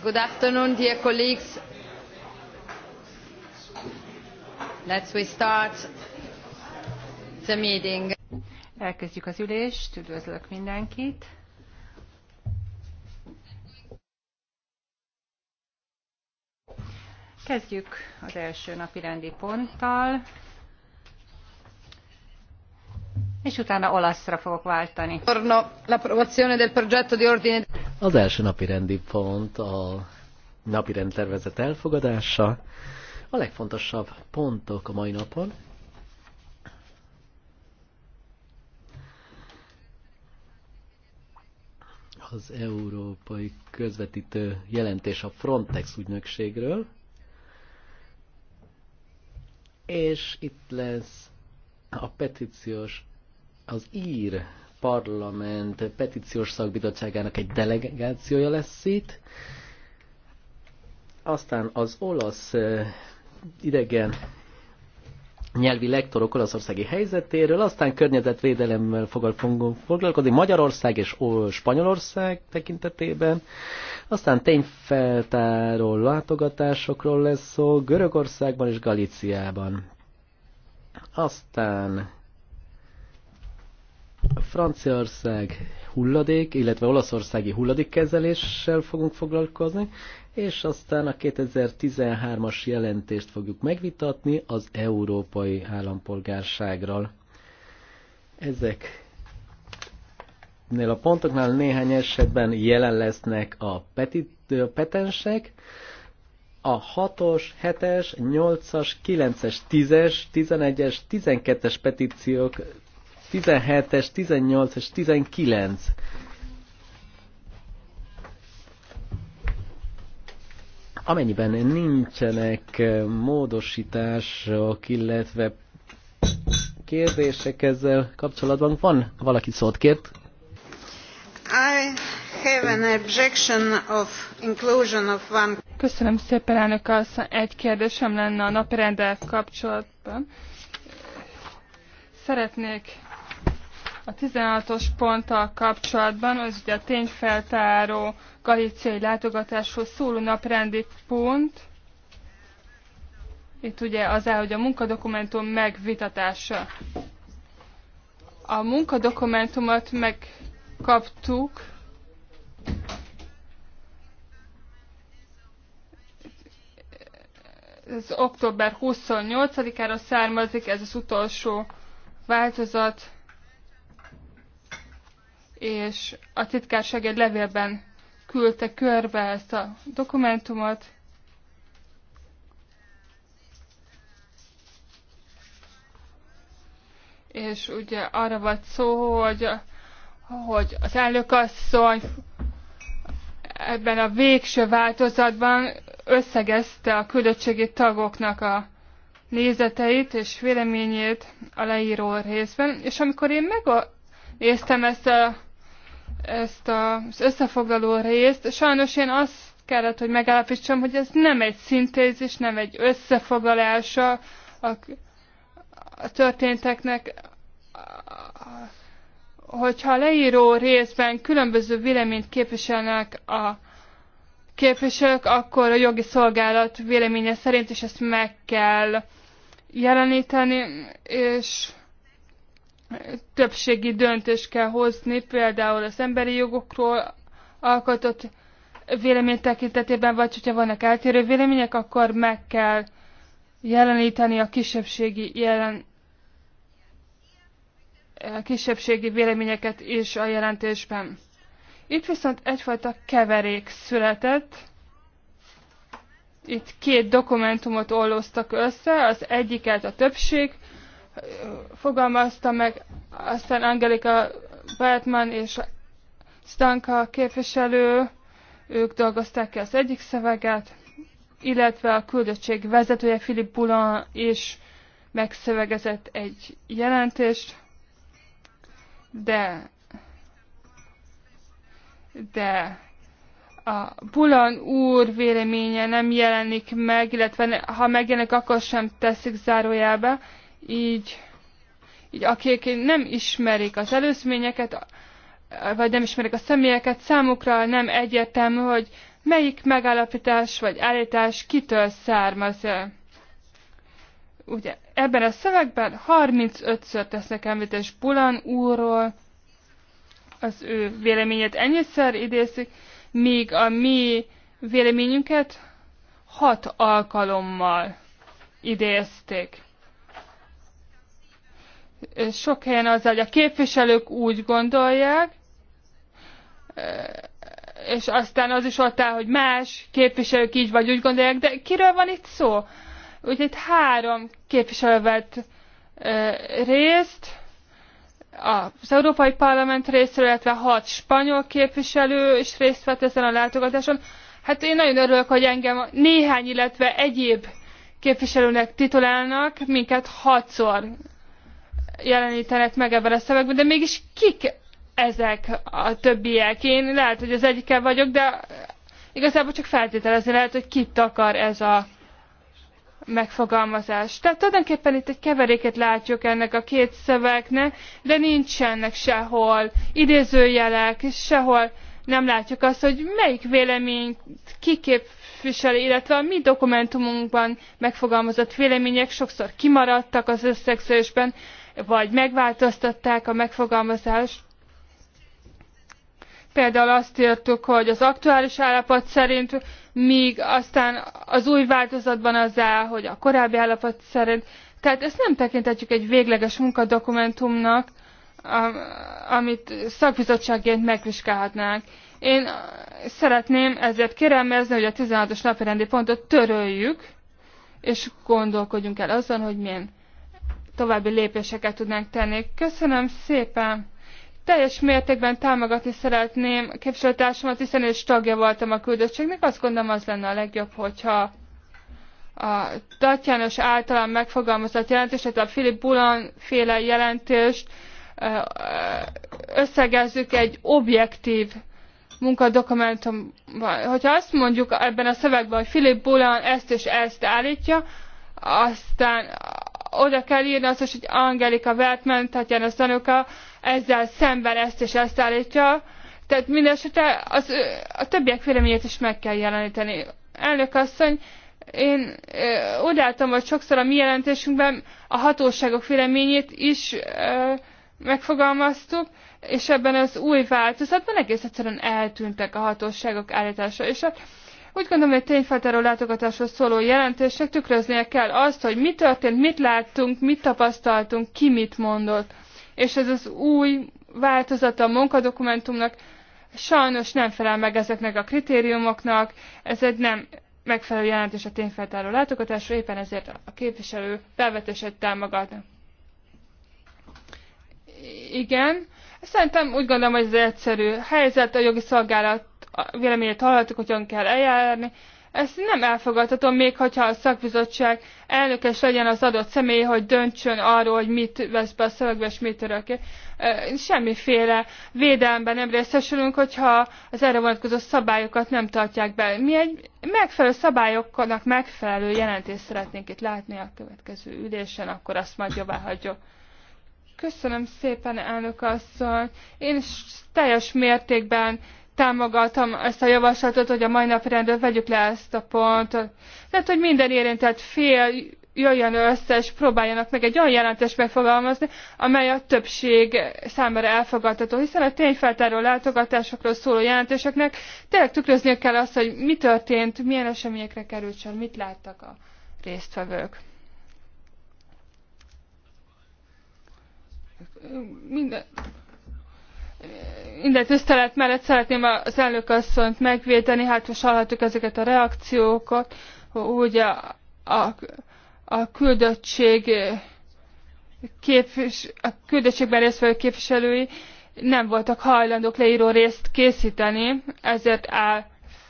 Good afternoon, dear colleagues. Let's we start the meeting. Elkezdjük az ülést, üdvözlök mindenkit. Kezdjük az első napi rendi ponttal, és utána olaszra fogok váltani. L'approvazione del progetto di ordine az első napi rendi pont a napi rendtervezet elfogadása. A legfontosabb pontok a mai napon. Az európai közvetítő jelentés a Frontex ügynökségről. És itt lesz a petíciós, az ír Parlament petíciós szakbizottságának egy delegációja lesz itt. Aztán az olasz idegen nyelvi lektorok olaszországi helyzetéről, aztán környezetvédelemmel fogunk foglalkozni Magyarország és Spanyolország tekintetében, aztán tényfeltáró látogatásokról lesz szó Görögországban és Galíciában. Aztán Franciaország hulladék, illetve olaszországi hulladékkezeléssel fogunk foglalkozni, és aztán a 2013-as jelentést fogjuk megvitatni az európai állampolgárságról. Ezek a pontoknál néhány esetben jelen lesznek a petensek, a 6-os, 7-es, 8-as, 9-es, 10-es, 11-es, 12-es petíciók 17-es, 18-es, 19. Amennyiben nincsenek eh, módosítások, illetve kérdések ezzel kapcsolatban, van valaki szót kért? I have an objection of inclusion of one... Köszönöm szépen, elnök asszony. Egy kérdésem lenne a napirenddel kapcsolatban. Szeretnék a 16-os ponttal kapcsolatban az ugye a tényfeltáró galiciai látogatáshoz szóló naprendi pont. Itt ugye az áll, hogy a munkadokumentum megvitatása. A munkadokumentumot megkaptuk. Ez október 28-ára származik, ez az utolsó változat és a titkárság egy levélben küldte körbe ezt a dokumentumot. És ugye arra volt szó, hogy, hogy az elnökasszony ebben a végső változatban összegezte a küldöttségi tagoknak a nézeteit és véleményét a leíró részben, és amikor én megnéztem ezt a ezt az összefoglaló részt. Sajnos én azt kellett, hogy megállapítsam, hogy ez nem egy szintézis, nem egy összefoglalása a, a történteknek. Hogyha a leíró részben különböző véleményt képviselnek a képviselők, akkor a jogi szolgálat véleménye szerint is ezt meg kell jeleníteni, és többségi döntést kell hozni, például az emberi jogokról alkotott vélemény tekintetében, vagy hogyha vannak eltérő vélemények, akkor meg kell jeleníteni a kisebbségi jelen a kisebbségi véleményeket is a jelentésben. Itt viszont egyfajta keverék született. Itt két dokumentumot olloztak össze, az egyiket a többség fogalmazta meg, aztán Angelika Bertman és Stanka képviselő, ők dolgozták ki az egyik szöveget, illetve a küldöttség vezetője Philip Bulan is megszövegezett egy jelentést, de de a Bulan úr véleménye nem jelenik meg, illetve ha megjelenik, akkor sem teszik zárójába, így, így akik nem ismerik az előzményeket, vagy nem ismerik a személyeket, számukra nem egyértelmű, hogy melyik megállapítás vagy állítás kitől származ. -e. Ugye ebben a szövegben 35-ször tesznek említés Bulan úrról, az ő véleményét ennyiszer idézik, míg a mi véleményünket hat alkalommal idézték sok helyen az, hogy a képviselők úgy gondolják, és aztán az is ott áll, hogy más képviselők így vagy úgy gondolják, de kiről van itt szó? Úgyhogy itt három képviselő vett részt, az Európai Parlament részéről, illetve hat spanyol képviselő is részt vett ezen a látogatáson. Hát én nagyon örülök, hogy engem néhány, illetve egyéb képviselőnek titulálnak, minket hatszor jelenítenek meg ebben a szövegben, de mégis kik ezek a többiek? Én lehet, hogy az egyikkel vagyok, de igazából csak feltételezni lehet, hogy kit akar ez a megfogalmazás. Tehát tulajdonképpen itt egy keveréket látjuk ennek a két szövegnek, de nincsenek sehol idézőjelek, sehol nem látjuk azt, hogy melyik véleményt kiképviseli, illetve a mi dokumentumunkban megfogalmazott vélemények sokszor kimaradtak az összegzésben, vagy megváltoztatták a megfogalmazást. Például azt írtuk, hogy az aktuális állapot szerint, míg aztán az új változatban az áll, hogy a korábbi állapot szerint. Tehát ezt nem tekinthetjük egy végleges munkadokumentumnak, amit szakbizottságként megvizsgálhatnánk. Én szeretném ezért kérelmezni, hogy a 16-os napirendi pontot töröljük, és gondolkodjunk el azon, hogy milyen további lépéseket tudnánk tenni. Köszönöm szépen! Teljes mértékben támogatni szeretném képviselőtársamat, hiszen én is tagja voltam a küldöttségnek. Azt gondolom, az lenne a legjobb, hogyha a Tatjános általán megfogalmazott jelentést, tehát a Philip Bulan féle jelentést összegezzük egy objektív munkadokumentumban. Hogyha azt mondjuk ebben a szövegben, hogy Philip Bulan ezt és ezt állítja, aztán oda kell írni azt is, hogy Angelika tehát Tatjana Szanuka ezzel szemben ezt és ezt állítja. Tehát mindesetre az, a többiek véleményét is meg kell jeleníteni. Elnök asszony, én úgy látom, hogy sokszor a mi jelentésünkben a hatóságok véleményét is ö, megfogalmaztuk, és ebben az új változatban egész egyszerűen eltűntek a hatóságok állítása. És a, úgy gondolom, hogy tényfeltáró látogatáshoz szóló jelentésnek tükröznie kell azt, hogy mi történt, mit láttunk, mit tapasztaltunk, ki mit mondott. És ez az új változata a munkadokumentumnak sajnos nem felel meg ezeknek a kritériumoknak, ez egy nem megfelelő jelentés a tényfeltáró látogatásra, éppen ezért a képviselő felvetését támogatnak. Igen, szerintem úgy gondolom, hogy ez egyszerű helyzet, a jogi szolgálat a véleményét hallottuk, hogyan kell eljárni. ezt nem elfogadhatom még hogyha a szakbizottság elnökes legyen az adott személy, hogy döntsön arról, hogy mit vesz be a szövegbe, és mit örökké. Semmiféle védelemben nem részesülünk, hogyha az erre vonatkozó szabályokat nem tartják be. Mi egy megfelelő szabályoknak megfelelő jelentést szeretnénk itt látni a következő ülésen, akkor azt majd jobbá hagyjuk. Köszönöm szépen, elnök asszony. Én teljes mértékben támogatom ezt a javaslatot, hogy a mai napi rendet vegyük le ezt a pontot. Tehát, hogy minden érintett fél jöjjön össze, és próbáljanak meg egy olyan jelentést megfogalmazni, amely a többség számára elfogadható, hiszen a tényfeltáró látogatásokról szóló jelentéseknek tényleg tükrözni kell azt, hogy mi történt, milyen eseményekre került sor, mit láttak a résztvevők. Minden, minden tisztelet mellett szeretném az elnök asszonyt megvédeni, hát most hallhattuk ezeket a reakciókat, úgy a, a, a küldöttség képvis, a küldöttségben résztvevő képviselői nem voltak hajlandók leíró részt készíteni, ezért áll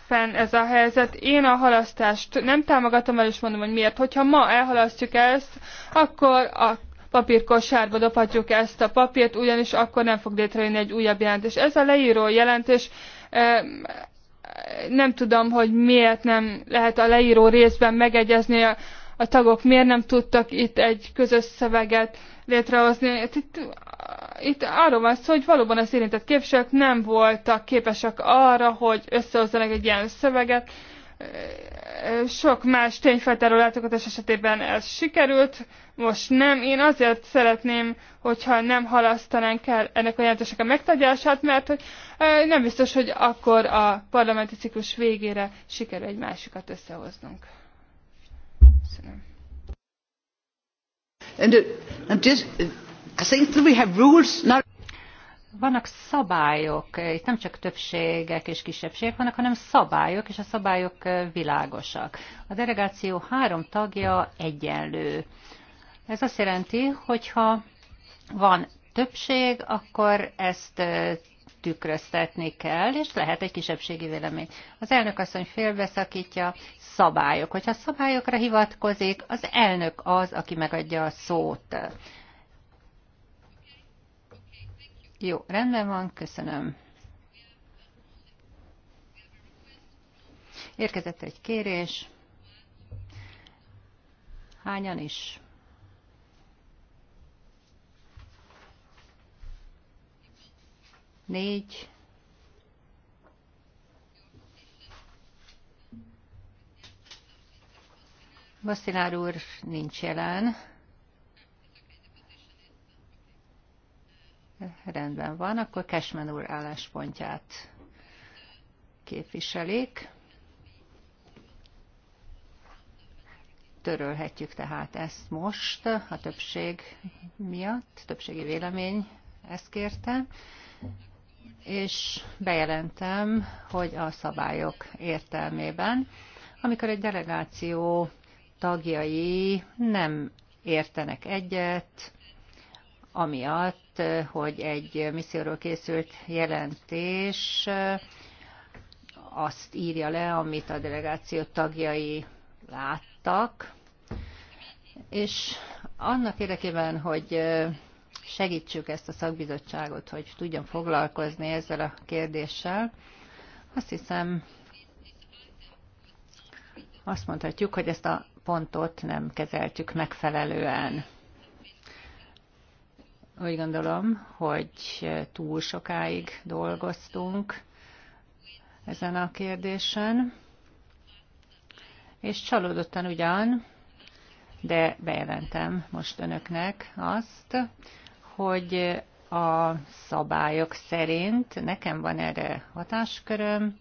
fenn ez a helyzet. Én a halasztást nem támogatom, el is mondom, hogy miért. Hogyha ma elhalasztjuk ezt, akkor a papírkosárba dobhatjuk ezt a papírt, ugyanis akkor nem fog létrejönni egy újabb jelentés. Ez a leíró jelentés nem tudom, hogy miért nem lehet a leíró részben megegyezni a, a tagok, miért nem tudtak itt egy közös szöveget létrehozni. Itt, itt, itt arról van szó, hogy valóban az érintett képviselők nem voltak képesek arra, hogy összehozzanak egy ilyen szöveget, sok más tényfeltáró látogatás esetében ez sikerült, most nem. Én azért szeretném, hogyha nem halasztanánk el ennek a jelentésnek a megtagyását, mert hogy nem biztos, hogy akkor a parlamenti ciklus végére sikerül egy másikat összehoznunk. Köszönöm. And, uh, I'm just, uh, I think that we have rules now vannak szabályok, itt nem csak többségek és kisebbségek vannak, hanem szabályok, és a szabályok világosak. A delegáció három tagja egyenlő. Ez azt jelenti, hogyha van többség, akkor ezt tükröztetni kell, és lehet egy kisebbségi vélemény. Az elnök asszony félbeszakítja, szabályok. Hogyha szabályokra hivatkozik, az elnök az, aki megadja a szót. Jó, rendben van, köszönöm. Érkezett egy kérés. Hányan is? Négy. Vasszilár úr nincs jelen. rendben van, akkor Kesmen úr álláspontját képviselik. Törölhetjük tehát ezt most a többség miatt, többségi vélemény ezt kérte, és bejelentem, hogy a szabályok értelmében, amikor egy delegáció tagjai nem értenek egyet, amiatt, hogy egy misszióról készült jelentés azt írja le, amit a delegáció tagjai láttak, és annak érdekében, hogy segítsük ezt a szakbizottságot, hogy tudjon foglalkozni ezzel a kérdéssel, azt hiszem, azt mondhatjuk, hogy ezt a pontot nem kezeltük megfelelően. Úgy gondolom, hogy túl sokáig dolgoztunk ezen a kérdésen, és csalódottan ugyan, de bejelentem most önöknek azt, hogy a szabályok szerint nekem van erre hatásköröm,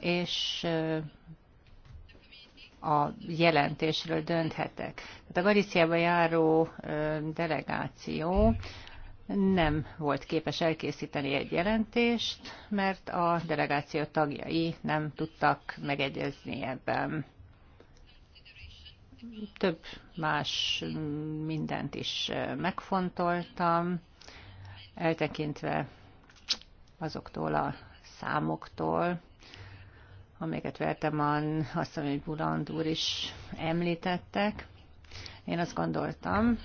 és a jelentésről dönthetek. Tehát a Galiciába járó delegáció nem volt képes elkészíteni egy jelentést, mert a delegáció tagjai nem tudtak megegyezni ebben. Több más mindent is megfontoltam, eltekintve azoktól a számoktól, amelyeket Verteman, aztán, hogy Buland úr is említettek. Én azt gondoltam,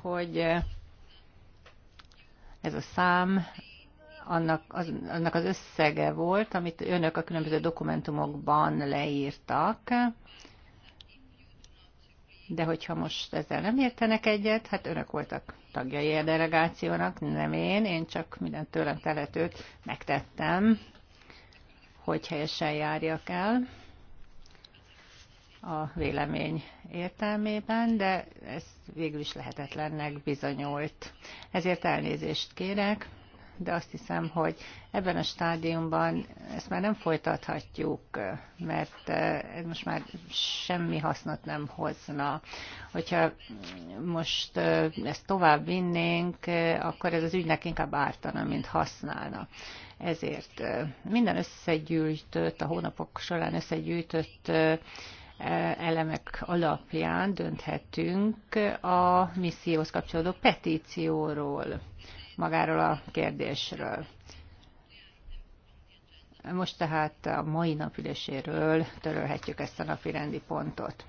hogy eh, ez a szám annak az, annak az összege volt, amit önök a különböző dokumentumokban leírtak, de hogyha most ezzel nem értenek egyet, hát önök voltak tagjai a delegációnak, nem én, én csak minden tőlem telhetőt megtettem, hogy helyesen járjak el a vélemény értelmében, de ez végül is lehetetlennek bizonyult. Ezért elnézést kérek, de azt hiszem, hogy ebben a stádiumban ezt már nem folytathatjuk, mert eh, ez most már semmi hasznot nem hozna. Hogyha most eh, ezt tovább vinnénk, eh, akkor ez az ügynek inkább ártana, mint használna. Ezért minden összegyűjtött, a hónapok során összegyűjtött e, elemek alapján dönthetünk a misszióhoz kapcsolódó petícióról, magáról a kérdésről. Most tehát a mai napüléséről törölhetjük ezt a napi rendi pontot.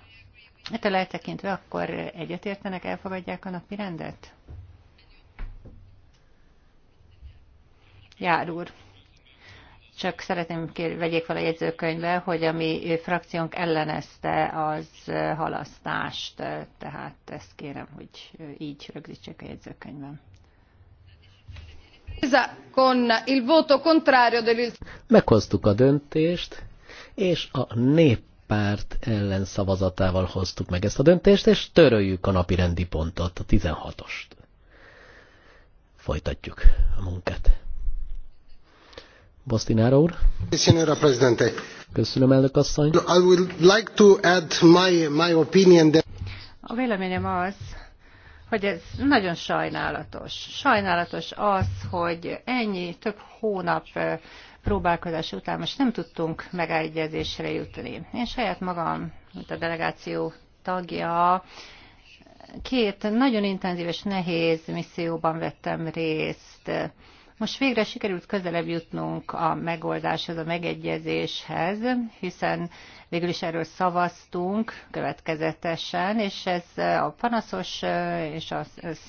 Ettől eltekintve akkor egyetértenek, elfogadják a napi rendet? Jár úr. Csak szeretném, kér, vegyék fel a jegyzőkönyvbe, hogy a mi frakciónk ellenezte az halasztást, tehát ezt kérem, hogy így rögzítsék a jegyzőkönyvben. Meghoztuk a döntést, és a néppárt ellen szavazatával hoztuk meg ezt a döntést, és töröljük a napi rendi pontot, a 16-ost. Folytatjuk a munkát. Bostinára úr. Köszönöm, elnök asszony. I would like to add my, my opinion that... A véleményem az, hogy ez nagyon sajnálatos. Sajnálatos az, hogy ennyi több hónap próbálkozás után most nem tudtunk megállegyezésre jutni. Én saját magam, mint a delegáció tagja, két nagyon intenzív és nehéz misszióban vettem részt most végre sikerült közelebb jutnunk a megoldáshoz, a megegyezéshez, hiszen végül is erről szavaztunk következetesen, és ez a panaszos és a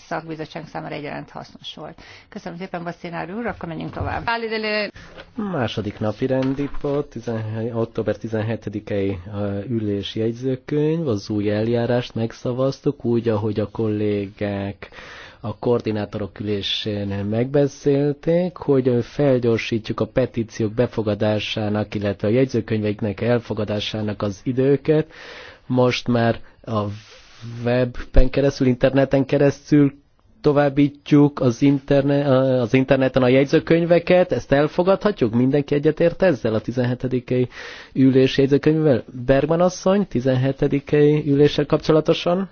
szakbizottság számára egyaránt hasznos volt. Köszönöm szépen, Basszinár úr, akkor menjünk tovább. Második napi rendi pont, 17, október 17-i ülés jegyzőkönyv, az új eljárást megszavaztuk, úgy, ahogy a kollégák a koordinátorok ülésén megbeszélték, hogy felgyorsítjuk a petíciók befogadásának, illetve a jegyzőkönyveiknek elfogadásának az időket. Most már a webben keresztül, interneten keresztül továbbítjuk az, interne, az interneten a jegyzőkönyveket, ezt elfogadhatjuk? Mindenki egyetért ezzel a 17. ülés jegyzőkönyvvel? Bergman asszony, 17. üléssel kapcsolatosan?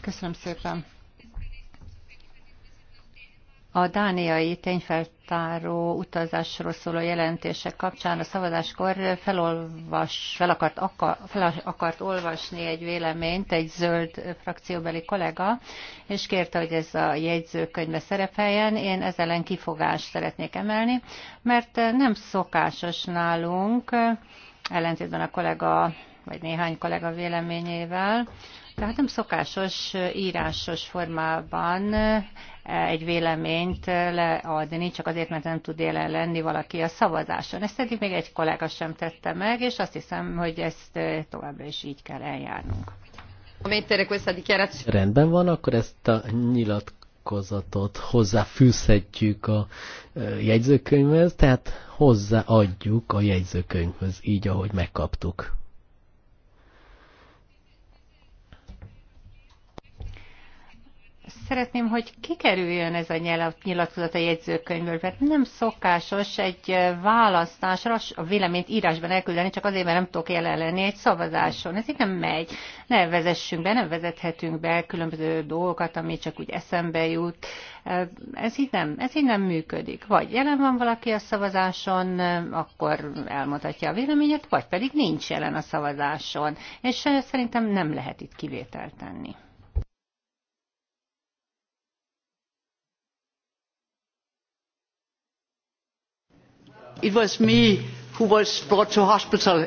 Köszönöm szépen. A dániai tényfeltáró utazásról szóló jelentések kapcsán a szavazáskor felolvas, fel, akart, akar, fel akart olvasni egy véleményt egy zöld frakcióbeli kollega, és kérte, hogy ez a jegyzőkönyve szerepeljen. Én ezzel ellen kifogást szeretnék emelni, mert nem szokásos nálunk, ellentétben a kollega vagy néhány kollega véleményével, tehát nem szokásos írásos formában egy véleményt leadni, csak azért, mert nem tud jelen lenni valaki a szavazáson. Ezt eddig még egy kollega sem tette meg, és azt hiszem, hogy ezt továbbra is így kell eljárnunk. Rendben van, akkor ezt a nyilatkozatot hozzáfűzhetjük a jegyzőkönyvhez, tehát hozzáadjuk a jegyzőkönyvhöz, így ahogy megkaptuk. szeretném, hogy kikerüljön ez a nyilatkozat a jegyzőkönyvből, mert nem szokásos egy választásra a véleményt írásban elküldeni, csak azért, mert nem tudok jelen lenni egy szavazáson. Ez így nem megy. Ne vezessünk be, nem vezethetünk be különböző dolgokat, ami csak úgy eszembe jut. Ez így nem, ez így nem működik. Vagy jelen van valaki a szavazáson, akkor elmutatja a véleményet, vagy pedig nincs jelen a szavazáson. És szerintem nem lehet itt kivételt tenni. It was me who was brought to hospital.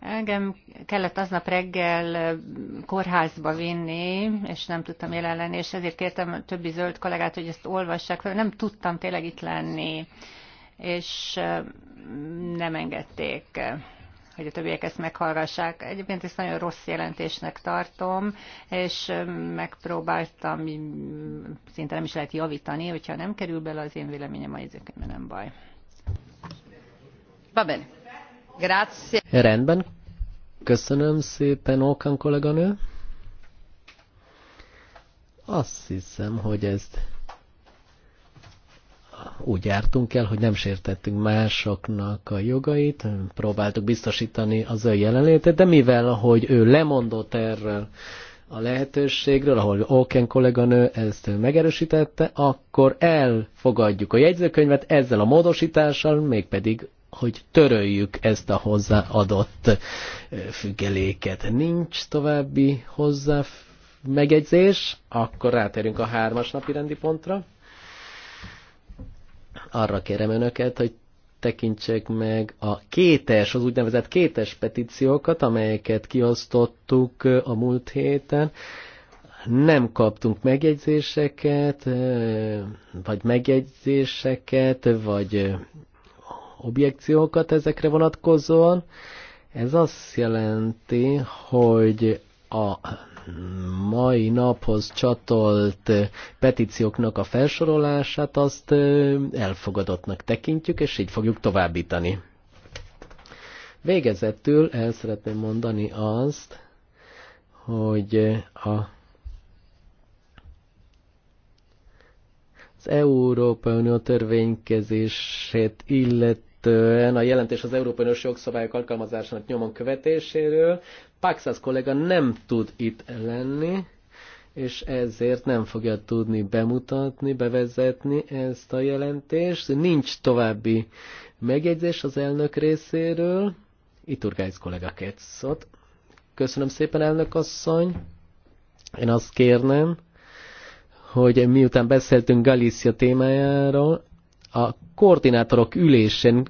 Engem kellett aznap reggel kórházba vinni, és nem tudtam jelen lenni, és ezért kértem többi zöld kollégát, hogy ezt olvassák fel. Nem tudtam tényleg itt lenni, és nem engedték hogy a többiek ezt meghallgassák. Egyébként ezt nagyon rossz jelentésnek tartom, és megpróbáltam, szinte nem is lehet javítani, hogyha nem kerül bele az én véleményem a nem baj. Rendben. Köszönöm szépen, Okan kolléganő. Azt hiszem, hogy ezt úgy jártunk el, hogy nem sértettünk másoknak a jogait, próbáltuk biztosítani az ő jelenlétét, de mivel, hogy ő lemondott erről a lehetőségről, ahol Oken kolléganő ezt megerősítette, akkor elfogadjuk a jegyzőkönyvet ezzel a módosítással, mégpedig hogy töröljük ezt a hozzáadott függeléket. Nincs további hozzá megjegyzés, akkor ráterünk a hármas napi rendi pontra. Arra kérem önöket, hogy tekintsék meg a kétes, az úgynevezett kétes petíciókat, amelyeket kiosztottuk a múlt héten. Nem kaptunk megjegyzéseket, vagy megjegyzéseket, vagy objekciókat ezekre vonatkozóan. Ez azt jelenti, hogy a mai naphoz csatolt petícióknak a felsorolását azt elfogadottnak tekintjük, és így fogjuk továbbítani. Végezetül el szeretném mondani azt, hogy a, az Európai Unió törvénykezését illet illetően a jelentés az Európai Uniós jogszabályok alkalmazásának nyomon követéséről. Paxas kollega nem tud itt lenni, és ezért nem fogja tudni bemutatni, bevezetni ezt a jelentést. Nincs további megjegyzés az elnök részéről. Iturgáiz kollega Ketszot. Köszönöm szépen, elnök asszony. Én azt kérnem, hogy miután beszéltünk Galícia témájáról, a koordinátorok ülésen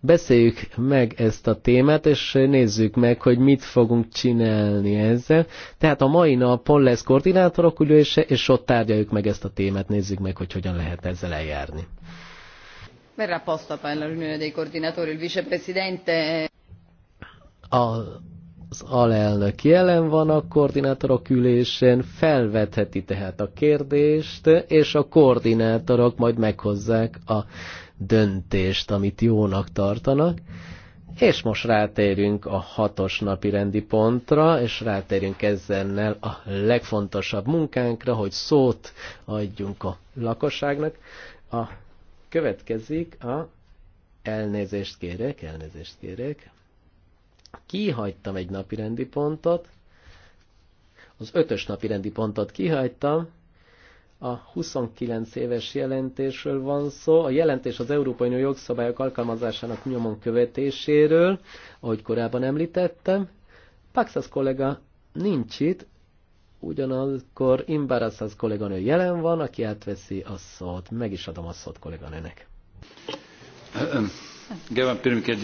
beszéljük meg ezt a témát, és nézzük meg, hogy mit fogunk csinálni ezzel. Tehát a mai napon lesz koordinátorok ülése, és ott tárgyaljuk meg ezt a témát, nézzük meg, hogy hogyan lehet ezzel eljárni. Verrà apposta per l'unione dei coordinatori il vicepresidente az alelnök jelen van a koordinátorok ülésen, felvetheti tehát a kérdést, és a koordinátorok majd meghozzák a döntést, amit jónak tartanak. És most rátérünk a hatos napi rendi pontra, és rátérünk ezzel a legfontosabb munkánkra, hogy szót adjunk a lakosságnak. A következik a elnézést kérek, elnézést kérek. Kihagytam egy napirendi pontot, az ötös napirendi pontot kihagytam, a 29 éves jelentésről van szó. A jelentés az Európai Unió jogszabályok alkalmazásának nyomon követéséről, ahogy korábban említettem. Paxas kollega nincs itt, ugyanakkor Imbarasas kolléganő jelen van, aki átveszi a szót. Meg is adom a szót kolléganőnek. Gában pirmiket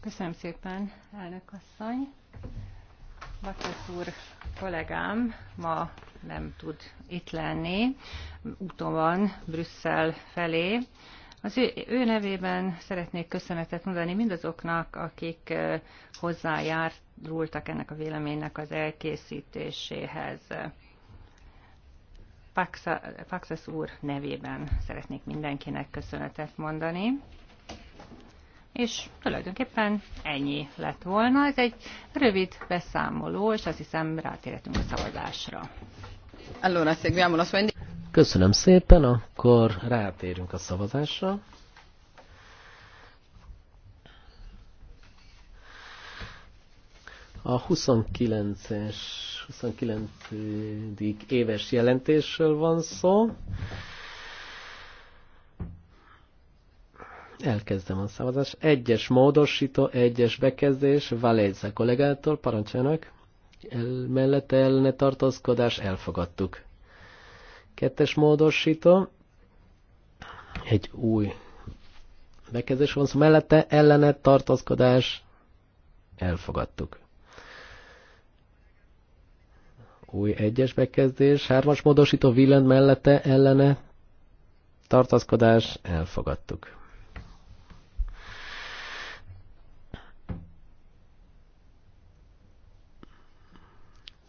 Köszönöm szépen, elnök asszony. Bakasz úr kollégám ma nem tud itt lenni, úton van Brüsszel felé. Az ő, ő nevében szeretnék köszönetet mondani mindazoknak, akik hozzájárultak ennek a véleménynek az elkészítéséhez. Paxas úr nevében szeretnék mindenkinek köszönetet mondani. És tulajdonképpen ennyi lett volna. Ez egy rövid beszámoló, és azt hiszem rátérhetünk a szavazásra. Allora, Köszönöm szépen, akkor rátérünk a szavazásra. A 29-es, 29. éves jelentésről van szó. Elkezdem a szavazást. Egyes módosító, egyes bekezdés, Valéza kollégától, parancsának. El, mellette ellene tartózkodás, elfogadtuk. Kettes módosító, egy új bekezdés van, szóval mellette ellene tartózkodás, elfogadtuk. Új egyes bekezdés, hármas módosító, villent mellette ellene tartózkodás, elfogadtuk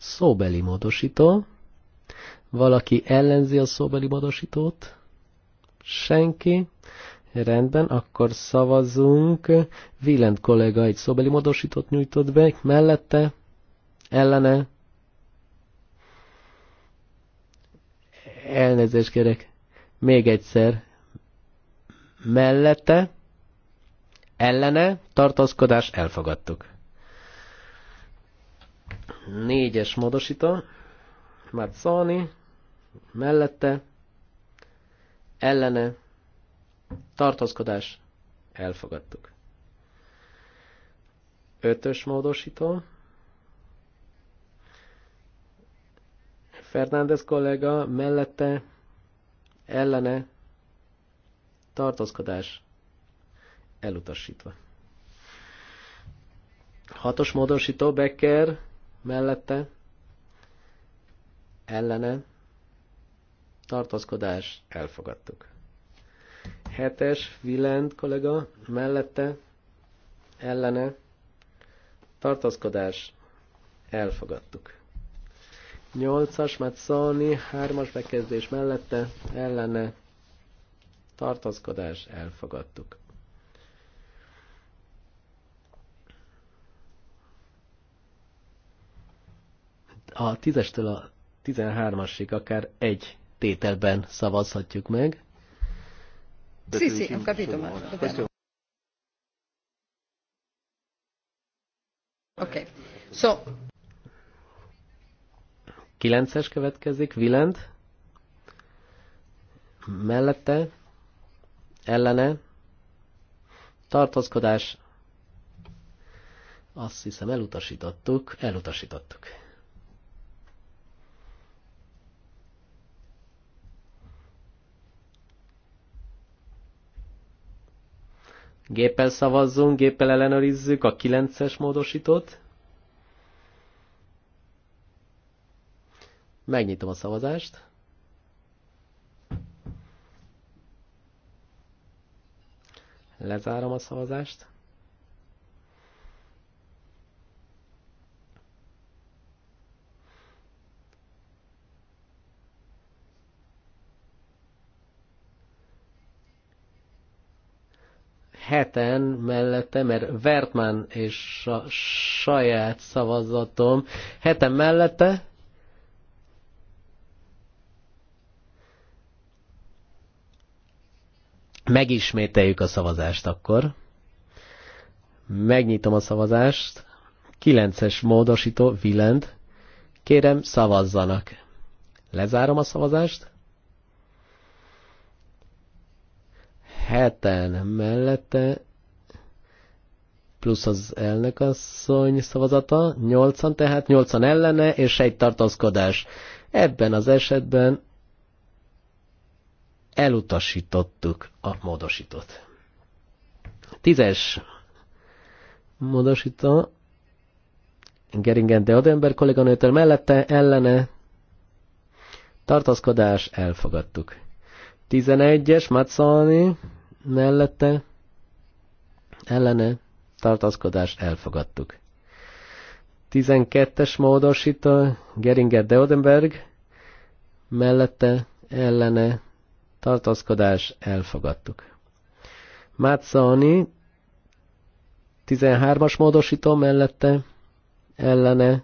Szóbeli módosító. Valaki ellenzi a szóbeli módosítót? Senki? Rendben, akkor szavazunk. Vilent kollega egy szóbeli módosítót nyújtott be, mellette, ellene. Elnézést kérek. Még egyszer. Mellette, ellene, tartózkodás, elfogadtuk. Négyes modosító, Mazzoni. Mellette. Ellene. Tartózkodás. Elfogadtuk. Ötös módosító. Fernández kollega mellette, ellene, tartózkodás elutasítva. Hatos módosító Becker mellette, ellene, tartózkodás, elfogadtuk. Hetes, Vilent kollega, mellette, ellene, tartózkodás, elfogadtuk. Nyolcas, Metszoni, hármas bekezdés mellette, ellene, tartózkodás, elfogadtuk. a 10-estől a 13-asig akár egy tételben szavazhatjuk meg. Sí, sí, ho capito, Marco. Oké. So. Kilences következik, Vilent. Mellette, ellene, tartózkodás. Azt hiszem elutasítottuk, elutasítottuk. Géppel szavazzunk, géppel ellenőrizzük a 9-es módosítót. Megnyitom a szavazást. Lezárom a szavazást. heten mellette, mert Wertmann és a saját szavazatom heten mellette, Megismételjük a szavazást akkor. Megnyitom a szavazást. 9-es módosító, Vilent. Kérem, szavazzanak. Lezárom a szavazást. heten mellette, plusz az elnökasszony szavazata, 80 tehát, 80 ellene, és egy tartózkodás. Ebben az esetben elutasítottuk a módosítót. Tízes módosító, Geringen de Odenberg kolléganőtől mellette, ellene, tartózkodás, elfogadtuk. 11-es Mazzoni mellette ellene tartózkodás elfogadtuk. 12-es módosító Geringer Deodenberg mellette ellene tartózkodás elfogadtuk. Mátszaoni 13-as módosító mellette ellene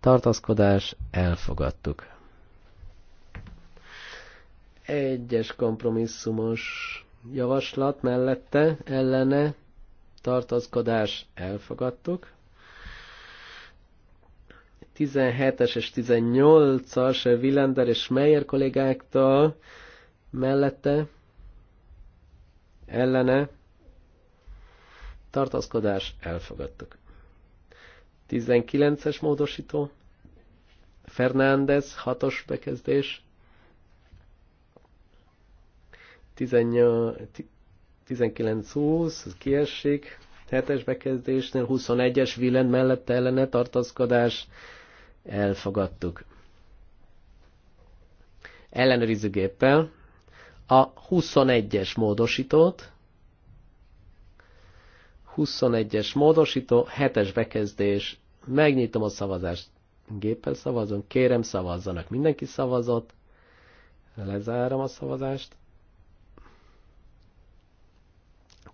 tartózkodás elfogadtuk. Egyes kompromisszumos javaslat mellette ellene tartozkodás elfogadtuk. 17-es és 18-as Willender és Meyer kollégáktól mellette ellene tartozkodás elfogadtuk. 19-es módosító Fernández, hatos bekezdés 19-20, kiesik, 7-es bekezdésnél 21-es villen mellette ellene tartaszkodás, elfogadtuk. Ellenőrizőgéppel a 21-es módosítót, 21-es módosító, 7-es bekezdés, megnyitom a szavazást, géppel szavazom, kérem szavazzanak, mindenki szavazott, lezárom a szavazást,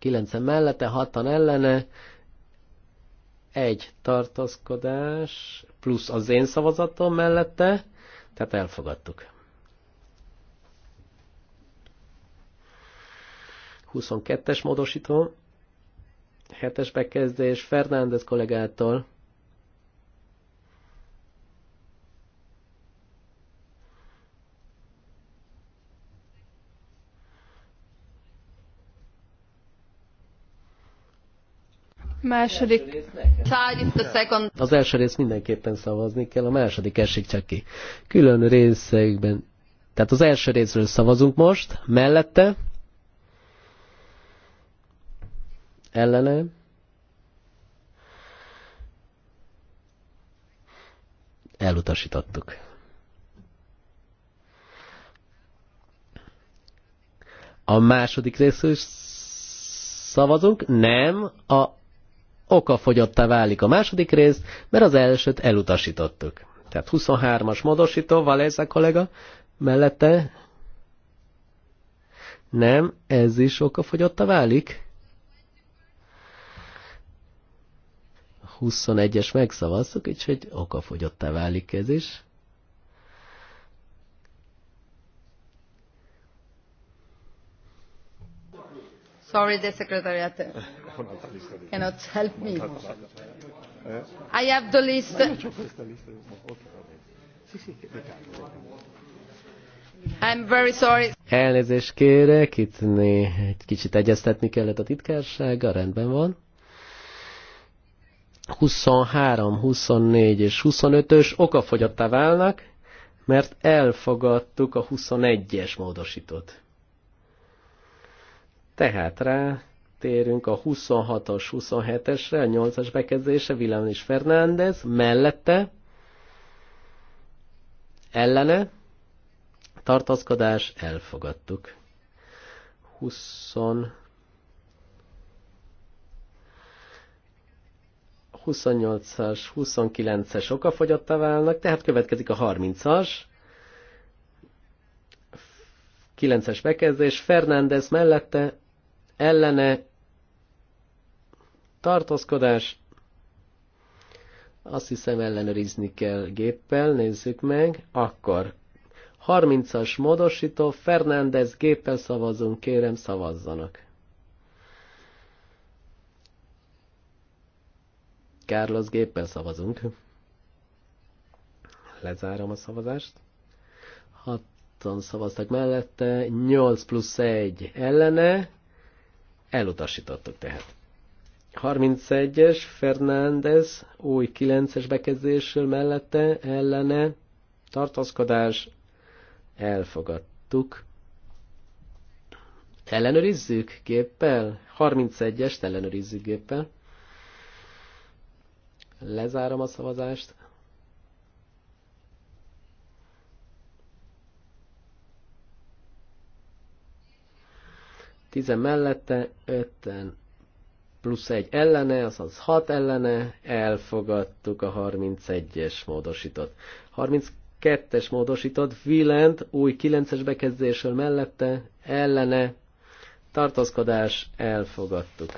9 mellette, 6 ellene, egy tartózkodás, plusz az én szavazatom mellette, tehát elfogadtuk. 22-es módosító, 7-es bekezdés Fernández kollégától Második. Az első rész mindenképpen szavazni kell, a második esik csak ki. Külön részekben. Tehát az első részről szavazunk most, mellette. Ellene. Elutasítottuk. A második részről szavazunk, nem a okafogyottá válik a második rész, mert az elsőt elutasítottuk. Tehát 23-as módosító, a kollega, mellette nem, ez is okafogyottá válik. 21-es megszavaztuk, úgyhogy okafogyottá válik ez is. Sorry, the secretariat cannot help me. I have the list. I'm very sorry. Elnézést kérek, itt né, egy kicsit egyeztetni kellett a titkársága, rendben van. 23, 24 és 25-ös okafogyattá válnak, mert elfogadtuk a 21-es módosítót. Tehát rá térünk a 26-as, 27-esre, a 8-as bekezdése, Vilán és Fernández, mellette, ellene, tartaszkodás, elfogadtuk. 20 28-as, 29-es okafogyatta válnak, tehát következik a 30-as, 9-es bekezdés, Fernández mellette, ellene tartózkodás. Azt hiszem ellenőrizni kell géppel, nézzük meg. Akkor 30-as módosító, Fernández géppel szavazunk, kérem szavazzanak. Carlos géppel szavazunk. Lezárom a szavazást. 6 on szavaztak mellette, 8 plusz 1 ellene, elutasítottuk tehát. 31-es Fernández új 9-es bekezdésről mellette ellene tartózkodás elfogadtuk. Ellenőrizzük géppel. 31-est ellenőrizzük géppel. Lezárom a szavazást. Tizen mellette, ötten plusz egy ellene, azaz 6 ellene, elfogadtuk a 31-es módosított. 32-es módosított, Vilent új 9-es bekezdésről mellette, ellene, tartózkodás, elfogadtuk.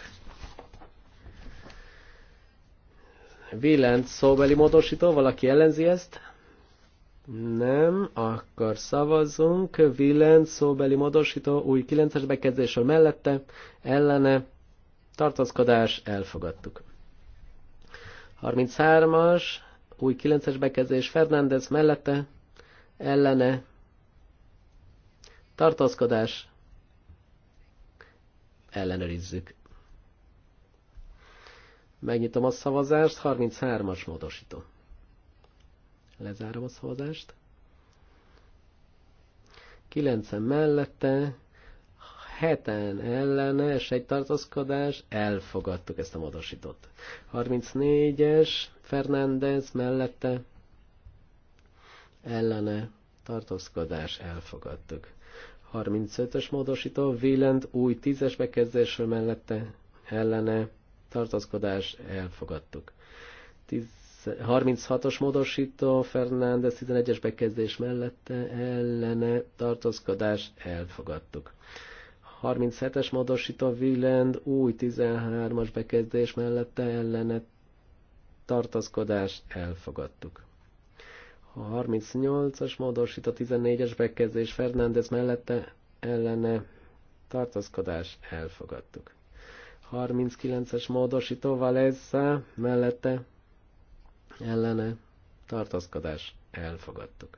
Vilent szóbeli módosító, valaki ellenzi ezt? Nem, akkor szavazunk Vilent szóbeli módosító, új 9-es bekezdésről mellette, ellene, tartózkodás, elfogadtuk. 33-as, új 9-es bekezdés, Fernández mellette, ellene, tartózkodás, ellenőrizzük. Megnyitom a szavazást, 33-as módosító. Lezárom a szavazást. 9 mellette, heten ellenes egy tartózkodás, elfogadtuk ezt a módosítót. 34-es, Fernández mellette ellene tartózkodás, elfogadtuk. 35-ös módosító, Villand új 10-es bekezdésről mellette ellene tartózkodás, elfogadtuk. 36-os módosító, Fernández 11-es bekezdés mellette ellene tartózkodás elfogadtuk. 37-es módosító Villand új 13-as bekezdés mellette ellene tartozkodás elfogadtuk. A 38-as módosító 14-es bekezdés Fernández mellette ellene tartozkodás elfogadtuk. 39-es módosító Valessa mellette ellene tartozkodás elfogadtuk.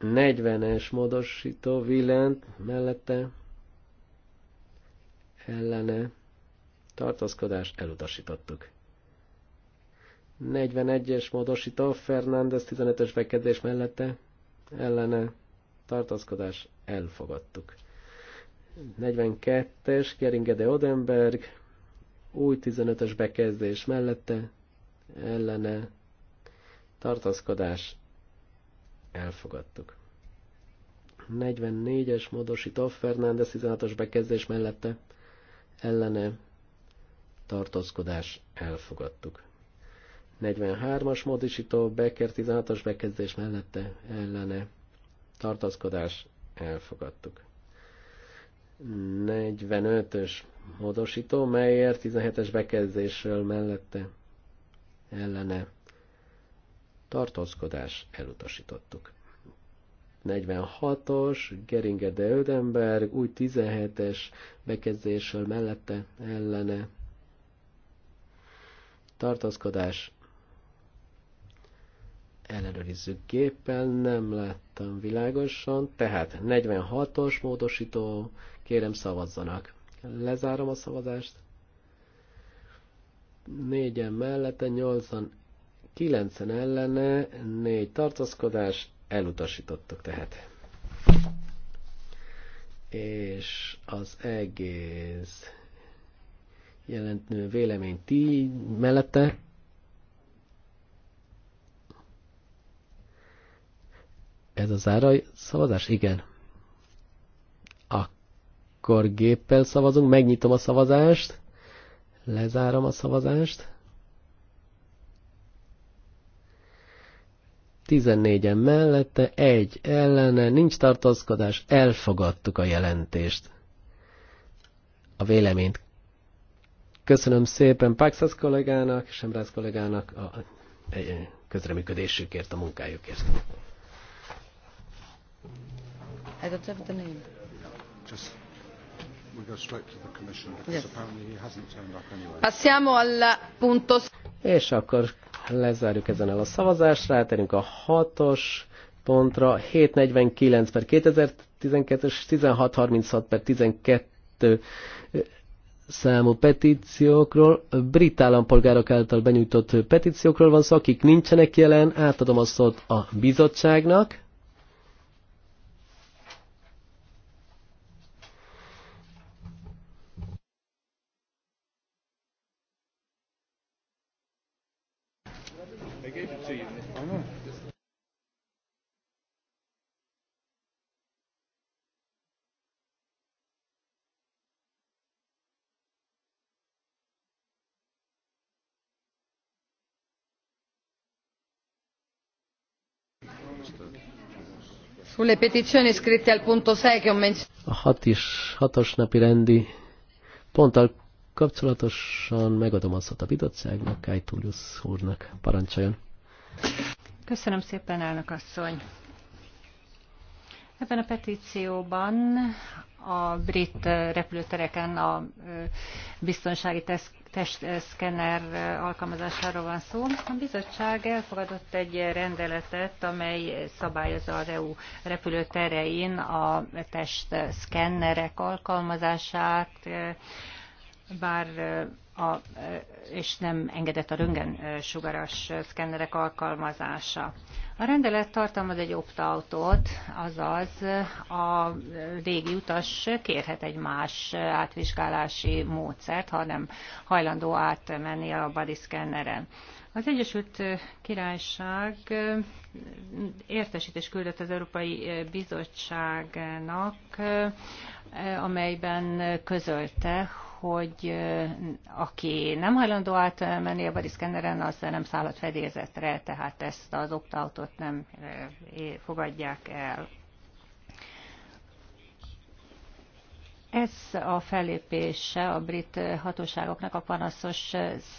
40-es módosító villen mellette ellene tartózkodás elutasítottuk. 41-es módosító Fernández 15-ös bekezdés mellette ellene tartózkodás elfogadtuk. 42-es Geringede Odenberg új 15-ös bekezdés mellette ellene tartózkodás elfogadtuk. 44-es módosító Fernández 16-os bekezdés mellette ellene tartózkodás elfogadtuk. 43-as módosító Becker 16-os bekezdés mellette ellene tartózkodás elfogadtuk. 45-ös módosító, melyért 17-es bekezdésről mellette ellene tartózkodás elutasítottuk. 46-os, Geringer de Ödenberg, új 17-es bekezdéssel mellette ellene tartózkodás ellenőrizzük géppel, nem láttam világosan, tehát 46-os módosító, kérem szavazzanak. Lezárom a szavazást. Négyen mellette, nyolcan 9-en ellene, 4 tartózkodás, elutasítottuk tehát. És az egész jelentő vélemény ti mellette Ez az zárai szavazás? Igen. Akkor géppel szavazunk, megnyitom a szavazást, lezárom a szavazást. 14-en mellette, egy ellene, nincs tartózkodás, elfogadtuk a jelentést, a véleményt. Köszönöm szépen Paxas kollégának, Sembrász kollégának a e, e, közreműködésükért, a munkájukért. Ez a have the Just... Passiamo al punto... És akkor lezárjuk ezen el a szavazást, ráterünk a hatos pontra, 749 per 2012-es, 1636 per 12 számú petíciókról, brit állampolgárok által benyújtott petíciókról van szó, akik nincsenek jelen, átadom a szót a bizottságnak. Sulle petizioni scritte al punto 6 che ho menzionato. A hat is, hatos napi rendi ponttal kapcsolatosan megadom a szót a bizottságnak, Kajtulius úrnak. Parancsoljon. Köszönöm szépen, elnök asszony. Ebben a petícióban a brit repülőtereken a biztonsági teszt testszkenner eh, eh, alkalmazásáról van szó. A bizottság elfogadott egy rendeletet, amely szabályozza az EU repülőterein a testszkennerek alkalmazását, eh, bár a, és nem engedett a röngen sugaras szkennerek alkalmazása. A rendelet tartalmaz egy opt-outot, azaz a régi utas kérhet egy más átvizsgálási módszert, ha nem hajlandó átmenni a body szkenneren. Az Egyesült Királyság értesítés küldött az Európai Bizottságnak, amelyben közölte, hogy aki nem hajlandó átmenni a bariszkenneren, az nem szállhat fedélzetre, tehát ezt az opt nem fogadják el. Ez a fellépése a brit hatóságoknak a panaszos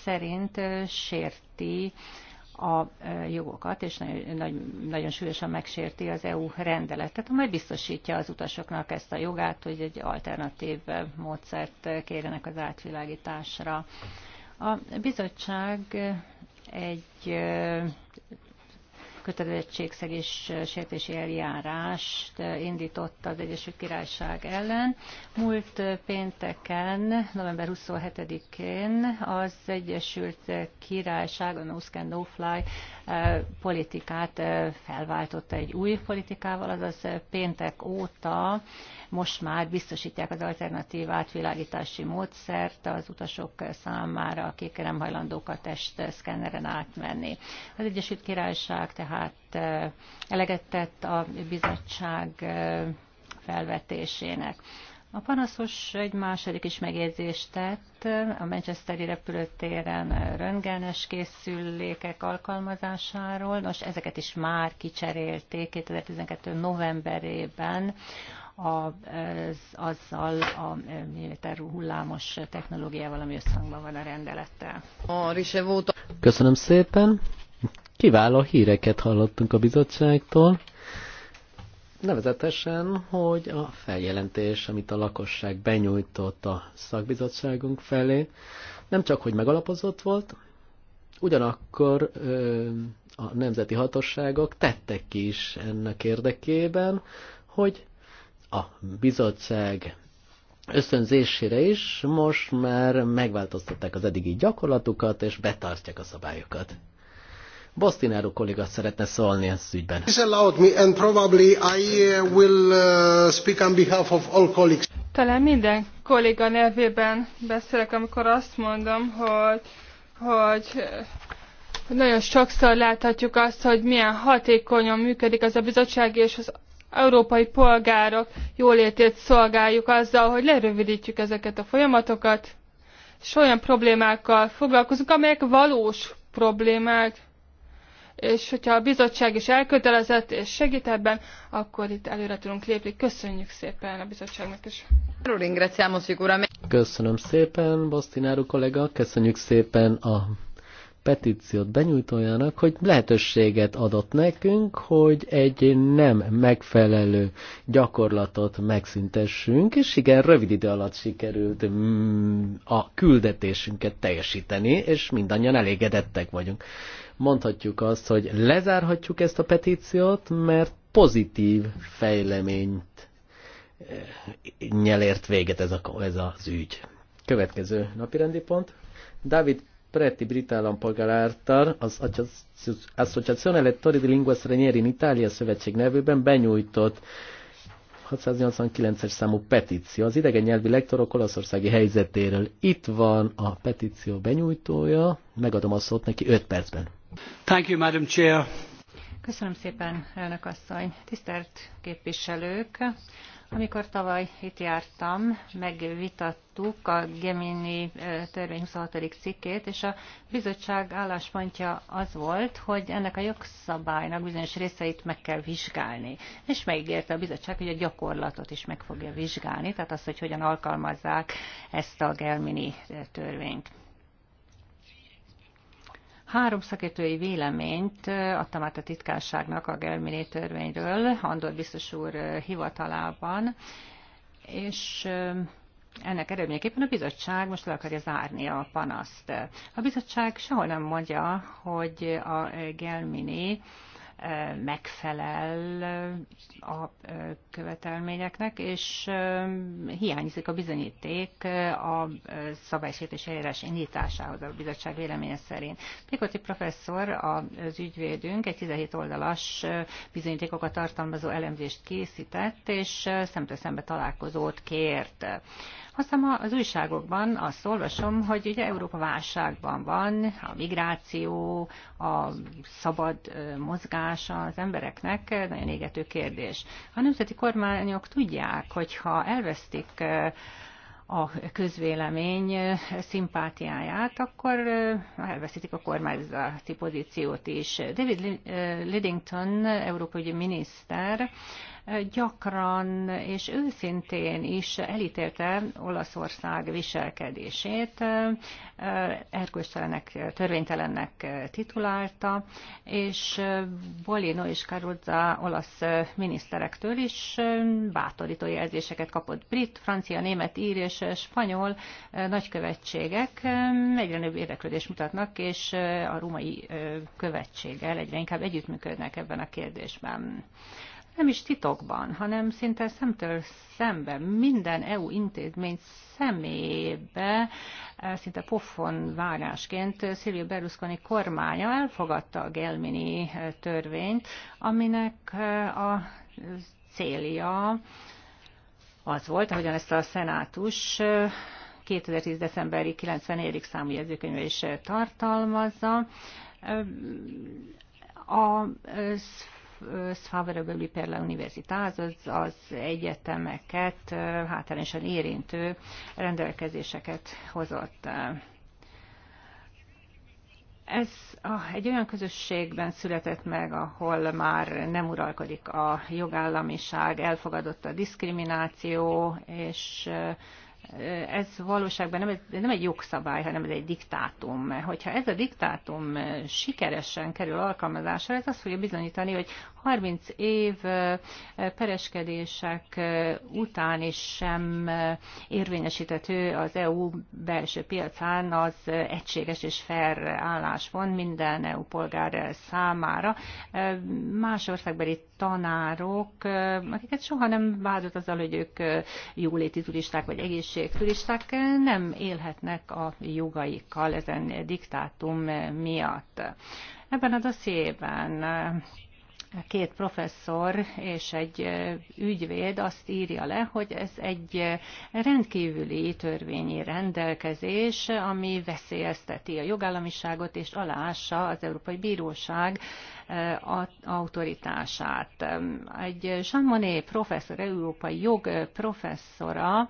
szerint sérti a e, jogokat, és nagyon, nagyon súlyosan megsérti az EU rendeletet, amely biztosítja az utasoknak ezt a jogát, hogy egy alternatív módszert kérjenek az átvilágításra. A bizottság egy e, kötelezettségszegés sértési eljárást indított az Egyesült Királyság ellen. Múlt pénteken, november 27-én az Egyesült Királyság a No Scan No Fly eh, politikát eh, felváltotta egy új politikával, azaz péntek óta most már biztosítják az alternatív átvilágítási módszert az utasok számára, akik nem hajlandók a szkenneren átmenni. Az Egyesült Királyság tehát tehát eleget tett a bizottság felvetésének. A panaszos egy második is megjegyzést tett a Manchesteri repülőtéren röntgenes készülékek alkalmazásáról. Nos, ezeket is már kicserélték 2012. novemberében az, azzal a milliméter hullámos technológiával, ami összhangban van a rendelettel. Köszönöm szépen. Kiváló híreket hallottunk a bizottságtól. Nevezetesen, hogy a feljelentés, amit a lakosság benyújtott a szakbizottságunk felé, nem csak, hogy megalapozott volt, ugyanakkor ö, a nemzeti hatóságok tettek is ennek érdekében, hogy a bizottság ösztönzésére is most már megváltoztatták az eddigi gyakorlatukat, és betartják a szabályokat. Bostinero kolléga szeretne szólni az ügyben. Uh, uh, Talán minden kolléga nevében beszélek, amikor azt mondom, hogy, hogy uh, nagyon sokszor láthatjuk azt, hogy milyen hatékonyan működik az a bizottság, és az európai polgárok jólétét szolgáljuk azzal, hogy lerövidítjük ezeket a folyamatokat, és olyan problémákkal foglalkozunk, amelyek valós problémák, és hogyha a bizottság is elkötelezett és segít ebben, akkor itt előre tudunk lépni. Köszönjük szépen a bizottságnak is. Köszönöm szépen, Bosztináru kollega, köszönjük szépen a petíciót benyújtójának, hogy lehetőséget adott nekünk, hogy egy nem megfelelő gyakorlatot megszüntessünk, és igen, rövid idő alatt sikerült mm, a küldetésünket teljesíteni, és mindannyian elégedettek vagyunk mondhatjuk azt, hogy lezárhatjuk ezt a petíciót, mert pozitív fejleményt eh, nyelért véget ez, a, ez az ügy. Következő napirendi pont. David Preti brit állampolgár által az Associazione Lettori di Lingua Straniera in Italia szövetség nevében benyújtott 689-es számú petíció az idegen nyelvi lektorok olaszországi helyzetéről. Itt van a petíció benyújtója, megadom a szót neki 5 percben. Köszönöm szépen, elnök asszony. Tisztelt képviselők! Amikor tavaly itt jártam, megvitattuk a Gemini eh, törvény six cikkét, és a bizottság álláspontja az volt, hogy ennek a jogszabálynak bizonyos részeit meg kell vizsgálni. És megígérte a bizottság, hogy a gyakorlatot is meg fogja vizsgálni, tehát azt, hogy hogyan alkalmazzák ezt a Gemini eh, törvényt. Három szakértői véleményt adtam át a titkárságnak a Germini törvényről, Andor biztos úr hivatalában, és ennek eredményeképpen a bizottság most le akarja zárni a panaszt. A bizottság sehol nem mondja, hogy a Gelmini megfelel a követelményeknek, és hiányzik a bizonyíték a szabálysértés eljárás indításához a bizottság véleménye szerint. Pikoti professzor, az ügyvédünk egy 17 oldalas bizonyítékokat tartalmazó elemzést készített, és szemtől szembe találkozót kért. Aztán az újságokban azt olvasom, hogy ugye Európa válságban van, a migráció, a szabad mozgás, oktatása az embereknek eh, nagyon égető kérdés. A nemzeti kormányok tudják, hogyha elvesztik eh, a közvélemény eh, szimpátiáját, akkor elveszítik a kormányzati pozíciót is. David Lidington, európai miniszter, gyakran és őszintén is elítélte Olaszország viselkedését, erkölcstelenek, törvénytelennek titulálta, és Bolino és Karudza olasz miniszterektől is bátorító jelzéseket kapott brit, francia, német, ír és spanyol nagykövetségek egyre nőbb érdeklődés mutatnak, és a római követséggel egyre inkább együttműködnek ebben a kérdésben nem is titokban, hanem szinte szemtől szembe minden EU intézmény szemébe, eh, szinte pofon várásként Silvio Berlusconi kormánya elfogadta a Gelmini eh, törvényt, aminek eh, a célja az volt, ahogyan ezt a szenátus 2010. decemberi 94. számú jegyzőkönyve is tartalmazza, a favorabili per la universitás, az, az egyetemeket hátrányosan érintő rendelkezéseket hozott. Ez a, egy olyan közösségben született meg, ahol már nem uralkodik a jogállamiság, elfogadott a diszkrimináció, és ez valóságban nem, nem egy jogszabály, hanem ez egy diktátum. Hogyha ez a diktátum sikeresen kerül alkalmazásra, ez azt fogja bizonyítani, hogy 30 év pereskedések után is sem érvényesíthető az EU belső piacán az egységes és fair álláspont minden EU polgár számára. Más országbeli tanárok, akiket soha nem vádolt azzal, hogy ők jóléti turisták vagy egészség költség. Turisták nem élhetnek a jogaikkal ezen diktátum miatt. Ebben a dossziében két professzor és egy ügyvéd azt írja le, hogy ez egy rendkívüli törvényi rendelkezés, ami veszélyezteti a jogállamiságot és aláássa az Európai Bíróság autoritását. Egy Jean Monnet professzor, európai jog professzora,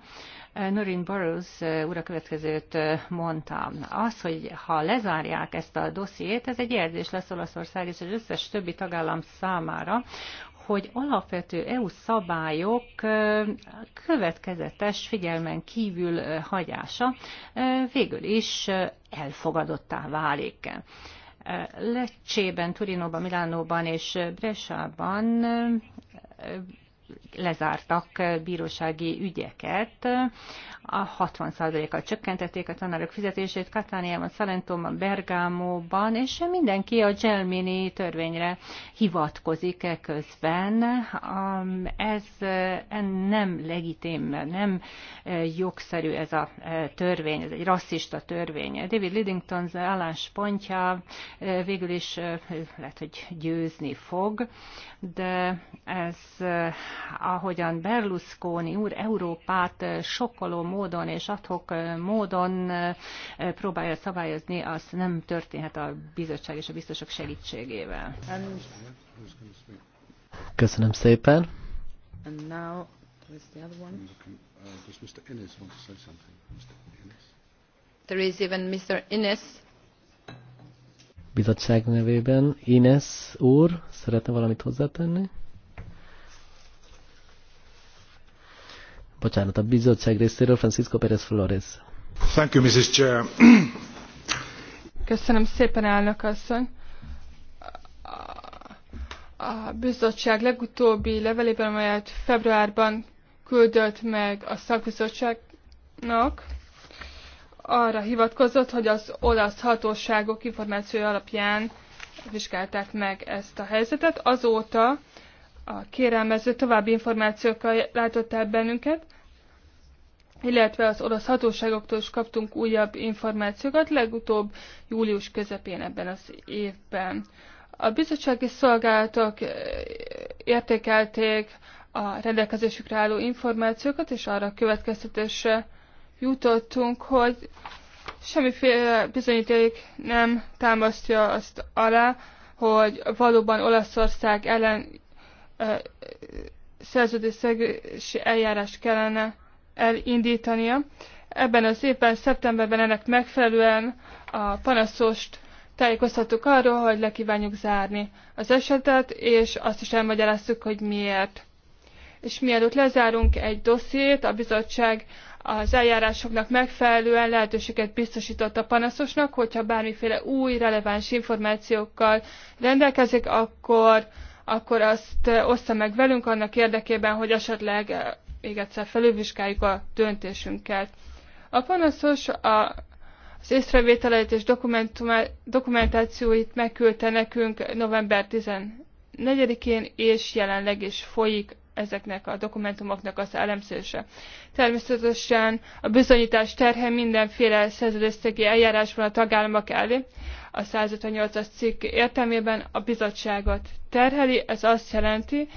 Norin Burroughs ura következőt mondta. Az, hogy ha lezárják ezt a dossziét, ez egy jelzés lesz Olaszország és az összes többi tagállam számára, hogy alapvető EU szabályok következetes figyelmen kívül hagyása végül is elfogadottá válik. Lecsében, Turinóban, Milánóban és Bresában lezártak bírósági ügyeket. A 60%-kal csökkentették a tanárok fizetését Katániában, Szalentóban, Bergámóban, és mindenki a Gelmini törvényre hivatkozik -e közben. Ez nem legitim, nem e, jogszerű ez a e, törvény, ez egy rasszista törvény. David Lidington álláspontja e, végül is lehet, hogy győzni fog, de ez ahogyan Berlusconi úr Európát sokkoló módon és adhok módon próbálja szabályozni, az nem történhet a bizottság és a biztosok segítségével. Köszönöm szépen. There is even Mr. Innes bizottság nevében. Ines úr, szeretne valamit hozzátenni? bocsánat, a bizottság részéről Francisco Pérez Flores. Thank you, Mrs. Chair. Köszönöm szépen, elnök asszony. A bizottság legutóbbi levelében, amelyet februárban küldött meg a szakbizottságnak, arra hivatkozott, hogy az olasz hatóságok információja alapján vizsgálták meg ezt a helyzetet. Azóta a kérelmező további információkkal látott el bennünket, illetve az orosz hatóságoktól is kaptunk újabb információkat, legutóbb július közepén ebben az évben. A bizottsági szolgálatok eh, értékelték a rendelkezésükre álló információkat, és arra következtetésre jutottunk, hogy semmiféle bizonyíték nem támasztja azt alá, hogy valóban Olaszország ellen szerződésszegési eljárás kellene elindítania. Ebben az évben, szeptemberben ennek megfelelően a panaszost tájékoztattuk arról, hogy kívánjuk zárni az esetet, és azt is elmagyaráztuk, hogy miért. És mielőtt lezárunk egy dossziét, a bizottság az eljárásoknak megfelelően lehetőséget biztosított a panaszosnak, hogyha bármiféle új, releváns információkkal rendelkezik, akkor akkor azt eh, ossza meg velünk annak érdekében, hogy esetleg eh, még egyszer felülvizsgáljuk a döntésünket. A panaszos a az észrevételeit és dokumentációit megküldte nekünk november 14-én, és jelenleg is folyik ezeknek a dokumentumoknak az elemzése. Természetesen a bizonyítás terhe mindenféle szerződésszegi van a tagállamok elé. A 158-as cikk értelmében a bizottságot terheli, ez azt jelenti,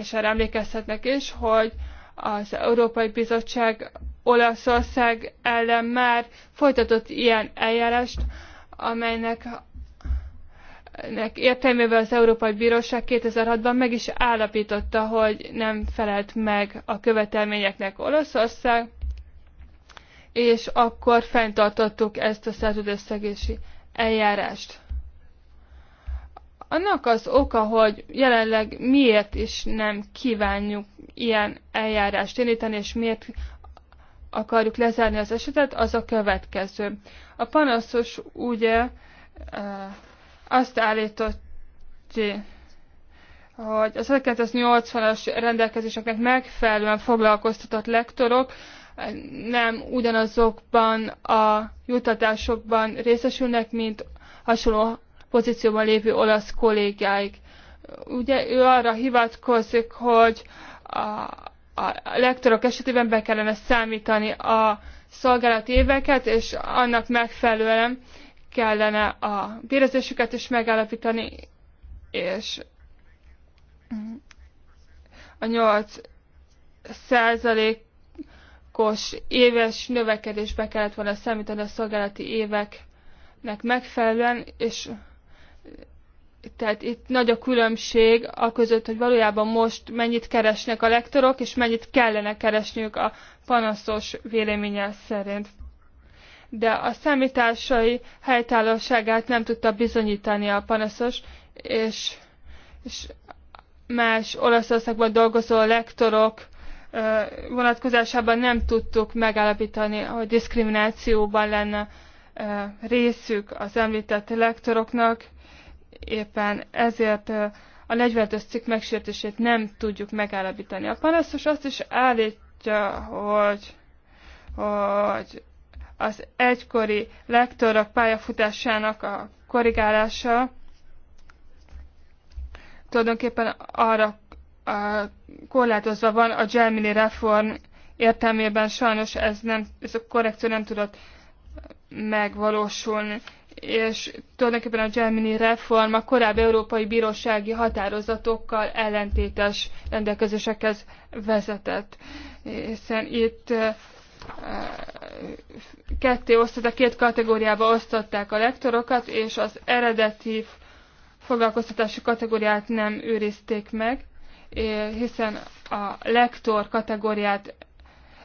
és erre emlékezhetnek is, hogy az Európai Bizottság Olaszország ellen már folytatott ilyen eljárást, amelynek ennek értelmében az Európai Bíróság 2006-ban meg is állapította, hogy nem felelt meg a követelményeknek Olaszország, és akkor fenntartottuk ezt a szerződösszegési eljárást. Annak az oka, hogy jelenleg miért is nem kívánjuk ilyen eljárást indítani, és miért akarjuk lezárni az esetet, az a következő. A panaszos ugye eh, azt állított hogy az 1980-as rendelkezéseknek megfelelően foglalkoztatott lektorok nem ugyanazokban a jutatásokban részesülnek, mint hasonló pozícióban lévő olasz kollégáik. Ugye ő arra hivatkozik, hogy a, a lektorok esetében be kellene számítani a szolgálati éveket, és annak megfelelően uh, kellene a bérezésüket is megállapítani, és a 8 százalékos éves növekedésbe kellett volna számítani a szolgálati éveknek megfelelően, és tehát itt nagy a különbség a között, hogy valójában most mennyit keresnek a lektorok, és mennyit kellene keresniük a panaszos véleménye szerint de a számításai helytállóságát nem tudta bizonyítani a panaszos, és, és más Olaszországban dolgozó lektorok vonatkozásában nem tudtuk megállapítani, hogy diszkriminációban lenne részük az említett lektoroknak, éppen ezért a 45-ös cikk megsértését nem tudjuk megállapítani. A panaszos azt is állítja, hogy, hogy az egykori lektorok pályafutásának a korrigálása tulajdonképpen arra a, korlátozva van a Gelmini reform értelmében sajnos ez, nem, ez a korrekció nem tudott megvalósulni. És tulajdonképpen a Gelmini reform a korábbi európai bírósági határozatokkal ellentétes rendelkezésekhez vezetett. Hiszen itt ketté osztották, két kategóriába osztották a lektorokat, és az eredeti foglalkoztatási kategóriát nem őrizték meg, hiszen a lektor kategóriát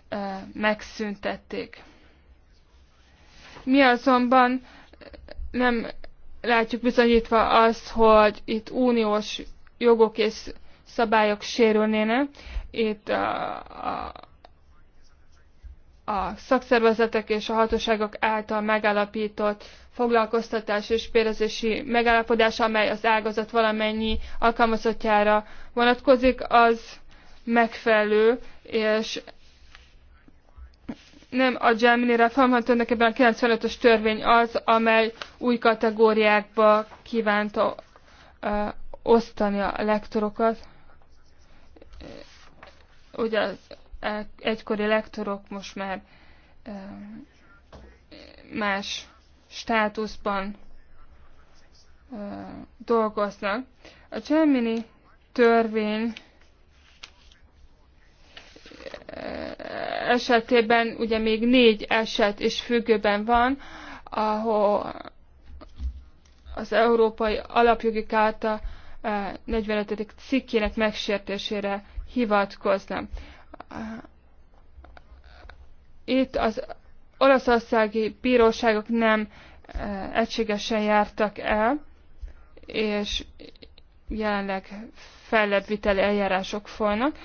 e, megszüntették. Mi azonban nem látjuk bizonyítva azt, hogy itt uniós jogok és szabályok sérülnének. Itt a, a a szakszervezetek és a hatóságok által megállapított foglalkoztatás és bérezési megállapodás, amely az ágazat valamennyi alkalmazottjára vonatkozik, az megfelelő, és nem a Gemini reform, hanem tulajdonképpen a 95-ös törvény az, amely új kategóriákba kívánta ö, osztani a lektorokat. Ugye egykori lektorok most már más státuszban dolgoznak. A Cselmini törvény esetében ugye még négy eset is függőben van, ahol az Európai Alapjogi Kárta 45. cikkének megsértésére hivatkoznak itt az olaszországi bíróságok nem e, egységesen jártak el, és jelenleg fellebbviteli eljárások folynak,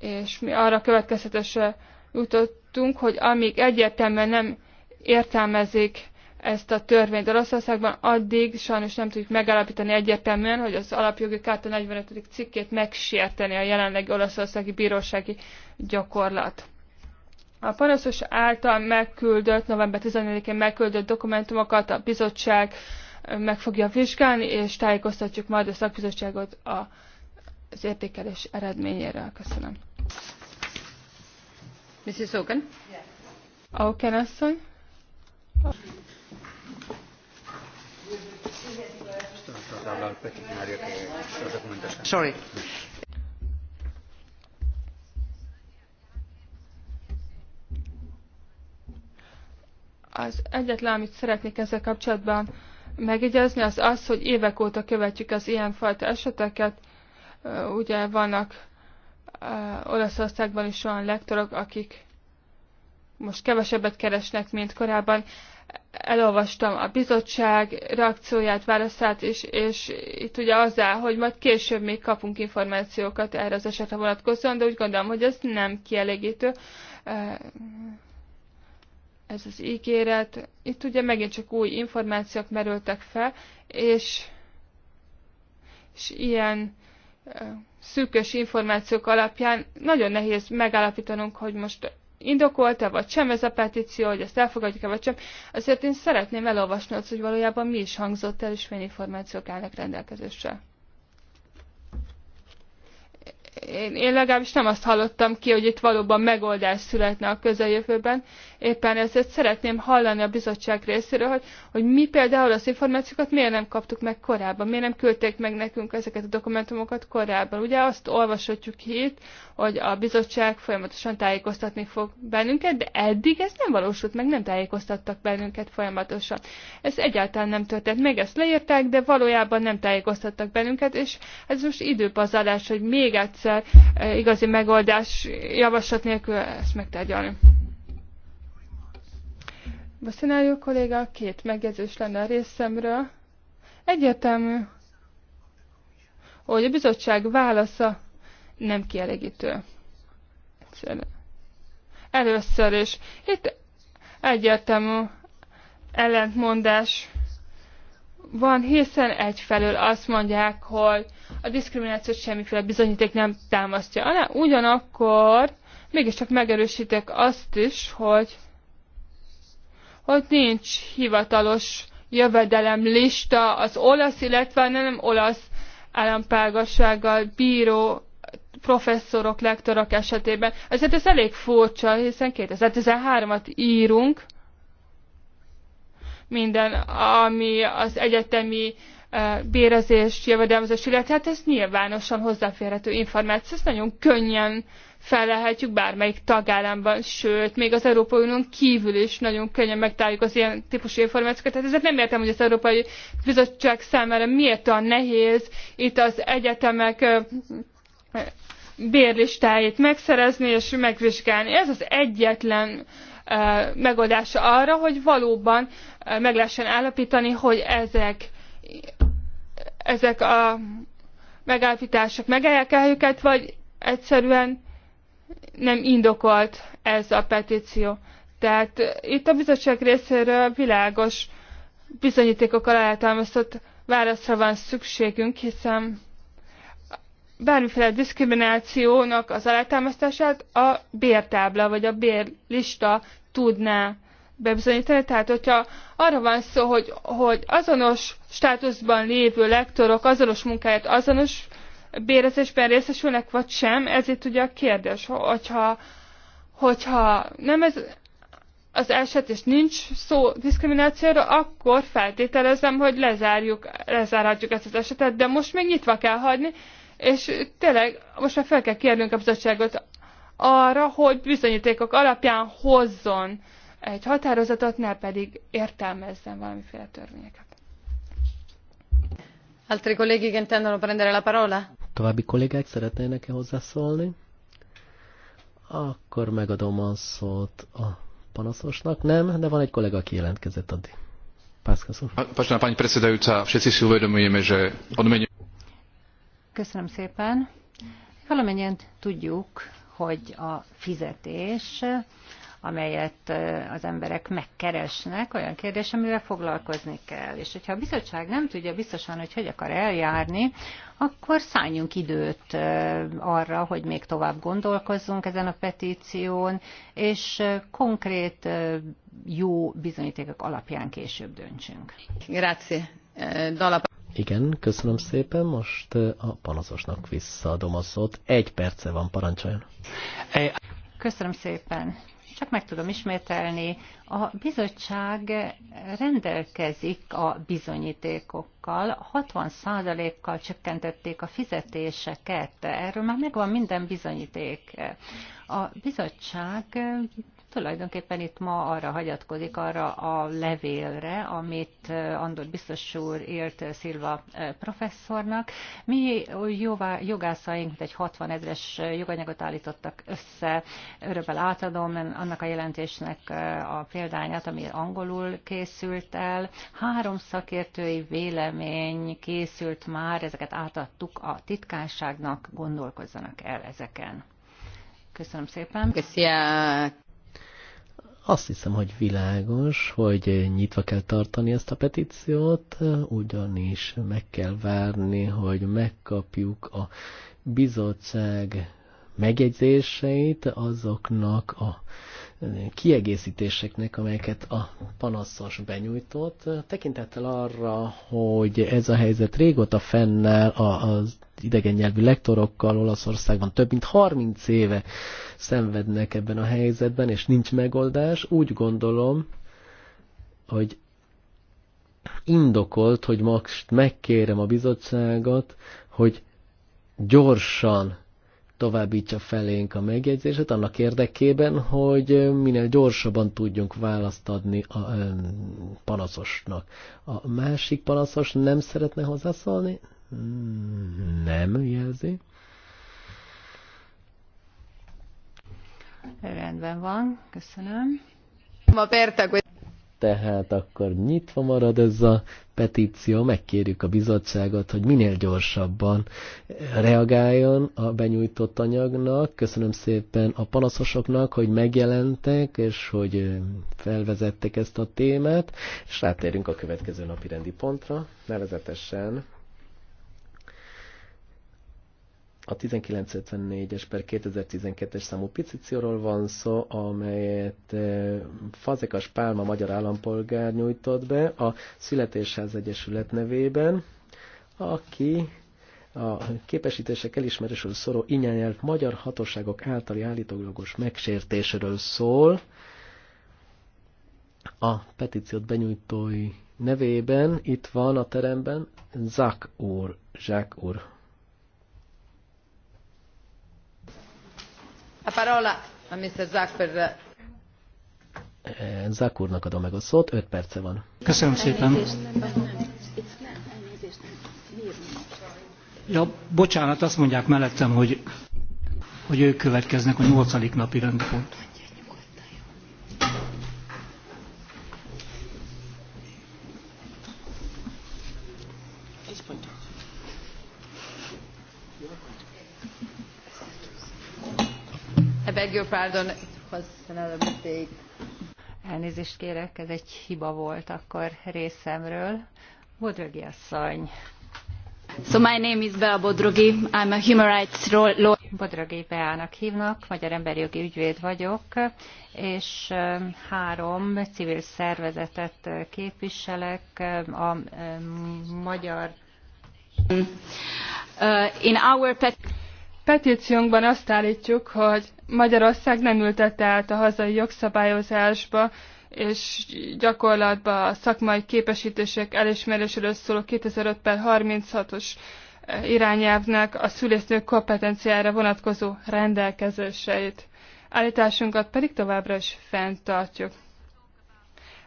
és mi arra következetesen jutottunk, hogy amíg egyértelműen nem értelmezik ezt a törvényt Oroszországban, addig sajnos nem tudjuk megállapítani egyértelműen, hogy az alapjogi kárta 45. cikkét megsérteni a jelenlegi olaszországi bírósági gyakorlat. A panaszos által megküldött, november 14-én megküldött dokumentumokat a bizottság meg fogja vizsgálni, és tájékoztatjuk majd a szakbizottságot a, az értékelés eredményéről. Köszönöm. Mrs. Hogan? Yes. Okay, asszony? Sorry. Az egyetlen, amit szeretnék ezzel kapcsolatban megjegyezni, az az, hogy évek óta követjük az ilyenfajta eseteket. Ugye vannak Olaszországban is olyan lektorok, akik most kevesebbet keresnek, mint korábban elolvastam a bizottság reakcióját, válaszát is, és itt ugye az hogy majd később még kapunk információkat erre az esetre vonatkozóan, de úgy gondolom, hogy ez nem kielégítő. Eh, ez az ígéret. Itt ugye megint csak új információk merültek fel, és, és ilyen eh, szűkös információk alapján nagyon nehéz megállapítanunk, hogy most indokolta, vagy sem ez a petíció, hogy ezt elfogadjuk-e, vagy sem. Azért én szeretném elolvasni azt, hogy valójában mi is hangzott el, és milyen információk állnak rendelkezésre én, én legalábbis nem azt hallottam ki, hogy itt valóban megoldás születne a közeljövőben. Éppen ezért szeretném hallani a bizottság részéről, hogy, hogy mi például az információkat miért nem kaptuk meg korábban, miért nem küldték meg nekünk ezeket a dokumentumokat korábban. Ugye azt olvashatjuk itt, hogy a bizottság folyamatosan tájékoztatni fog bennünket, de eddig ez nem valósult meg, nem tájékoztattak bennünket folyamatosan. Ez egyáltalán nem történt. Még ezt leírták, de valójában nem tájékoztattak bennünket, és ez most időpazarlás, hogy még egyszer ezzel e, igazi megoldás javaslat nélkül ezt megtárgyalni. Baszinárió kolléga, két megjegyzés lenne a részemről. Egyértelmű, hogy a bizottság válasza nem kielégítő. Először is. Itt egyértelmű ellentmondás van, hiszen egyfelől azt mondják, hogy a diszkriminációt semmiféle bizonyíték nem támasztja alá. Ugyanakkor mégiscsak megerősítek azt is, hogy, hogy nincs hivatalos jövedelem lista az olasz, illetve nem olasz állampárgassággal bíró professzorok, lektorok esetében. Ezért ez elég furcsa, hiszen 2013-at írunk, minden, ami az egyetemi uh, bérezést, jövedelmezést illetve hát ez nyilvánosan hozzáférhető információ, ezt nagyon könnyen felelhetjük bármelyik tagállamban, sőt, még az Európai Unión kívül is nagyon könnyen megtaláljuk az ilyen típusú információkat. Tehát ezért nem értem, hogy az Európai Bizottság számára miért olyan nehéz itt az egyetemek bérlistáit megszerezni és megvizsgálni. Ez az egyetlen megoldása arra, hogy valóban meg lehessen állapítani, hogy ezek ezek a megállapítások megállják el őket, vagy egyszerűen nem indokolt ez a petíció. Tehát itt a bizottság részéről világos bizonyítékok alátámasztott válaszra van szükségünk, hiszen bármiféle diszkriminációnak az alátámasztását a bértábla vagy a bérlista tudná bebizonyítani. Tehát, hogyha arra van szó, hogy, hogy azonos státuszban lévő lektorok azonos munkáját azonos bérezésben részesülnek, vagy sem, ez itt ugye a kérdés. Hogyha, hogyha nem ez az eset, és nincs szó diszkriminációra, akkor feltételezem, hogy lezárjuk, lezárhatjuk ezt az esetet, de most még nyitva kell hagyni, és tényleg most már fel kell kérnünk a bizottságot arra, hogy bizonyítékok alapján hozzon uh, egy határozatot, ne pedig értelmezzen valamiféle törvényeket. Altri colleghi intendono prendere la parola? További kollégák szeretnének-e hozzászólni? Akkor megadom a szót a panaszosnak. Nem, de van egy kollega, aki jelentkezett addig. Vážená Köszönöm szépen. Valamennyien tudjuk, hogy a fizetés amelyet az emberek megkeresnek, olyan kérdés, amivel foglalkozni kell. És hogyha a bizottság nem tudja biztosan, hogy hogy akar eljárni, akkor szálljunk időt arra, hogy még tovább gondolkozzunk ezen a petíción, és konkrét jó bizonyítékok alapján később döntsünk. Grazie. Dalap. Igen, köszönöm szépen. Most a panaszosnak visszaadom a szót. Egy perce van, parancsoljon. Köszönöm szépen csak meg tudom ismételni, a bizottság rendelkezik a bizonyítékokkal, 60%-kal csökkentették a fizetéseket, erről már megvan minden bizonyíték. A bizottság tulajdonképpen itt ma arra hagyatkozik, arra a levélre, amit eh, Andor biztos úr írt eh, Szilva eh, professzornak. Mi jóvá, jogászaink egy 60 ezres joganyagot állítottak össze, örömmel átadom annak a jelentésnek a példányát, ami angolul készült el. Három szakértői vélemény készült már, ezeket átadtuk a titkárságnak, gondolkozzanak el ezeken. Köszönöm szépen. Köszönöm. Azt hiszem, hogy világos, hogy nyitva kell tartani ezt a petíciót, ugyanis meg kell várni, hogy megkapjuk a bizottság megjegyzéseit azoknak a kiegészítéseknek, amelyeket a panaszos benyújtott, tekintettel arra, hogy ez a helyzet régóta fennel az idegen nyelvű lektorokkal Olaszországban több mint 30 éve szenvednek ebben a helyzetben, és nincs megoldás. Úgy gondolom, hogy indokolt, hogy most megkérem a bizottságot, hogy gyorsan továbbítsa felénk a megjegyzését annak érdekében, hogy minél gyorsabban tudjunk választ adni a panaszosnak. A másik panaszos nem szeretne hozzászólni? Nem jelzi. Rendben van, köszönöm. Ma pertek, hogy... Tehát akkor nyitva marad ez a petíció, megkérjük a bizottságot, hogy minél gyorsabban reagáljon a benyújtott anyagnak. Köszönöm szépen a panaszosoknak, hogy megjelentek, és hogy felvezettek ezt a témát, és rátérünk a következő napi rendi pontra, nevezetesen A 1954-es per 2012-es számú petícióról van szó, amelyet eh, Fazekas Pálma magyar állampolgár nyújtott be a Születésház Egyesület nevében, aki a képesítések elismerésről szóló inyányelv magyar hatóságok általi állítólagos megsértéséről szól. A petíciót benyújtói nevében itt van a teremben Zak úr, Zsák úr A parola a Mr. Zucker. Zák úrnak adom meg a szót, 5 perce van. Köszönöm szépen. Ja, bocsánat, azt mondják mellettem, hogy, hogy ők következnek a nyolcadik napi rendpont. Elnézést kérek, ez egy hiba volt akkor részemről. Bodrogi asszony. So my name is Bea Bodrogi, I'm a human rights lawyer. Bodrogi Beának hívnak, magyar emberi jogi ügyvéd vagyok, és um, három civil szervezetet uh, képviselek, um, a um, magyar... Uh, in our petíciónkban azt állítjuk, hogy Magyarország nem ültette át a hazai jogszabályozásba és gyakorlatban a szakmai képesítések elismeréséről szóló 2005 per 36-os irányelvnek a szülésznők kompetenciára vonatkozó rendelkezéseit. Állításunkat pedig továbbra is fenntartjuk.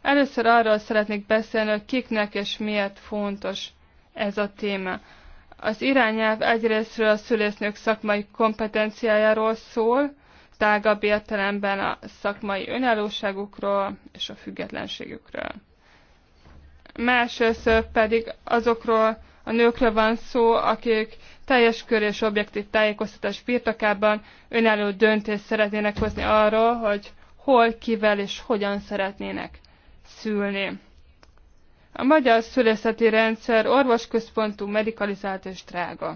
Először arról szeretnék beszélni, hogy kiknek és miért fontos ez a téma. Az irányelv egyrésztről a szülésznők szakmai kompetenciájáról szól, tágabb értelemben a szakmai önállóságukról és a függetlenségükről. Másrészt pedig azokról a nőkről van szó, akik teljes kör és objektív tájékoztatás birtokában önálló döntést szeretnének hozni arról, hogy hol, kivel és hogyan szeretnének szülni. A magyar szülészeti rendszer orvosközpontú, medikalizált és drága.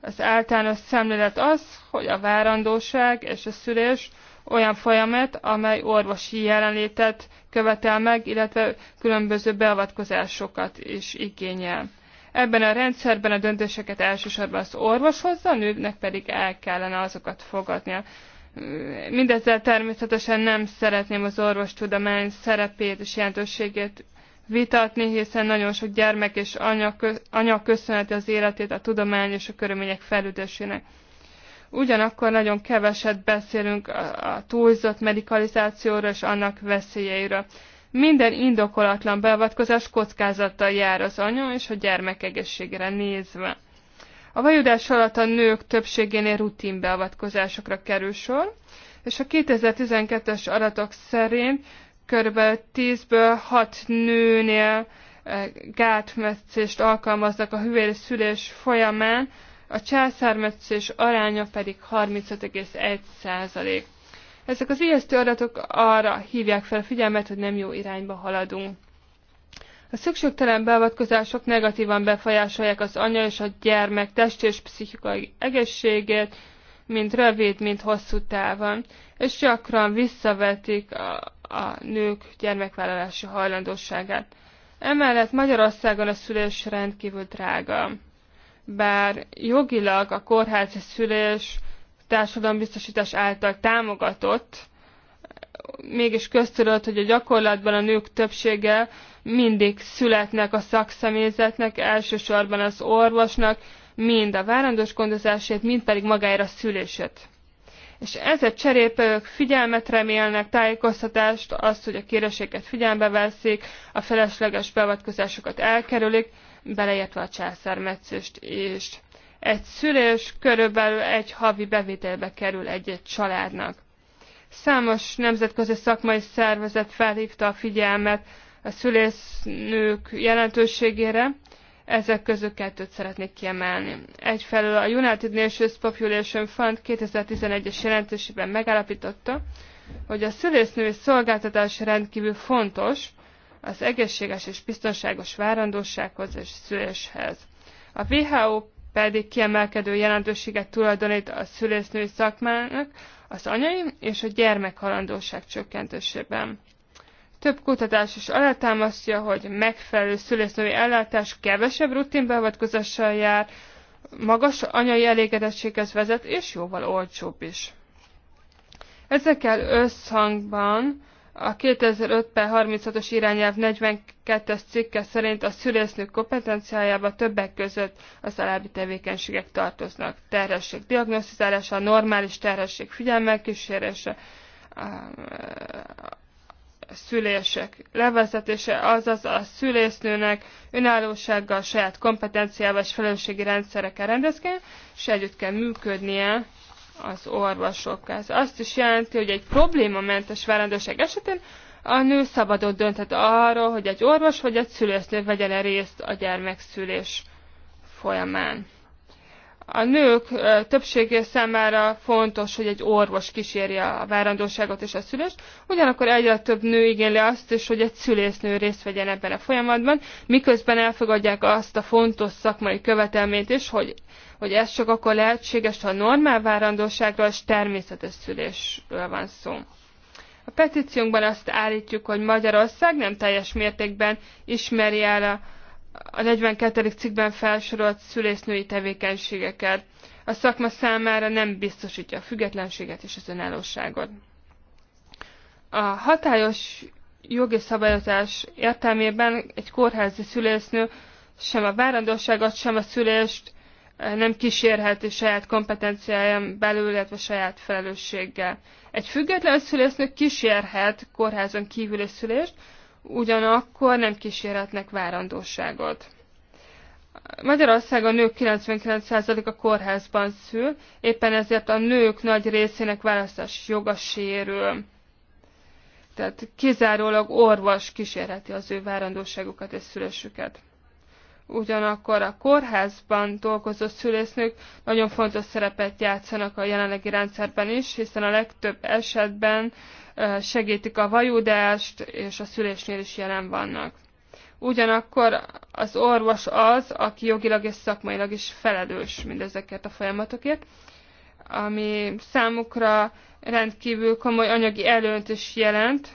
Az általános szemlélet az, hogy a várandóság és a szülés olyan folyamat, amely orvosi jelenlétet követel meg, illetve különböző beavatkozásokat is igényel. Ebben a rendszerben a döntéseket elsősorban az orvos hozza, a nőknek pedig el kellene azokat fogadnia. Mindezzel természetesen nem szeretném az orvostudomány szerepét és jelentőségét vitatni, hiszen nagyon sok gyermek és anya, anya köszönheti az életét a tudomány és a körülmények fejlődésének. Ugyanakkor nagyon keveset beszélünk a túlzott medikalizációról és annak veszélyeiről. Minden indokolatlan beavatkozás kockázattal jár az anya és a gyermek egészségére nézve. A vajudás alatt a nők többségénél rutin beavatkozásokra kerül sor, és a 2012-es adatok szerint körülbelül 10-ből 6 nőnél eh, gátmetszést alkalmaznak a hüvér szülés folyamán, a császármetszés aránya pedig 35,1 Ezek az ijesztő adatok arra hívják fel a figyelmet, hogy nem jó irányba haladunk. A szükségtelen beavatkozások negatívan befolyásolják az anya és a gyermek test és pszichikai egészségét, mind rövid, mind hosszú távon, és gyakran visszavetik a, a nők gyermekvállalási hajlandóságát. Emellett Magyarországon a szülés rendkívül drága. Bár jogilag a kórházi szülés társadalombiztosítás által támogatott, mégis köztudott, hogy a gyakorlatban a nők többsége mindig születnek a szakszemélyzetnek, elsősorban az orvosnak, mind a várandós gondozásért, mind pedig magáért a szülését és ezek cserépők figyelmet remélnek, tájékoztatást, azt, hogy a kéréseket figyelembe veszik, a felesleges beavatkozásokat elkerülik, beleértve a császármetszést is. Egy szülés körülbelül egy havi bevételbe kerül egy-egy családnak. Számos nemzetközi szakmai szervezet felhívta a figyelmet a szülésznők jelentőségére, ezek közül kettőt szeretnék kiemelni. Egyfelől a United Nations Population Fund 2011-es jelentésében megállapította, hogy a szülésznői szolgáltatás rendkívül fontos az egészséges és biztonságos várandósághoz és szüléshez. A WHO pedig kiemelkedő jelentőséget tulajdonít a szülésznői szakmának az anyai és a gyermekhalandóság csökkentésében. Több kutatás is alátámasztja, hogy megfelelő szülésznői ellátás kevesebb rutinbeavatkozással jár, magas anyai elégedettséghez vezet, és jóval olcsóbb is. Ezekkel összhangban a 2005-36-os irányelv 42-es cikke szerint a szülésznők kompetenciájába többek között az alábbi tevékenységek tartoznak. Terhesség diagnosztizálása, normális terhesség figyelmelkísérése, szülések levezetése, azaz a szülésznőnek önállósággal, saját kompetenciával és felelősségi rendszerekkel rendezkedni, és együtt kell működnie az orvosokkal. Ez azt is jelenti, hogy egy problémamentes várandóság esetén a nő szabadon dönthet arról, hogy egy orvos vagy egy szülésznő vegyen -e részt a gyermekszülés folyamán a nők többsége számára fontos, hogy egy orvos kísérje a várandóságot és a szülést, ugyanakkor egyre több nő igényli azt is, hogy egy szülésznő részt vegyen ebben a folyamatban, miközben elfogadják azt a fontos szakmai követelményt is, hogy, hogy ez csak akkor lehetséges, ha normál várandóságról és természetes szülésről van szó. A petíciónkban azt állítjuk, hogy Magyarország nem teljes mértékben ismeri el a a 42. cikkben felsorolt szülésznői tevékenységeket. A szakma számára nem biztosítja a függetlenséget és az önállóságot. A hatályos jogi szabályozás értelmében egy kórházi szülésznő sem a várandóságot, sem a szülést eh, nem kísérheti saját kompetenciáján belül, illetve saját felelősséggel. Egy független szülésznő kísérhet kórházon kívüli szülést, ugyanakkor nem kísérhetnek várandóságot. Magyarországon a nők 99%-a kórházban szül, éppen ezért a nők nagy részének választás joga sérül. Tehát kizárólag orvos kísérheti az ő várandóságukat és szülésüket ugyanakkor a kórházban dolgozó szülésznők nagyon fontos szerepet játszanak a jelenlegi rendszerben is, hiszen a legtöbb esetben segítik a vajudást, és a szülésnél is jelen vannak. Ugyanakkor az orvos az, aki jogilag és szakmailag is felelős mindezeket a folyamatokért, ami számukra rendkívül komoly anyagi előnyt is jelent,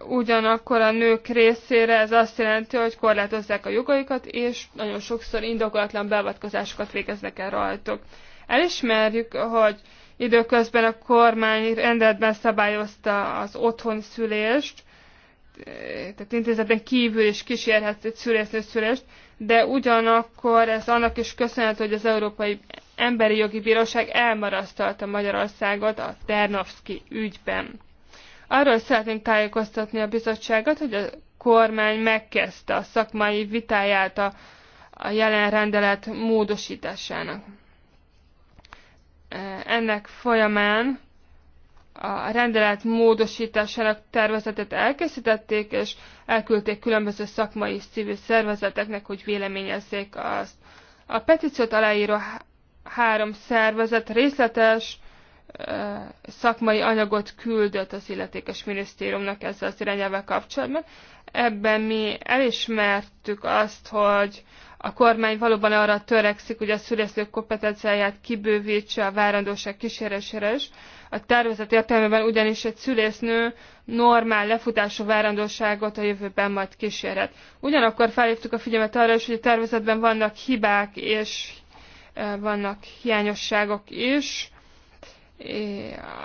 ugyanakkor a nők részére ez azt jelenti, hogy korlátozzák a jogaikat, és nagyon sokszor indokolatlan beavatkozásokat végeznek el rajtuk. Elismerjük, hogy időközben a kormány rendeletben szabályozta az otthon szülést, tehát intézetben kívül is kísérhet egy szülésznő szülést, de ugyanakkor ez annak is köszönhető, hogy az Európai Emberi Jogi Bíróság elmarasztalta Magyarországot a Ternovszki ügyben. Arról szeretnénk tájékoztatni a bizottságot, hogy a kormány megkezdte a szakmai vitáját a, a jelen rendelet módosításának. E, ennek folyamán a rendelet módosításának tervezetet elkészítették, és elküldték különböző szakmai és civil szervezeteknek, hogy véleményezzék azt. A petíciót aláíró három szervezet részletes szakmai anyagot küldött az illetékes minisztériumnak ezzel az irányával kapcsolatban. Ebben mi elismertük azt, hogy a kormány valóban arra törekszik, hogy a szülészők kompetenciáját kibővítse a várandóság kísérésére is. A tervezet értelmében ugyanis egy szülésznő normál lefutású várandóságot a jövőben majd kísérhet. Ugyanakkor felhívtuk a figyelmet arra is, hogy a tervezetben vannak hibák és eh, vannak hiányosságok is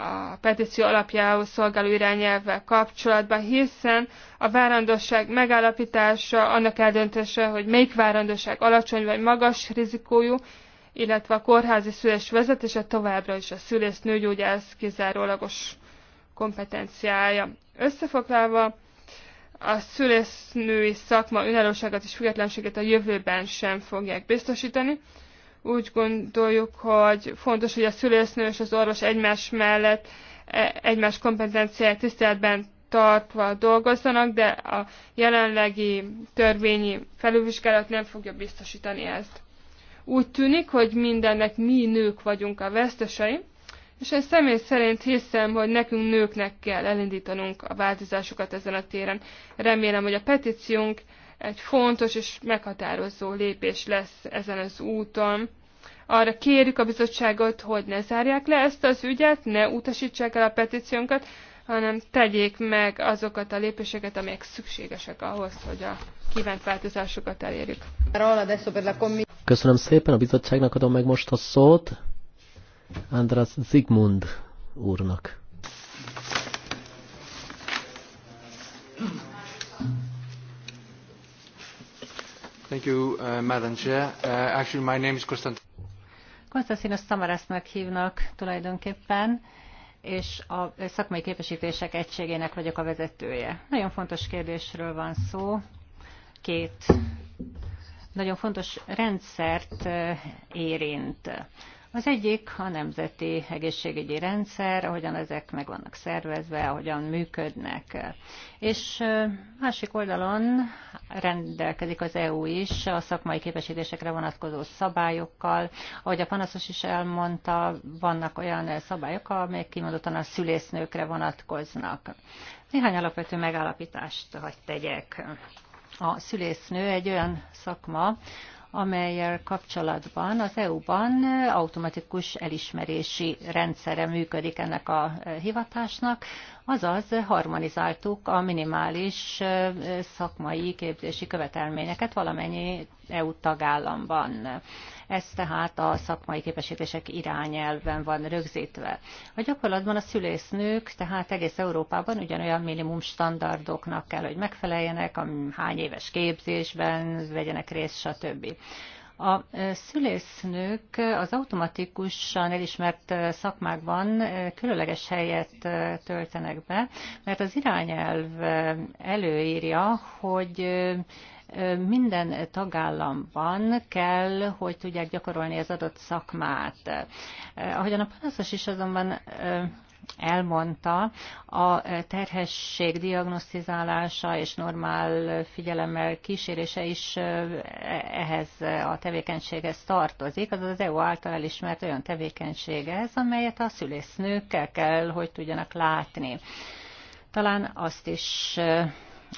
a petíció alapjához szolgáló irányelvvel kapcsolatban, hiszen a várandosság megállapítása, annak eldöntése, hogy melyik várandosság alacsony vagy magas rizikójú, illetve a kórházi szülés vezetése továbbra is a szülész nőgyógyász kizárólagos kompetenciája. Összefoglalva, a szülésznői szakma önállóságát és függetlenséget a jövőben sem fogják biztosítani, úgy gondoljuk, hogy fontos, hogy a szülésznő és az orvos egymás mellett e, egymás kompetenciáját tiszteletben tartva dolgozzanak, de a jelenlegi törvényi felülvizsgálat nem fogja biztosítani ezt. Úgy tűnik, hogy mindennek mi nők vagyunk a vesztesei, és én személy szerint hiszem, hogy nekünk nőknek kell elindítanunk a változásokat ezen a téren. Remélem, hogy a petíciónk egy fontos és meghatározó lépés lesz ezen az úton arra kérjük a bizottságot, hogy ne zárják le ezt az ügyet, ne utasítsák el a petíciónkat, hanem tegyék meg azokat a lépéseket, amelyek szükségesek ahhoz, hogy a kívánt változásokat elérjük. Köszönöm szépen, a bizottságnak adom meg most a szót András Zigmund úrnak. Thank you, uh, Madam Chair. Uh, actually, my name is Konstantin. Konstantinos Szamarasznak hívnak tulajdonképpen, és a szakmai képesítések egységének vagyok a vezetője. Nagyon fontos kérdésről van szó. Két nagyon fontos rendszert eh, érint. Az egyik a nemzeti egészségügyi rendszer, ahogyan ezek meg vannak szervezve, ahogyan működnek. És másik oldalon rendelkezik az EU is a szakmai képesítésekre vonatkozó szabályokkal. Ahogy a panaszos is elmondta, vannak olyan szabályok, amelyek kimondottan a szülésznőkre vonatkoznak. Néhány alapvető megállapítást hagy tegyek. A szülésznő egy olyan szakma, amelyel kapcsolatban az EU-ban automatikus elismerési rendszere működik ennek a hivatásnak, Azaz harmonizáltuk a minimális szakmai képzési követelményeket valamennyi EU tagállamban. Ez tehát a szakmai képesítések irányelven van rögzítve. A gyakorlatban a szülésznők tehát egész Európában ugyanolyan minimum standardoknak kell, hogy megfeleljenek, a hány éves képzésben vegyenek részt, stb. A szülésznők az automatikusan elismert szakmákban különleges helyet töltenek be, mert az irányelv előírja, hogy minden tagállamban kell, hogy tudják gyakorolni az adott szakmát. Ahogyan a panaszos is azonban elmondta, a terhesség diagnosztizálása és normál figyelemmel kísérése is ehhez a tevékenységhez tartozik, az az EU által elismert olyan tevékenységhez, amelyet a szülésznőkkel kell, hogy tudjanak látni. Talán azt is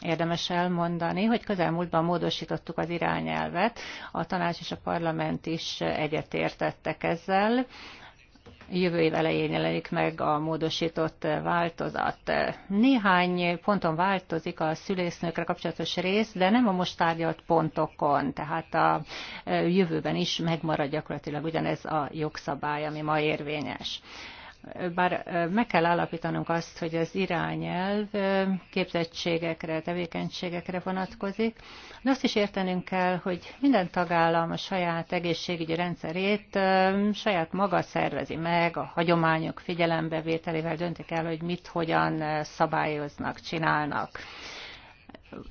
érdemes elmondani, hogy közelmúltban módosítottuk az irányelvet, a tanács és a parlament is egyetértettek ezzel, jövő év elején jelenik meg a módosított változat. Néhány ponton változik a szülésznőkre kapcsolatos rész, de nem a most tárgyalt pontokon, tehát a jövőben is megmarad gyakorlatilag ugyanez a jogszabály, ami ma érvényes bár meg kell állapítanunk azt, hogy az irányelv képzettségekre, tevékenységekre vonatkozik, de azt is értenünk kell, hogy minden tagállam a saját egészségügyi rendszerét saját maga szervezi meg, a hagyományok figyelembevételével döntik el, hogy mit, hogyan szabályoznak, csinálnak.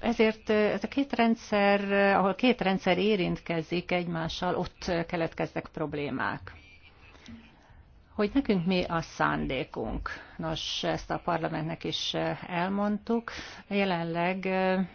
Ezért ez a két rendszer, ahol két rendszer érintkezik egymással, ott keletkeznek problémák hogy nekünk mi a szándékunk. Nos, ezt a parlamentnek is eh, elmondtuk. Jelenleg eh,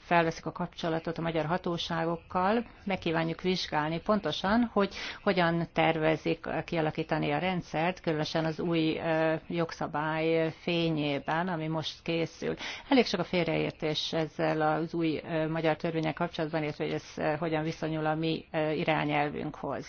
felveszik a kapcsolatot a magyar hatóságokkal, megkívánjuk vizsgálni pontosan, hogy hogyan tervezik eh, kialakítani a rendszert, különösen az új jogszabály fényében, ami most készül. Elég sok a félreértés ezzel az új magyar törvények kapcsolatban, illetve hogy ez hogyan viszonyul a mi irányelvünkhöz.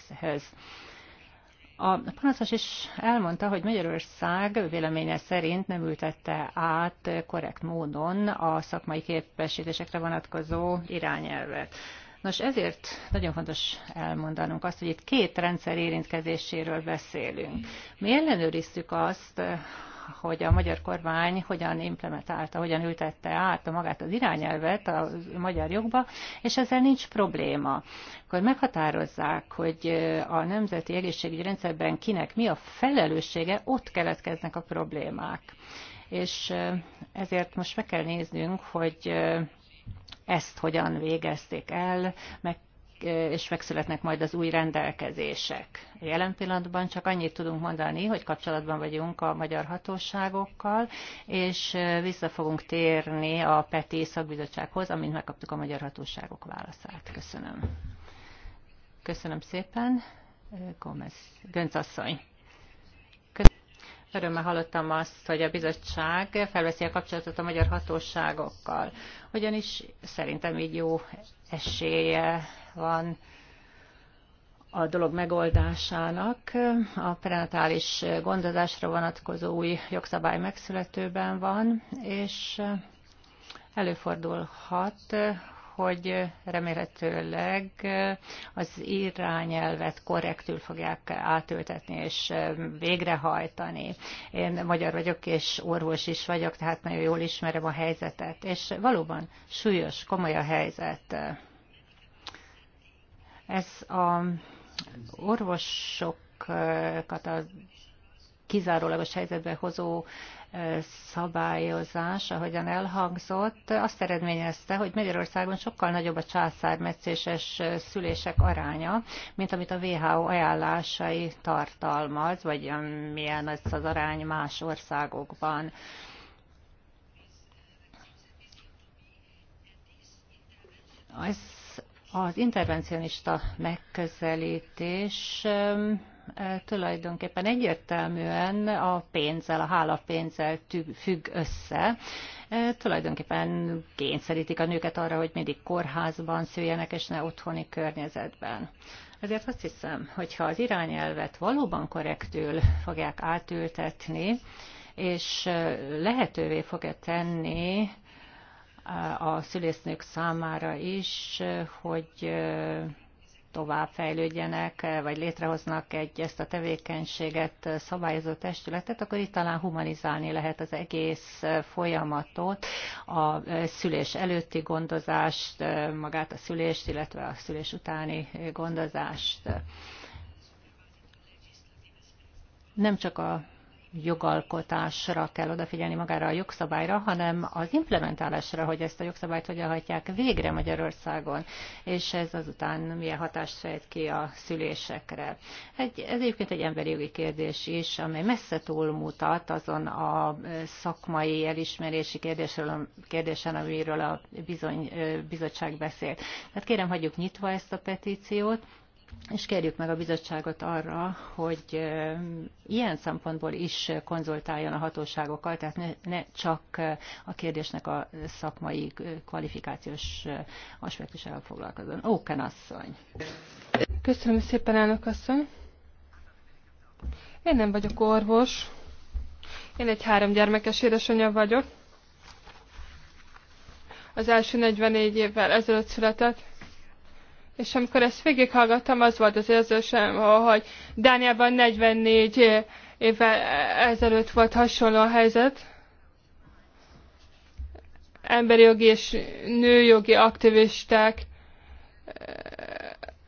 A panaszos is elmondta, hogy Magyarország véleménye szerint nem ültette át korrekt módon a szakmai képesítésekre vonatkozó irányelvet. Nos, ezért nagyon fontos elmondanunk azt, hogy itt két rendszer érintkezéséről beszélünk. Mi ellenőriztük azt, hogy a magyar kormány hogyan implementálta, hogyan ültette át a magát az irányelvet a magyar jogba, és ezzel nincs probléma. Akkor meghatározzák, hogy a nemzeti egészségügyi rendszerben kinek mi a felelőssége, ott keletkeznek a problémák. És ezért most meg kell néznünk, hogy ezt hogyan végezték el, meg és megszületnek majd az új rendelkezések. Jelen pillanatban csak annyit tudunk mondani, hogy kapcsolatban vagyunk a magyar hatóságokkal, és vissza fogunk térni a PETI szakbizottsághoz, amint megkaptuk a magyar hatóságok válaszát. Köszönöm. Köszönöm szépen. Gomez, Gönc asszony. Örömmel hallottam azt, hogy a bizottság felveszi a kapcsolatot a magyar hatóságokkal, ugyanis szerintem így jó esélye van a dolog megoldásának. A prenatális gondozásra vonatkozó új jogszabály megszületőben van, és előfordulhat, hogy remélhetőleg az irányelvet korrektül fogják átültetni és végrehajtani. Én magyar vagyok, és orvos is vagyok, tehát nagyon jól ismerem a helyzetet, és valóban súlyos, komoly a helyzet ez a orvosokat a kizárólagos helyzetbe hozó szabályozás, ahogyan elhangzott, azt eredményezte, hogy Magyarországon sokkal nagyobb a császármetszéses szülések aránya, mint amit a WHO ajánlásai tartalmaz, vagy milyen az az arány más országokban. Ez az intervencionista megközelítés tulajdonképpen egyértelműen a pénzzel, a hálapénzzel függ össze. Tulajdonképpen kényszerítik a nőket arra, hogy mindig kórházban szüljenek, és ne otthoni környezetben. Ezért azt hiszem, hogyha az irányelvet valóban korrektül fogják átültetni, és lehetővé fogja tenni a szülésznők számára is, hogy tovább fejlődjenek, vagy létrehoznak egy ezt a tevékenységet szabályozó testületet, akkor itt talán humanizálni lehet az egész folyamatot, a szülés előtti gondozást, magát a szülést, illetve a szülés utáni gondozást. Nem csak a jogalkotásra kell odafigyelni magára a jogszabályra, hanem az implementálásra, hogy ezt a jogszabályt hogyan hajtják végre Magyarországon, és ez azután milyen hatást fejt ki a szülésekre. Egy, ez egyébként egy emberi jogi kérdés is, amely messze túlmutat azon a szakmai elismerési kérdésről, kérdésen, amiről a bizony, bizottság beszélt. Tehát kérem, hagyjuk nyitva ezt a petíciót, és kérjük meg a bizottságot arra, hogy ilyen szempontból is konzultáljon a hatóságokkal, tehát ne, csak a kérdésnek a szakmai kvalifikációs aspektusával foglalkozzon. Óken asszony. Köszönöm szépen, elnök asszony. Én nem vagyok orvos. Én egy három gyermekes édesanyja vagyok. Az első 44 évvel ezelőtt született és amikor ezt végighallgattam, az volt az érzésem, hogy Dániában 44 évvel ezelőtt volt hasonló a helyzet. Emberi jogi és nőjogi aktivisták e,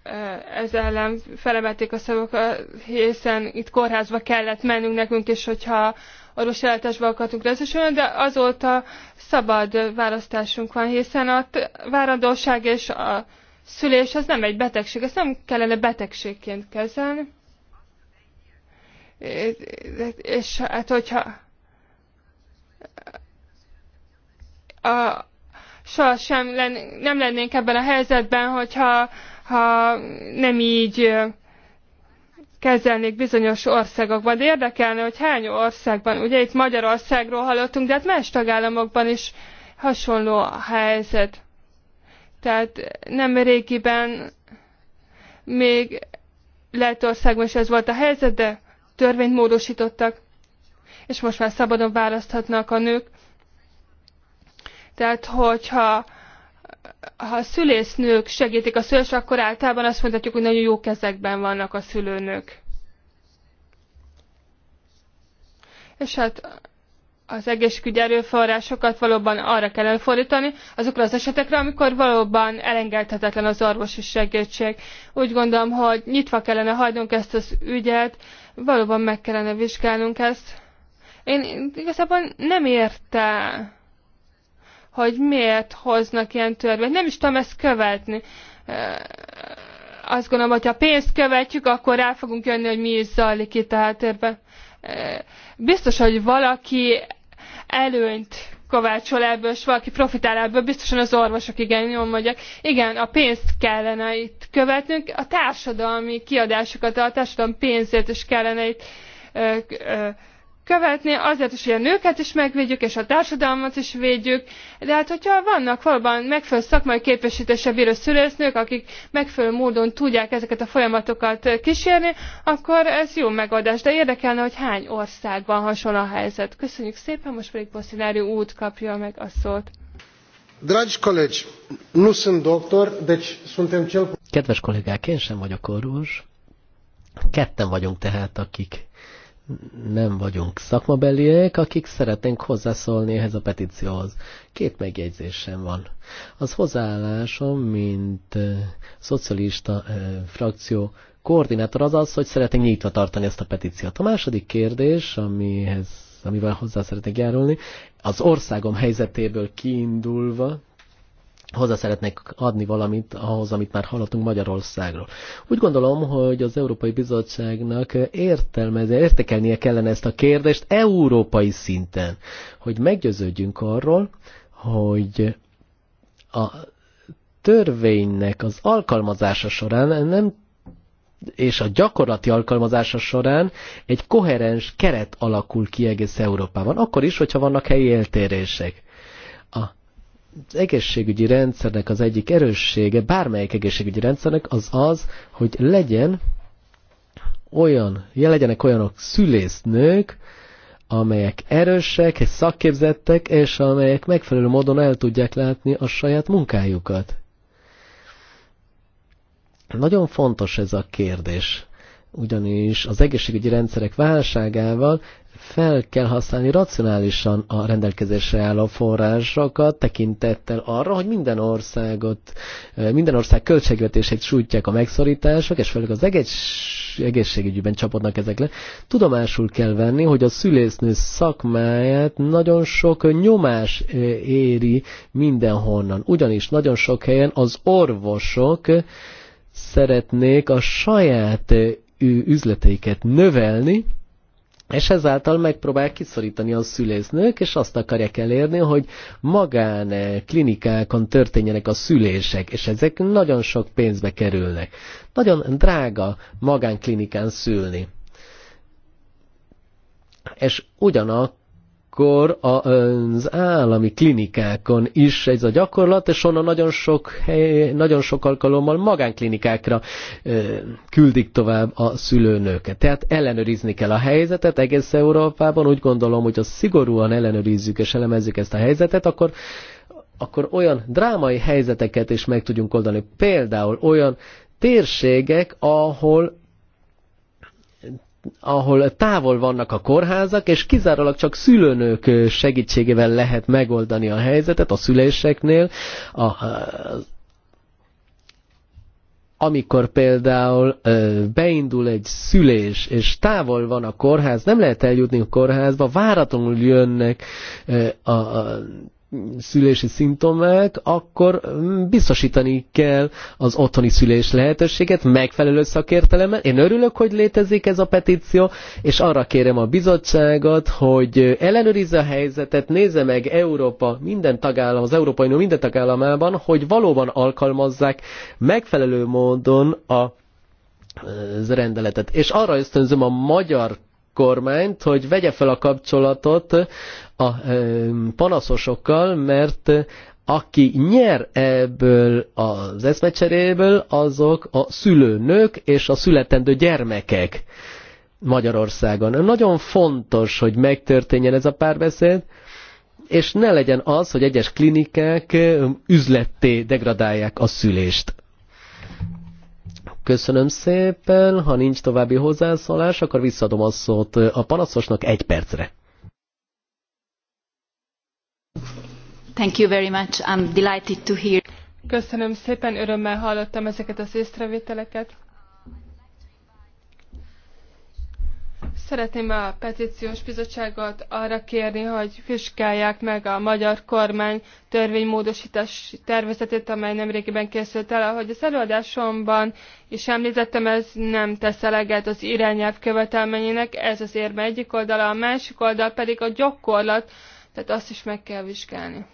e, ez ellen felemelték a szavukat, hiszen itt kórházba kellett mennünk nekünk, és hogyha orvosi ellátásba akartunk részesülni, de azóta szabad választásunk van, hiszen a várandóság és a szülés az nem egy betegség, ezt nem kellene betegségként kezelni. És hát, hogyha a, sohasem len, nem lennénk ebben a helyzetben, hogyha ha nem így kezelnék bizonyos országokban. De érdekelne, hogy hány országban, ugye itt Magyarországról hallottunk, de hát más tagállamokban is hasonló a helyzet. Tehát nem régiben még Lettországban is ez volt a helyzet, de törvényt módosítottak, és most már szabadon választhatnak a nők. Tehát, hogyha ha a szülésznők segítik a szülés, akkor általában azt mondhatjuk, hogy nagyon jó kezekben vannak a szülőnök. És hát az egészségügyi erőforrásokat valóban arra kell elfordítani, azokra az esetekre, amikor valóban elengedhetetlen az orvosi segítség. Úgy gondolom, hogy nyitva kellene hagynunk ezt az ügyet, valóban meg kellene vizsgálnunk ezt. Én igazából nem érte, hogy miért hoznak ilyen törvényt. Nem is tudom ezt követni. Azt gondolom, hogy ha pénzt követjük, akkor rá fogunk jönni, hogy mi is zajlik itt a háttérben biztos, hogy valaki előnyt kovácsol ebből, és valaki profitál ebből, biztosan az orvosok igen, jól mondják. Igen, a pénzt kellene itt követnünk, a társadalmi kiadásokat, a társadalom pénzét is kellene itt ö, ö, követni, azért is, hogy a nőket is megvédjük, és a társadalmat is védjük. De hát, hogyha vannak valóban megfelelő szakmai képesítése bíró szülésznők, akik megfelelő módon tudják ezeket a folyamatokat kísérni, akkor ez jó megoldás. De érdekelne, hogy hány országban hasonló a helyzet. Köszönjük szépen, most pedig Bosszinári út kapja meg a szót. Dragi colegi, nu sunt doctor, deci suntem cel... Kedves kollégák, én sem vagyok orvos. Ketten vagyunk tehát, akik nem vagyunk szakmabeliek, akik szeretnénk hozzászólni ehhez a petícióhoz. Két megjegyzésem van. Az hozzáállásom, mint uh, szocialista uh, frakció koordinátor az az, hogy szeretnénk nyitva tartani ezt a petíciót. A második kérdés, amihez, amivel hozzá szeretnék járulni, az országom helyzetéből kiindulva, hozzá szeretnék adni valamit ahhoz, amit már hallottunk Magyarországról. Úgy gondolom, hogy az Európai Bizottságnak értelmezni, értekelnie kellene ezt a kérdést európai szinten, hogy meggyőződjünk arról, hogy a törvénynek az alkalmazása során nem és a gyakorlati alkalmazása során egy koherens keret alakul ki egész Európában, akkor is, hogyha vannak helyi eltérések az egészségügyi rendszernek az egyik erőssége, bármelyik egészségügyi rendszernek az az, hogy legyen olyan, legyenek olyanok szülésznők, amelyek erősek, szakképzettek, és amelyek megfelelő módon el tudják látni a saját munkájukat. Nagyon fontos ez a kérdés, ugyanis az egészségügyi rendszerek válságával fel kell használni racionálisan a rendelkezésre álló forrásokat, tekintettel arra, hogy minden országot, eh, minden ország költségvetését sújtják a megszorítások, és főleg az egészségügyben csapodnak ezek le. Tudomásul kell venni, hogy a szülésznő szakmáját nagyon sok nyomás eh, éri mindenhonnan. Ugyanis nagyon sok helyen az orvosok szeretnék a saját eh, üzleteiket növelni, és ezáltal megpróbál kiszorítani a szülésznők, és azt akarják elérni, hogy magán klinikákon történjenek a szülések, és ezek nagyon sok pénzbe kerülnek. Nagyon drága magánklinikán szülni. És ugyanak akkor az állami klinikákon is ez a gyakorlat, és onnan nagyon sok, hely, nagyon sok alkalommal magánklinikákra küldik tovább a szülőnőket. Tehát ellenőrizni kell a helyzetet egész Európában. Úgy gondolom, hogy ha szigorúan ellenőrizzük és elemezzük ezt a helyzetet, akkor akkor olyan drámai helyzeteket is meg tudjunk oldani. Például olyan térségek, ahol ahol távol vannak a kórházak, és kizárólag csak szülőnők segítségével lehet megoldani a helyzetet a szüléseknél. A, amikor például ö, beindul egy szülés, és távol van a kórház, nem lehet eljutni a kórházba, váratlanul jönnek ö, a, a szülési szimptomák, akkor mm, biztosítani kell az otthoni szülés lehetőséget megfelelő szakértelemmel. Én örülök, hogy létezik ez a petíció, és arra kérem a bizottságot, hogy ellenőrizze a helyzetet, nézze meg Európa minden tagállam, az Európai Unió minden tagállamában, hogy valóban alkalmazzák megfelelő módon a rendeletet. És arra ösztönzöm a magyar kormányt, hogy vegye fel a kapcsolatot a panaszosokkal, mert aki nyer ebből az eszmecseréből, azok a szülőnők és a születendő gyermekek Magyarországon. Nagyon fontos, hogy megtörténjen ez a párbeszéd, és ne legyen az, hogy egyes klinikák üzletté degradálják a szülést. Köszönöm szépen, ha nincs további hozzászólás, akkor visszadom a szót a panaszosnak egy percre. Thank you very much. I'm delighted to hear. Köszönöm szépen, örömmel hallottam ezeket az észrevételeket. Szeretném a petíciós bizottságot arra kérni, hogy vizsgálják meg a magyar kormány törvénymódosítás tervezetét, amely nemrégiben készült el. Ahogy az előadásomban is említettem, ez nem tesz eleget az irányelv követelményének, ez az érme egyik oldala, a másik oldal pedig a gyakorlat, tehát azt is meg kell vizsgálni.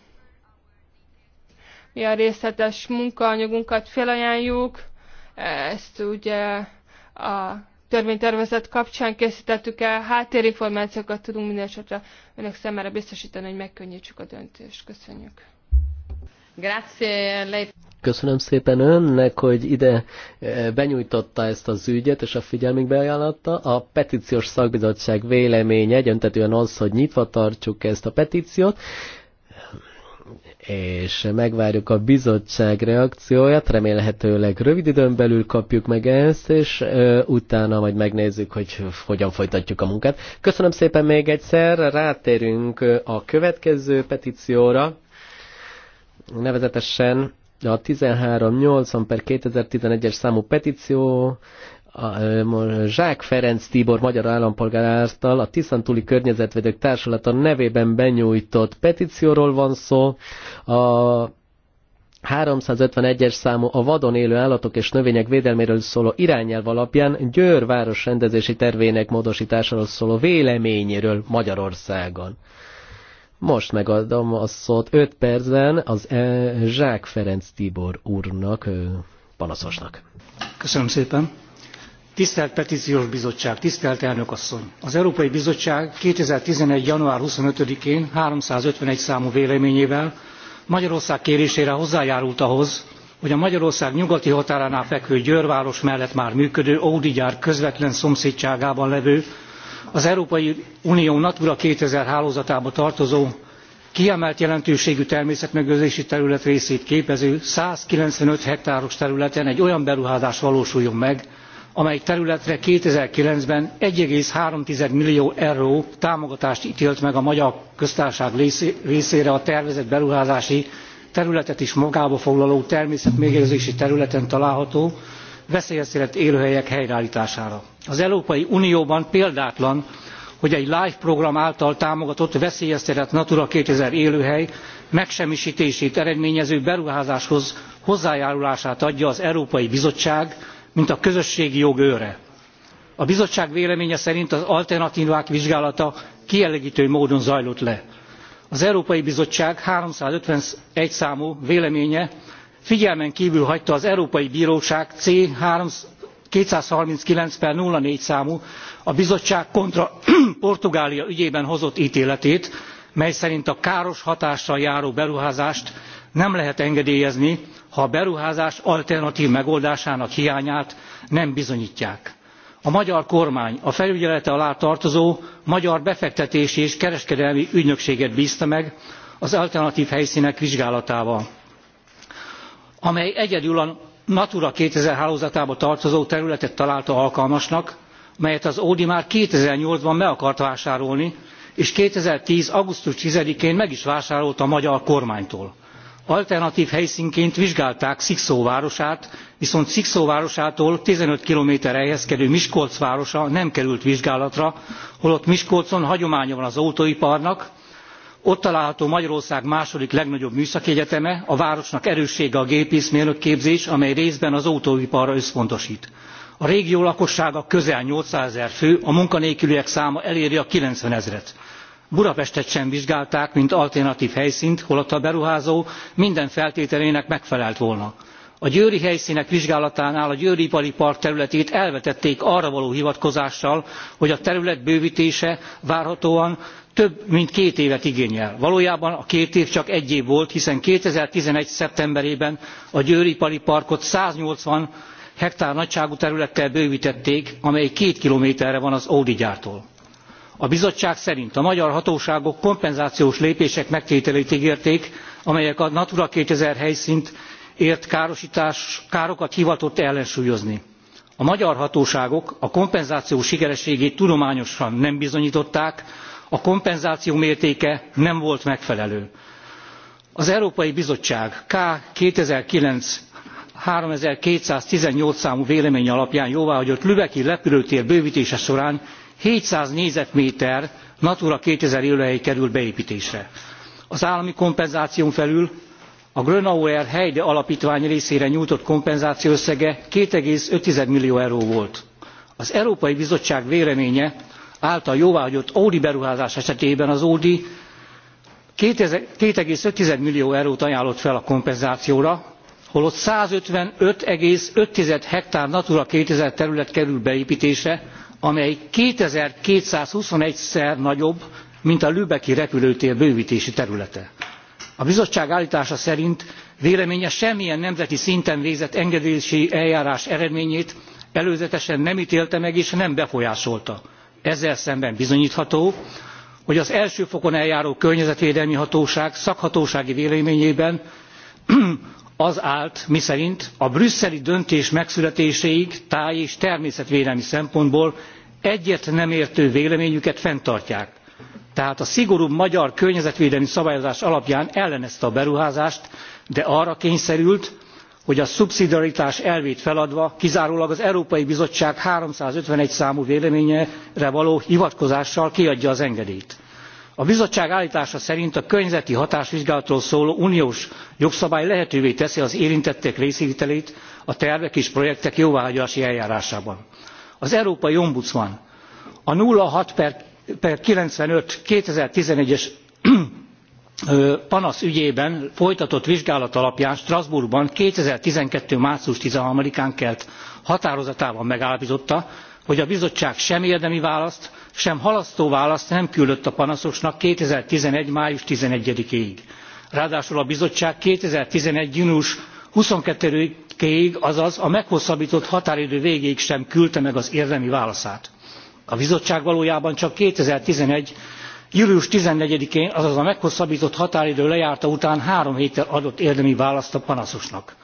Mi a részletes munkaanyagunkat hát felajánljuk, ezt ugye a törvénytervezet kapcsán készítettük el, háttérinformációkat tudunk minden esetre önök szemére biztosítani, hogy megkönnyítsük a döntést. Köszönjük. Grazie. Köszönöm szépen önnek, hogy ide eh, benyújtotta ezt az ügyet, és a figyelmünkbe ajánlotta. A petíciós szakbizottság véleménye egyöntetően az, hogy nyitva tartsuk ezt a petíciót, és megvárjuk a bizottság reakcióját, remélhetőleg rövid időn belül kapjuk meg ezt, és ö, utána majd megnézzük, hogy hogyan folytatjuk a munkát. Köszönöm szépen még egyszer, rátérünk a következő petícióra, nevezetesen a 1380 per 2011-es számú petíció Zsák Ferenc Tibor magyar állampolgár által a Tiszantúli Környezetvédők Társulata nevében benyújtott petícióról van szó. A 351-es számú a vadon élő állatok és növények védelméről szóló irányelv alapján Győr város rendezési tervének módosításáról szóló véleményéről Magyarországon. Most megadom a szót 5 percben az e, Zsák Ferenc Tibor úrnak, panaszosnak. Köszönöm szépen. Tisztelt Petíciós Bizottság, tisztelt elnök asszony! Az Európai Bizottság 2011. január 25-én 351 számú véleményével Magyarország kérésére hozzájárult ahhoz, hogy a Magyarország nyugati határánál fekvő Győrváros mellett már működő Audi gyár közvetlen szomszédságában levő, az Európai Unió Natura 2000 hálózatába tartozó kiemelt jelentőségű természetmegőrzési terület részét képező one hundred and ninety five hektáros területen egy olyan beruházás valósuljon meg amely területre two thousand and nine ben one three millió euró támogatást télt meg a magyar köztársaság részére a tervezett beruházási területet is magába foglaló természetmegőrzési területen található veszélyeztetett élőhelyek helyreálltására. az európai unióban példátlan hogy egy life program által támogatott veszélyeztetett natura two thousand élőhely megsemmistését eredményező beruházáshoz hozzájárulását adja az európai bizottság mint a közösségi jog őre. a bizottság véleménye szerint az alternatvák vizsgálata kielégtő módon zajlott le. az európai bizottság three hundred and fifty one számú véleménye figyelmen kvül hagyta az európai bróság c two hundred and thirty nine four számú a bizottság kontra portugália ügyében hozott téletét mely szerint a káros hatással járó beruházást nem lehet engedélyezni ha a beruházás alternatv megoldásának hiányát nem bizonytják. a magyar kormány a felügyelete alá tartozó magyar befektetési és kereskedelmi ügynökséget bzta meg az alternatv helysznek vizsgálatával amely egyedül a natura two thousand hálózatába tartozó területet találta alkalmasnak melyet az audi már two thousand and eight ban meg akart vásárolni és two thousand and ten augusztus ten én meg is vásárolta a magyar kormánytól alternatv helysznként vizsgálták szikszó városát viszont szikszó városától fifteen kilométerre helyezkedő miskolc városa nem került vizsgálatra holott miskolcon hagyománya van az autóiparnak ott található magyarország második legnagyobb műszaki egyeteme a városnak erőssége a gépészmérnökképzés amely részben az autóiparra összpontost. a régió lakossága közel eight hundred zero fő a munkanélküliek száma eléri a ninety ezret budapestet sem vizsgálták mint alternatv helysznt holott a beruházó minden feltételének megfelelt volna. a győri helysznek vizsgálatánál a győri ipari park területét elvetették arra való hivatkozással hogy a terület bővtése várhatóan több mint két évet igényel. valójában a két év csak egy év volt hiszen two thousand and eleven szeptemberében a győri ipari parkot one hundred and eighty hektár nagyságú területtel bővtették amely két kilométerre van az audi gyártól a bizottság szerint a magyar hatóságok kompenzációs lépések megtételét gérték amelyek a natura two thousand helysznt ért károsítás, károkat hivatott ellensúlyozni. a magyar hatóságok a kompenzáció sikerességét tudományosan nem bizonytották a kompenzáció mértéke nem volt megfelelő. az európai bizottság k two thousand and nine three thousand two hundred and eighteen számú véleménye alapján jóváhagyott lübecki repülőtér bővtése során 700 négyzetméter Natura 2000 élőhely kerül beéptésre. Az állami kompenzáción felül a Grönauer Heide Alapítvány részére nyújtott kompenzáció összege 2,5 millió euró volt. Az Európai Bizottság véleménye által jóváhagyott Audi beruházás esetében az Audi 2,5 millió eurót ajánlott fel a kompenzációra, holott 155,5 hektár Natura 2000 terület kerül beépítése amely 2221 szer nagyobb, mint a lübecki repülőtér bővítési területe. A bizottság állítása szerint véleménye semmilyen nemzeti szinten végzett engedélyezési eljárás eredményét előzetesen nem ítélte meg és nem befolyásolta. Ezzel szemben bizonyítható, hogy az első fokon eljáró környezetvédelmi hatóság szakhatósági véleményében az állt miszerint a brüsszeli döntés megszületéséig táj és természetvédelmi szempontból egyet nem értő véleményüket fenntartják tehát a szigorúbb magyar környezetvédelmi szabályozás alapján ellenezte a beruházást de arra kényszerült hogy a szubszidiaritás elvét feladva kizárólag az európai bizottság three hundred and fifty one számú véleményére való hivatkozással kiadja az engedélyt a bizottság álltása szerint a környezeti hatásvizsgálatról szóló uniós jogszabály lehetővé teszi az érintettek részvételét a tervek és projektek jóváhagyási eljárásában. az európai ombudsman a six ninety five two thousand and eleven es panasz ügyében folytatott vizsgálat alapján strasbourgban two thousand and twelve március thirteen án kelt határozatában megállaptotta hogy a bizottság sem érdemi választ sem halasztó választ nem küldött a panaszosnak two thousand and eleven május eleven ig. ráadásul a bizottság two thousand and eleven június twenty two ig azaz a meghosszabbtott határidő végéig sem küldte meg az érdemi válaszát. a bizottság valójában csak two thousand and eleven július fourteen én azaz a meghosszabbtott határidő lejárta után három héttel adott érdemi választ a panaszosnak.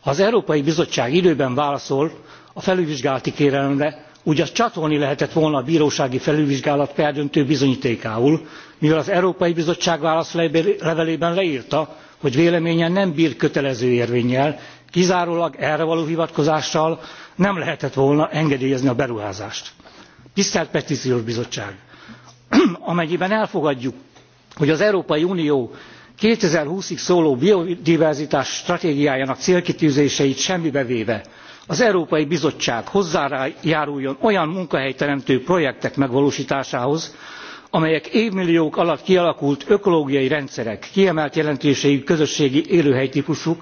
ha az európai bizottság időben válaszol a felülvizsgálati kérelemre úgy azt csatolni lehetett volna a brósági felülvizsgálat perdöntő bizonytékául mivel az európai bizottság válaszlevelében lerta hogy véleménye nem br kötelező érvénnyel kizárólag erre való hivatkozással nem lehetett volna engedélyezni a beruházást. tisztelt petciós bizottság! amennyiben elfogadjuk hogy az európai unió two thousand and twenty ig szóló biodiverzitás stratégiájának célkitűzéseit semmibe véve az európai bizottság hozzájáruljon olyan munkahelyteremtő projektek megvalóstásához amelyek évmilliók alatt kialakult ökológiai rendszerek kiemelt jelentőségű közösségi élőhelytpusú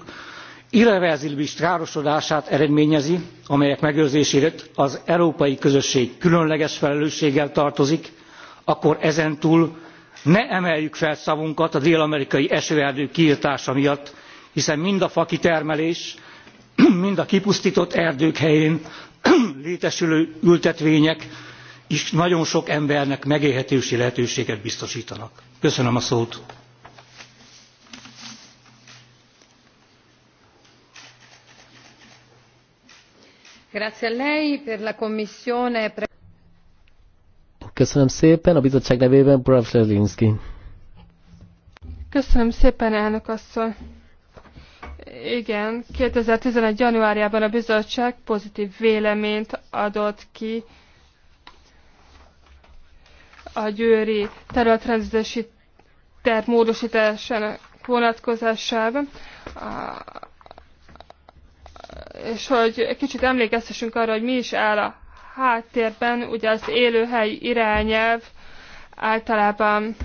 irreverzibilis károsodását eredményezi amelyek megőrzésére az európai közösség különleges felelősséggel tartozik akkor ezentúl ne emeljük fel szavunkat a dél amerikai esőerdők kiirtása miatt hiszen mind a fakitermelés mind a kipusztított erdők helyén létesülő ültetvények is nagyon sok embernek megélhetési lehetőséget biztostanak. köszönöm a szót. Köszönöm szépen, a bizottság nevében Brav Köszönöm szépen, elnök asszony. Igen, 2011. januárjában a bizottság pozitív véleményt adott ki a győri területrendezési terv módosításának vonatkozásában, és hogy egy kicsit emlékeztessünk arra, hogy mi is áll a háttérben, ugye az élőhely irányelv általában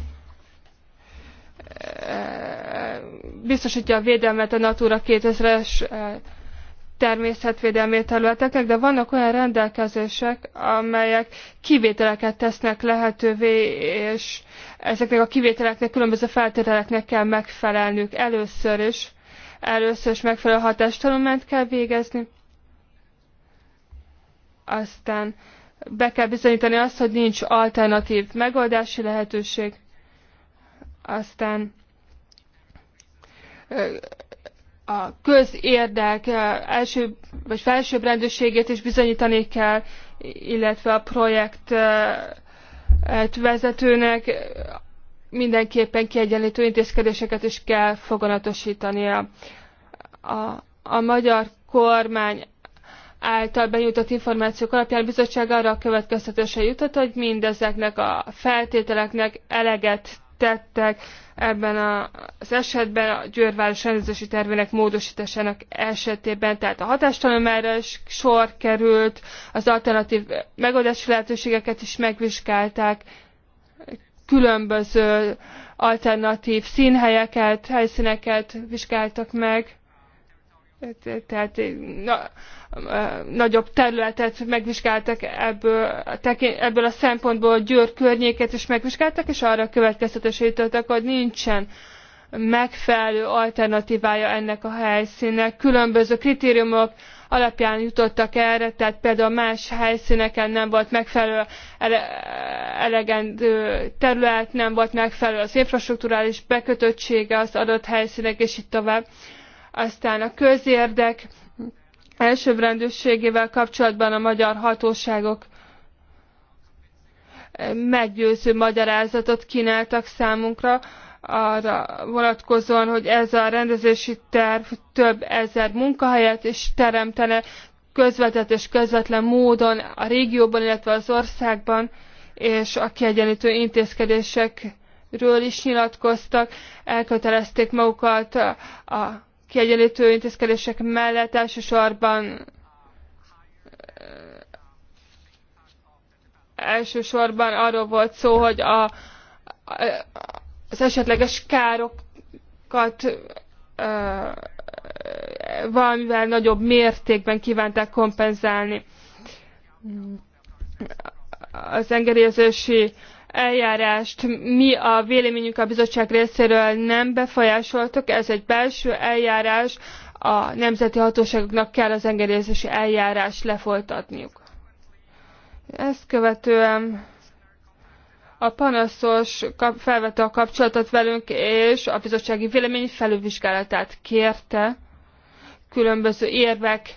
biztosítja a védelmet a Natura 2000-es eh, természetvédelmi területeknek, de vannak olyan rendelkezések, amelyek kivételeket tesznek lehetővé, és ezeknek a kivételeknek különböző feltételeknek kell megfelelnünk először is. Először is megfelelő hatástanulmányt kell végezni, aztán be kell bizonyítani azt, hogy nincs alternatív megoldási lehetőség, aztán a közérdek első vagy felsőbb rendőrségét is bizonyítani kell, illetve a projekt vezetőnek mindenképpen kiegyenlítő intézkedéseket is kell foganatosítania. A, a magyar kormány által benyújtott információk alapján a bizottság arra a következtetése jutott, hogy mindezeknek a feltételeknek eleget tettek ebben a, az esetben, a Győrváros rendezési tervének módosításának esetében, tehát a hatástalan is sor került, az alternatív megoldási lehetőségeket is megvizsgálták, különböző alternatív színhelyeket, helyszíneket vizsgáltak meg, tehát na, nagyobb területet megvizsgáltak ebből, ebből a szempontból a Győr környéket is megvizsgáltak, és arra következtetésítettek, hogy nincsen megfelelő alternatívája ennek a helyszínnek. Különböző kritériumok alapján jutottak erre, tehát például más helyszíneken nem volt megfelelő elegendő terület, nem volt megfelelő az infrastruktúrális bekötöttsége az adott helyszínek, és itt tovább aztán a közérdek elsőbbrendűségével kapcsolatban a magyar hatóságok meggyőző magyarázatot kínáltak számunkra, arra vonatkozóan, hogy ez a rendezési terv több ezer munkahelyet is teremtene közvetett és közvetlen módon a régióban, illetve az országban, és a kiegyenlítő intézkedésekről is nyilatkoztak, elkötelezték magukat a kiegyenlítő intézkedések mellett elsősorban eh, elsősorban arról volt szó, hogy a, az esetleges károkat eh, valamivel nagyobb mértékben kívánták kompenzálni. Az engedélyezési eljárást mi a véleményünk a bizottság részéről nem befolyásoltuk, ez egy belső eljárás, a nemzeti hatóságoknak kell az engedélyezési eljárást lefolytatniuk. Ezt követően a panaszos felvette a kapcsolatot velünk, és a bizottsági vélemény felülvizsgálatát kérte. Különböző érvek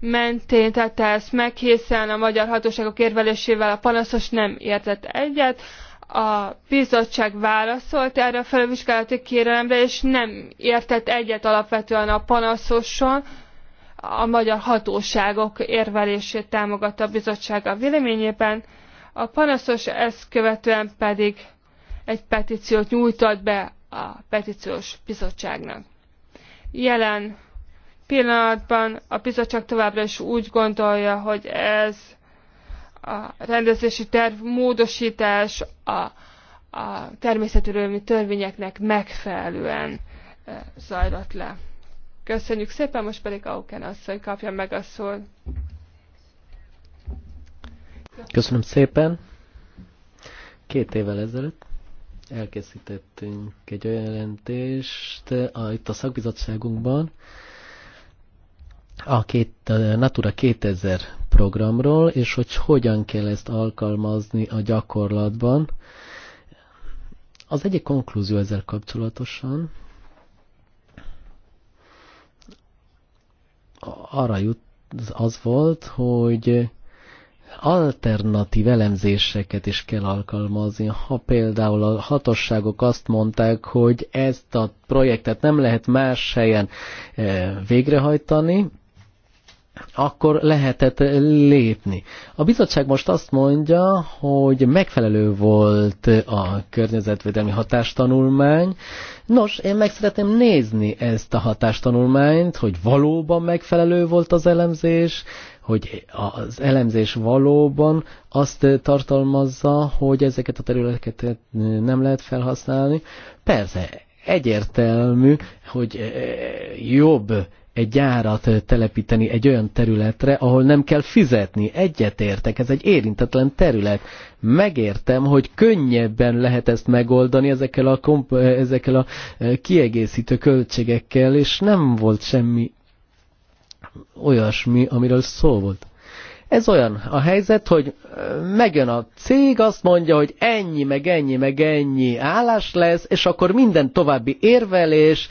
mentén tette ezt meg, hiszen a magyar hatóságok érvelésével a panaszos nem értett egyet. A bizottság válaszolt erre a felvizsgálati kérelemre, és nem értett egyet alapvetően a panaszossal. A magyar hatóságok érvelését támogatta a bizottság a véleményében. A panaszos ezt követően pedig egy petíciót nyújtott be a petíciós bizottságnak. Jelen pillanatban a bizottság továbbra is úgy gondolja, hogy ez a rendezési terv módosítás a, a természetörölmi törvényeknek megfelelően eh, zajlott le. Köszönjük szépen, most pedig Auken asszony kapja meg a szót. Köszönöm szépen. Két évvel ezelőtt elkészítettünk egy olyan jelentést eh, a, itt a szakbizottságunkban, a két, a Natura 2000 programról, és hogy hogyan kell ezt alkalmazni a gyakorlatban. Az egyik konklúzió ezzel kapcsolatosan arra jut, az volt, hogy alternatív elemzéseket is kell alkalmazni. Ha például a hatosságok azt mondták, hogy ezt a projektet nem lehet más helyen eh, végrehajtani, akkor lehetett lépni. A bizottság most azt mondja, hogy megfelelő volt a környezetvédelmi hatástanulmány. Nos, én meg szeretném nézni ezt a hatástanulmányt, hogy valóban megfelelő volt az elemzés, hogy az elemzés valóban azt tartalmazza, hogy ezeket a területeket nem lehet felhasználni. Persze, egyértelmű, hogy eh, jobb egy gyárat telepíteni egy olyan területre, ahol nem kell fizetni. Egyetértek, ez egy érintetlen terület. Megértem, hogy könnyebben lehet ezt megoldani ezekkel a, komp- ezekkel a kiegészítő költségekkel, és nem volt semmi olyasmi, amiről szó volt. Ez olyan a helyzet, hogy megjön a cég, azt mondja, hogy ennyi, meg ennyi, meg ennyi állás lesz, és akkor minden további érvelés,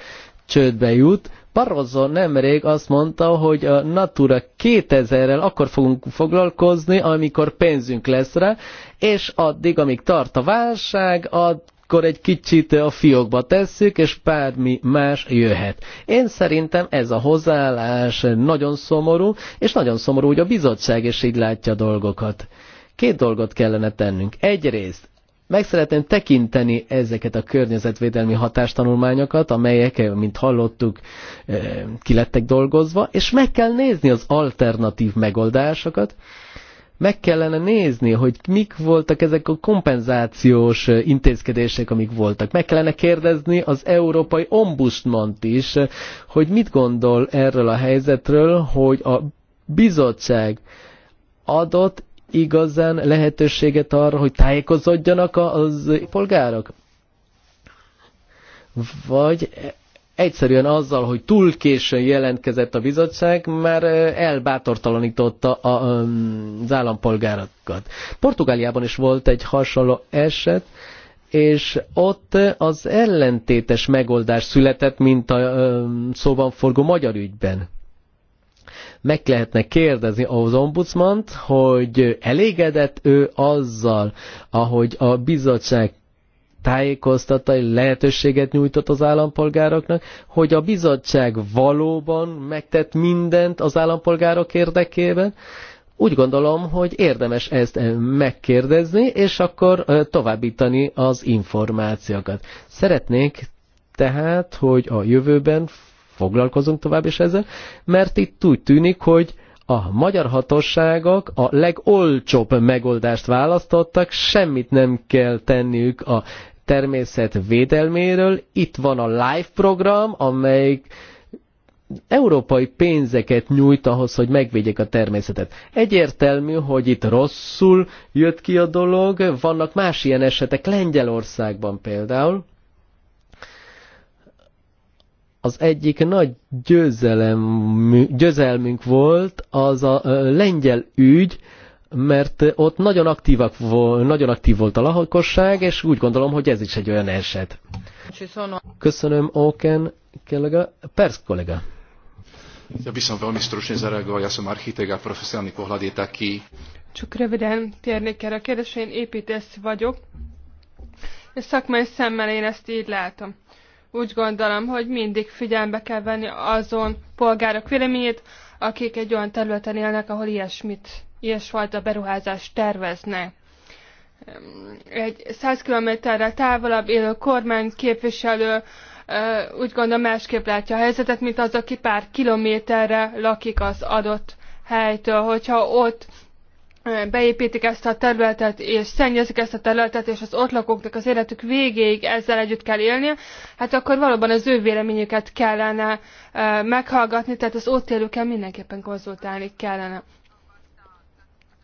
csődbe jut. Barroso nemrég azt mondta, hogy a Natura 2000-rel akkor fogunk foglalkozni, amikor pénzünk lesz rá, és addig, amíg tart a válság, ad akkor egy kicsit a fiókba tesszük, és bármi más jöhet. Én szerintem ez a hozzáállás nagyon szomorú, és nagyon szomorú, hogy a bizottság is így látja a dolgokat. Két dolgot kellene tennünk. Egyrészt meg szeretném tekinteni ezeket a környezetvédelmi hatástanulmányokat, amelyek, mint hallottuk, eh, kilettek dolgozva, és meg kell nézni az alternatív megoldásokat, meg kellene nézni, hogy mik voltak ezek a kompenzációs eh, intézkedések, amik voltak. Meg kellene kérdezni az európai ombudsmant is, eh, hogy mit gondol erről a helyzetről, hogy a bizottság adott igazán lehetőséget arra, hogy tájékozódjanak az polgárok? Vagy egyszerűen azzal, hogy túl későn jelentkezett a bizottság, már elbátortalanította a, az állampolgárokat. Portugáliában is volt egy hasonló eset, és ott az ellentétes megoldás született, mint a szóban forgó magyar ügyben meg lehetne kérdezni az ombudsmant, hogy elégedett ő azzal, ahogy a bizottság hogy lehetőséget nyújtott az állampolgároknak, hogy a bizottság valóban megtett mindent az állampolgárok érdekében, úgy gondolom, hogy érdemes ezt eh, megkérdezni, és akkor eh, továbbítani az információkat. Szeretnék tehát, hogy a jövőben foglalkozunk tovább is ezzel, mert itt úgy tűnik, hogy a magyar hatóságok a legolcsóbb megoldást választottak, semmit nem kell tenniük a természet védelméről. Itt van a LIFE program, amelyik európai pénzeket nyújt ahhoz, hogy megvédjék a természetet. Egyértelmű, hogy itt rosszul jött ki a dolog, vannak más ilyen esetek Lengyelországban például, az egyik nagy győzelem, győzelmünk volt az a lengyel ügy, mert ott nagyon, aktívak volt, nagyon aktív volt a lakosság, és úgy gondolom, hogy ez is egy olyan eset. Köszönöm, Oken kollega. Pers kollega. Ja viszont valami veľmi stručne zareagoval, ja som architekt a profesionálny ki. Csak röviden térnék erre a kérdésre, én építész vagyok, és szakmai szemmel én ezt így látom úgy gondolom, hogy mindig figyelme kell venni azon polgárok véleményét, akik egy olyan területen élnek, ahol ilyesmit, ilyesfajta beruházást terveznek. Egy 100 kilométerre távolabb élő kormány képviselő úgy gondolom másképp látja a helyzetet, mint az, aki pár kilométerre lakik az adott helytől. Hogyha ott beépítik ezt a területet, és szennyezik ezt a területet, és az ott lakóknak az életük végéig ezzel együtt kell élnie, hát akkor valóban az ő véleményüket kellene meghallgatni, tehát az ott élőkkel mindenképpen konzultálni kellene.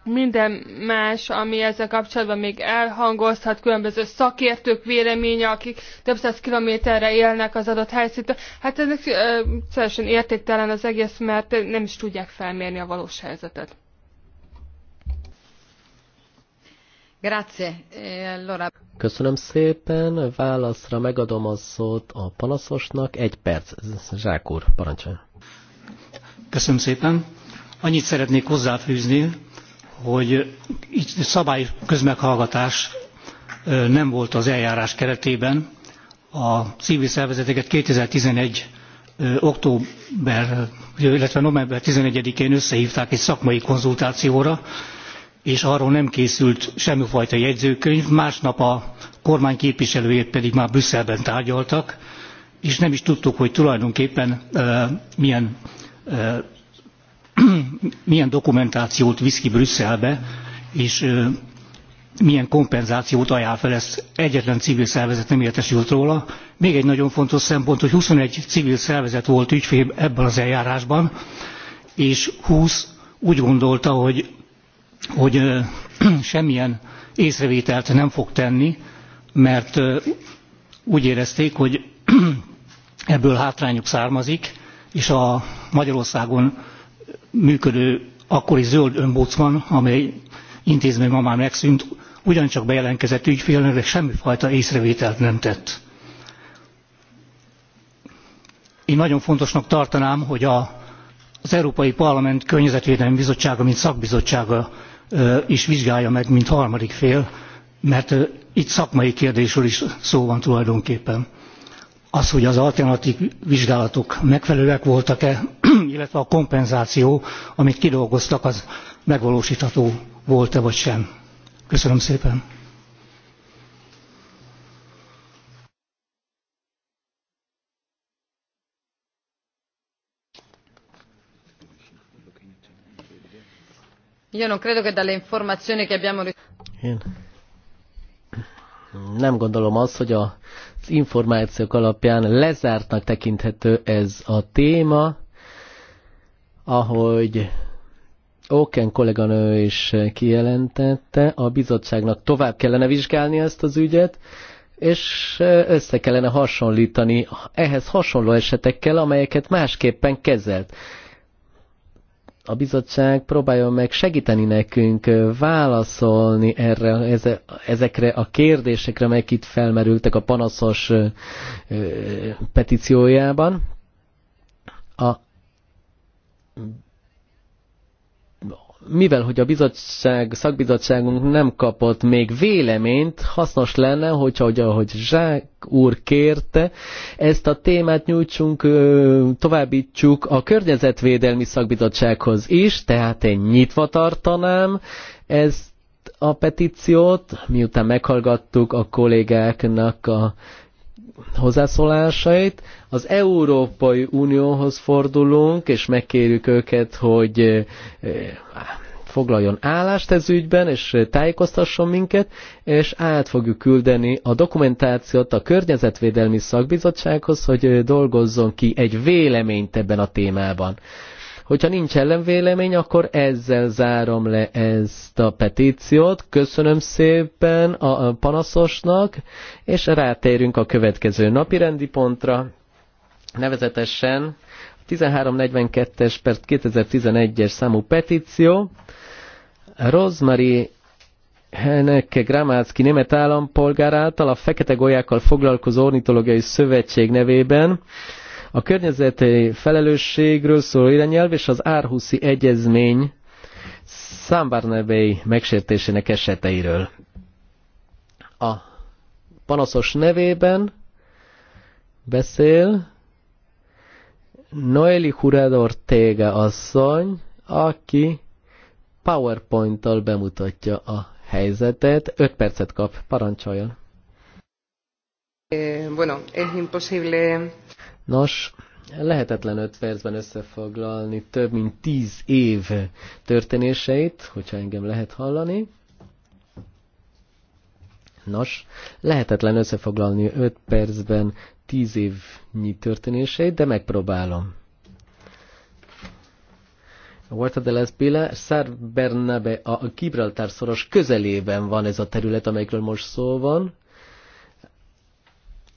Minden más, ami ezzel kapcsolatban még elhangozhat, különböző szakértők véleménye, akik több száz kilométerre élnek az adott helyszíntől, hát ez teljesen értéktelen az egész, mert nem is tudják felmérni a valós helyzetet. Grazie. E, allora... Köszönöm szépen. Válaszra megadom a szót a panaszosnak. Egy perc. Zsák úr, parancsoljon. Köszönöm szépen. Annyit szeretnék hozzáfűzni, hogy itt szabály közmeghallgatás nem volt az eljárás keretében. A civil szervezeteket 2011 október, illetve november 11-én összehívták egy szakmai konzultációra, és arról nem készült semmifajta jegyzőkönyv, másnap a kormány képviselőjét pedig már Brüsszelben tárgyaltak, és nem is tudtuk, hogy tulajdonképpen milyen, milyen dokumentációt visz ki Brüsszelbe, és milyen kompenzációt ajánl fel, ezt egyetlen civil szervezet nem értesült róla. Még egy nagyon fontos szempont, hogy 21 civil szervezet volt ügyfél ebben az eljárásban, és 20 úgy gondolta, hogy hogy semmilyen észrevételt nem fog tenni, mert úgy érezték, hogy ebből hátrányuk származik, és a Magyarországon működő akkori zöld önbocman, amely intézmény ma már megszűnt, ugyancsak bejelentkezett ügyfélnek, de semmifajta észrevételt nem tett. Én nagyon fontosnak tartanám, hogy a, az Európai Parlament Környezetvédelmi Bizottsága, mint szakbizottsága is vizsgálja meg, mint harmadik fél, mert itt szakmai kérdésről is szó van tulajdonképpen. Az, hogy az alternatív vizsgálatok megfelelőek voltak-e, illetve a kompenzáció, amit kidolgoztak, az megvalósítható volt-e vagy sem. Köszönöm szépen. Io non credo che dalle informazioni che abbiamo Én nem gondolom azt, hogy az információk alapján lezártnak tekinthető ez a téma, ahogy Oken kolléganő is kijelentette, a bizottságnak tovább kellene vizsgálni ezt az ügyet, és össze kellene hasonlítani ehhez hasonló esetekkel, amelyeket másképpen kezelt a bizottság próbáljon meg segíteni nekünk válaszolni erre, ezekre a kérdésekre, amelyek itt felmerültek a panaszos petíciójában. mivel hogy a bizottság, szakbizottságunk nem kapott még véleményt, hasznos lenne, hogyha, hogy, ahogy Zsák úr kérte, ezt a témát nyújtsunk, továbbítsuk a környezetvédelmi szakbizottsághoz is, tehát én nyitva tartanám ezt a petíciót, miután meghallgattuk a kollégáknak a hozzászólásait. Az Európai Unióhoz fordulunk, és megkérjük őket, hogy eh, foglaljon állást ez ügyben, és tájékoztasson minket, és át fogjuk küldeni a dokumentációt a Környezetvédelmi Szakbizottsághoz, hogy eh, dolgozzon ki egy véleményt ebben a témában. Hogyha nincs ellenvélemény, akkor ezzel zárom le ezt a petíciót. Köszönöm szépen a panaszosnak, és rátérünk a következő napi rendi pontra. Nevezetesen 1342-es per 2011-es számú petíció. Rosemary Henek Gramácki német állampolgár által a fekete golyákkal foglalkozó ornitológiai szövetség nevében a környezeti felelősségről szóló irányelv és az Árhuszi Egyezmény Számbarnebei megsértésének eseteiről. A panaszos nevében beszél Noeli Hurador Tége asszony, aki PowerPoint-tal bemutatja a helyzetet. Öt percet kap, parancsoljon. Eh, bueno, es imposible Nos, lehetetlen 5 percben összefoglalni több mint 10 év történéseit, hogyha engem lehet hallani. Nos, lehetetlen összefoglalni 5 percben 10 évnyi történéseit, de megpróbálom. Huerta de las Pilas, Sar Bernabe, a Gibraltár szoros közelében van ez a terület, amelyikről most szó van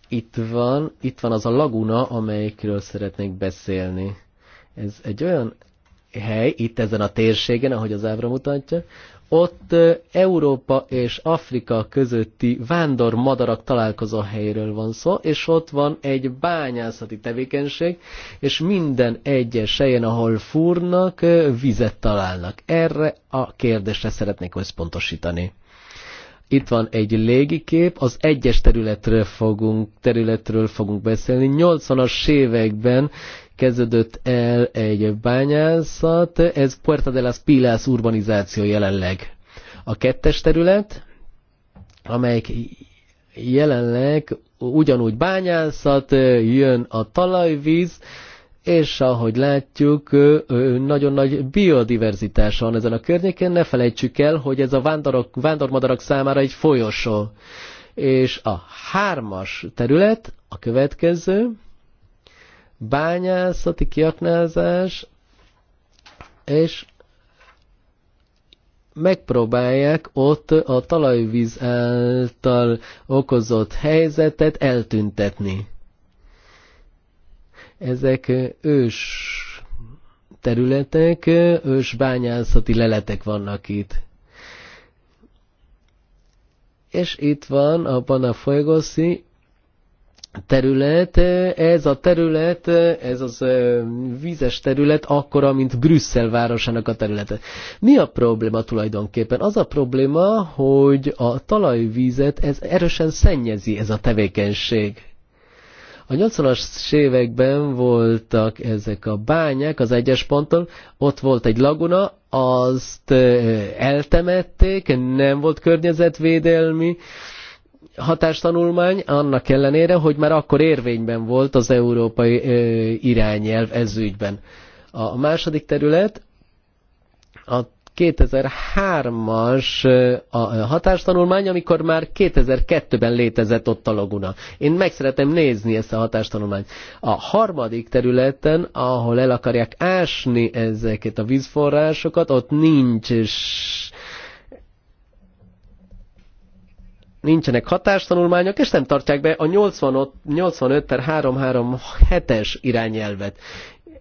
itt van, itt van az a laguna, amelyikről szeretnék beszélni. Ez egy olyan hely, itt ezen a térségen, ahogy az ábra mutatja, ott Európa és Afrika közötti vándor madarak találkozó helyről van szó, és ott van egy bányászati tevékenység, és minden egyes helyen, ahol fúrnak, vizet találnak. Erre a kérdésre szeretnék összpontosítani. Itt van egy légikép, az egyes területről fogunk, területről fogunk beszélni. 80-as években kezdődött el egy bányászat, ez Puerta de las Pilas urbanizáció jelenleg. A kettes terület, amelyik jelenleg ugyanúgy bányászat, jön a talajvíz, és ahogy látjuk, nagyon nagy biodiverzitás van ezen a környéken, ne felejtsük el, hogy ez a vándorok, vándormadarak számára egy folyosó. És a hármas terület, a következő, bányászati kiaknázás, és megpróbálják ott a talajvíz által okozott helyzetet eltüntetni ezek ős területek, ős bányászati leletek vannak itt. És itt van a Panafoegoszi terület, ez a terület, ez az vízes terület akkora, mint Brüsszel városának a területe. Mi a probléma tulajdonképpen? Az a probléma, hogy a talajvízet ez erősen szennyezi ez a tevékenység. A 80-as években voltak ezek a bányák az egyes ponton, ott volt egy laguna, azt eltemették, nem volt környezetvédelmi hatástanulmány, annak ellenére, hogy már akkor érvényben volt az európai irányelv ezügyben. A második terület, a 2003-as a hatástanulmány, amikor már 2002-ben létezett ott a laguna. Én meg szeretem nézni ezt a hatástanulmányt. A harmadik területen, ahol el akarják ásni ezeket a vízforrásokat, ott nincs nincsenek hatástanulmányok, és nem tartják be a 85 per 337-es irányelvet.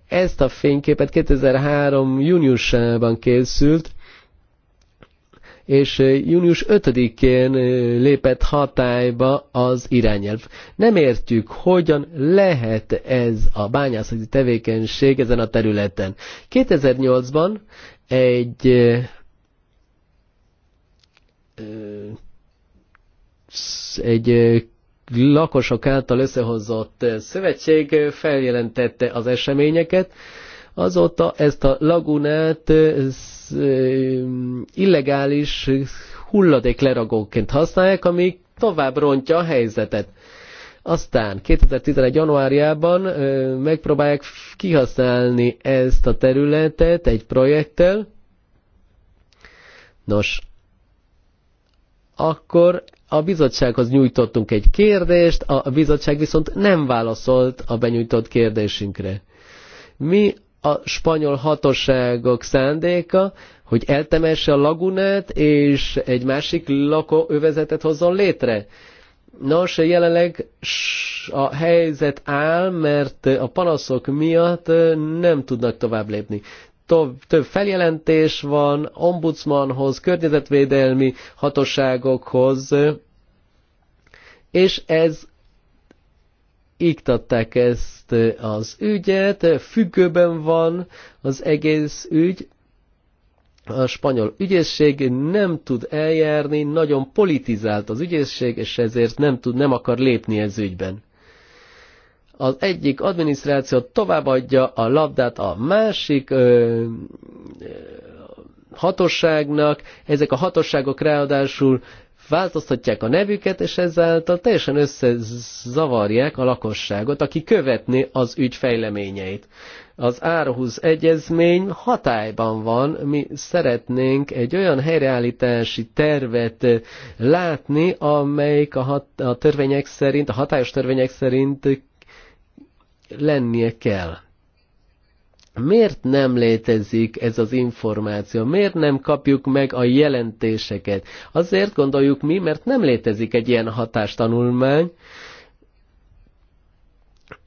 Ezt a fényképet 2003. júniusában készült, és június 5-én lépett hatályba az irányelv. Nem értjük, hogyan lehet ez a bányászati tevékenység ezen a területen. 2008-ban egy egy lakosok által összehozott eh, szövetség eh, feljelentette az eseményeket, azóta ezt a lagunát eh, illegális leragóként használják, ami tovább rontja a helyzetet. Aztán 2011. januárjában megpróbálják kihasználni ezt a területet egy projekttel. Nos, akkor a bizottsághoz nyújtottunk egy kérdést, a bizottság viszont nem válaszolt a benyújtott kérdésünkre. Mi a spanyol hatóságok szándéka, hogy eltemesse a lagunát, és egy másik lakóövezetet hozzon létre. Nos, jelenleg a helyzet áll, mert a panaszok miatt nem tudnak tovább lépni több, több feljelentés van ombudsmanhoz, környezetvédelmi hatóságokhoz, és ez iktatták ezt az ügyet, függőben van az egész ügy, a spanyol ügyészség nem tud eljárni, nagyon politizált az ügyészség, és ezért nem tud, nem akar lépni ez ügyben az egyik adminisztráció továbbadja a labdát a másik ö, hatosságnak, ezek a hatosságok ráadásul változtatják a nevüket, és ezáltal teljesen összezavarják a lakosságot, aki követni az ügy fejleményeit. Az Árhúz egyezmény hatályban van, mi szeretnénk egy olyan helyreállítási tervet látni, amelyik a, hat, a törvények szerint, a hatályos törvények szerint lennie kell. Miért nem létezik ez az információ? Miért nem kapjuk meg a jelentéseket? Azért gondoljuk mi, mert nem létezik egy ilyen hatástanulmány,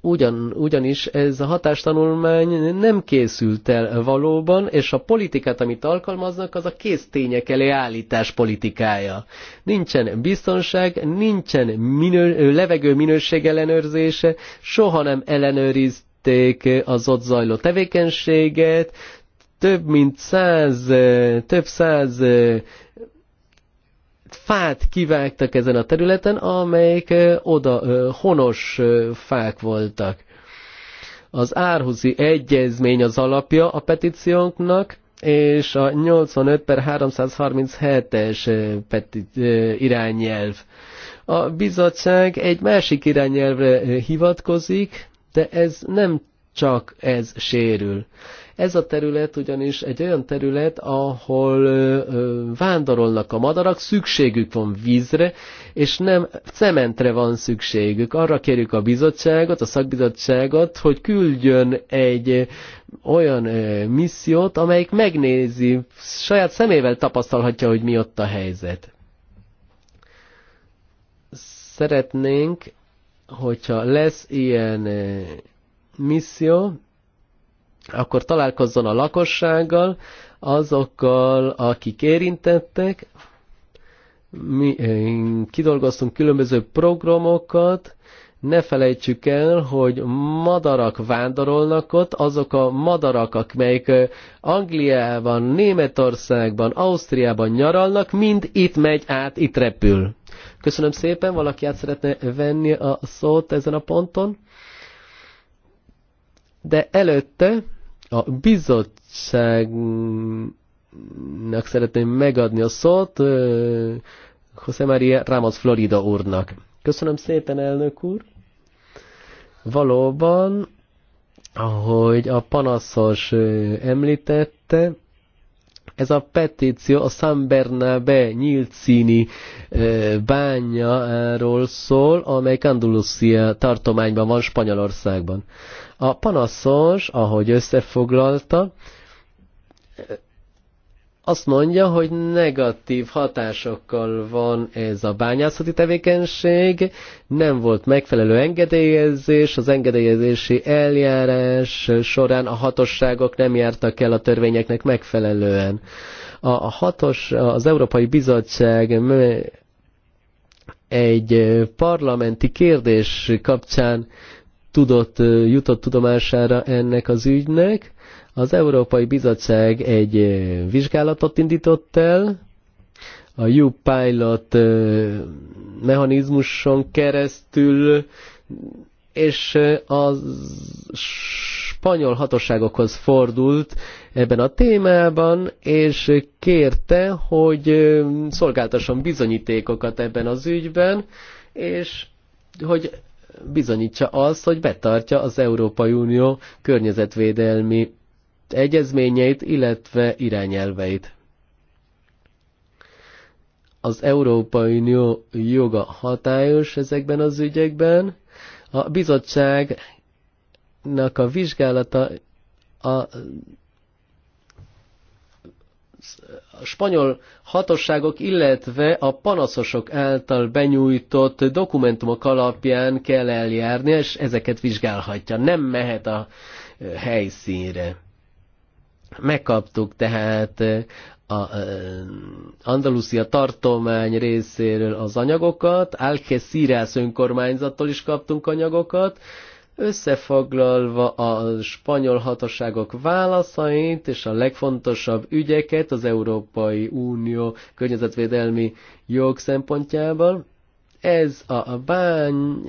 Ugyan, ugyanis ez a hatástanulmány nem készült el valóban, és a politikát, amit alkalmaznak, az a késztények elé állítás politikája. Nincsen biztonság, nincsen minő, levegő minőség ellenőrzése, soha nem ellenőrizték az ott zajló tevékenységet, több mint száz, több száz fát kivágtak ezen a területen, amelyek oda honos fák voltak. Az Árhuzi Egyezmény az alapja a petíciónknak, és a 85 per 337-es irányelv. A bizottság egy másik irányelvre hivatkozik, de ez nem csak ez sérül. Ez a terület ugyanis egy olyan terület, ahol vándorolnak a madarak, szükségük van vízre, és nem cementre van szükségük. Arra kérjük a bizottságot, a szakbizottságot, hogy küldjön egy olyan missziót, amelyik megnézi, saját szemével tapasztalhatja, hogy mi ott a helyzet. Szeretnénk, hogyha lesz ilyen misszió, akkor találkozzon a lakossággal, azokkal, akik érintettek. Mi eh, kidolgoztunk különböző programokat, ne felejtsük el, hogy madarak vándorolnak ott, azok a madarak, amelyek eh, Angliában, Németországban, Ausztriában nyaralnak, mind itt megy át, itt repül. Köszönöm szépen, valaki át szeretne venni a szót ezen a ponton? de előtte a bizottságnak szeretném megadni a szót José Maria Ramos Florida úrnak. Köszönöm szépen, elnök úr! Valóban, ahogy a panaszos említette, ez a petíció a San Bernabe nyílt színi bányáról szól, amely Andalusia tartományban van Spanyolországban. A panaszos, ahogy összefoglalta, azt mondja, hogy negatív hatásokkal van ez a bányászati tevékenység, nem volt megfelelő engedélyezés, az engedélyezési eljárás során a hatosságok nem jártak el a törvényeknek megfelelően. A hatos, az Európai Bizottság egy parlamenti kérdés kapcsán tudott, jutott tudomására ennek az ügynek. Az Európai Bizottság egy vizsgálatot indított el, a U-Pilot mechanizmuson keresztül, és a spanyol hatóságokhoz fordult ebben a témában, és kérte, hogy szolgáltasson bizonyítékokat ebben az ügyben, és hogy bizonyítsa azt, hogy betartja az Európai Unió környezetvédelmi egyezményeit, illetve irányelveit. Az Európai Unió joga hatályos ezekben az ügyekben. A bizottságnak a vizsgálata a spanyol hatóságok, illetve a panaszosok által benyújtott dokumentumok alapján kell eljárni, és ezeket vizsgálhatja. Nem mehet a helyszínre. Megkaptuk tehát a Andalusia tartomány részéről az anyagokat, Algeciras önkormányzattól is kaptunk anyagokat, Összefoglalva a spanyol hatóságok válaszait és a legfontosabb ügyeket az Európai Unió környezetvédelmi jog szempontjából. ez a bány,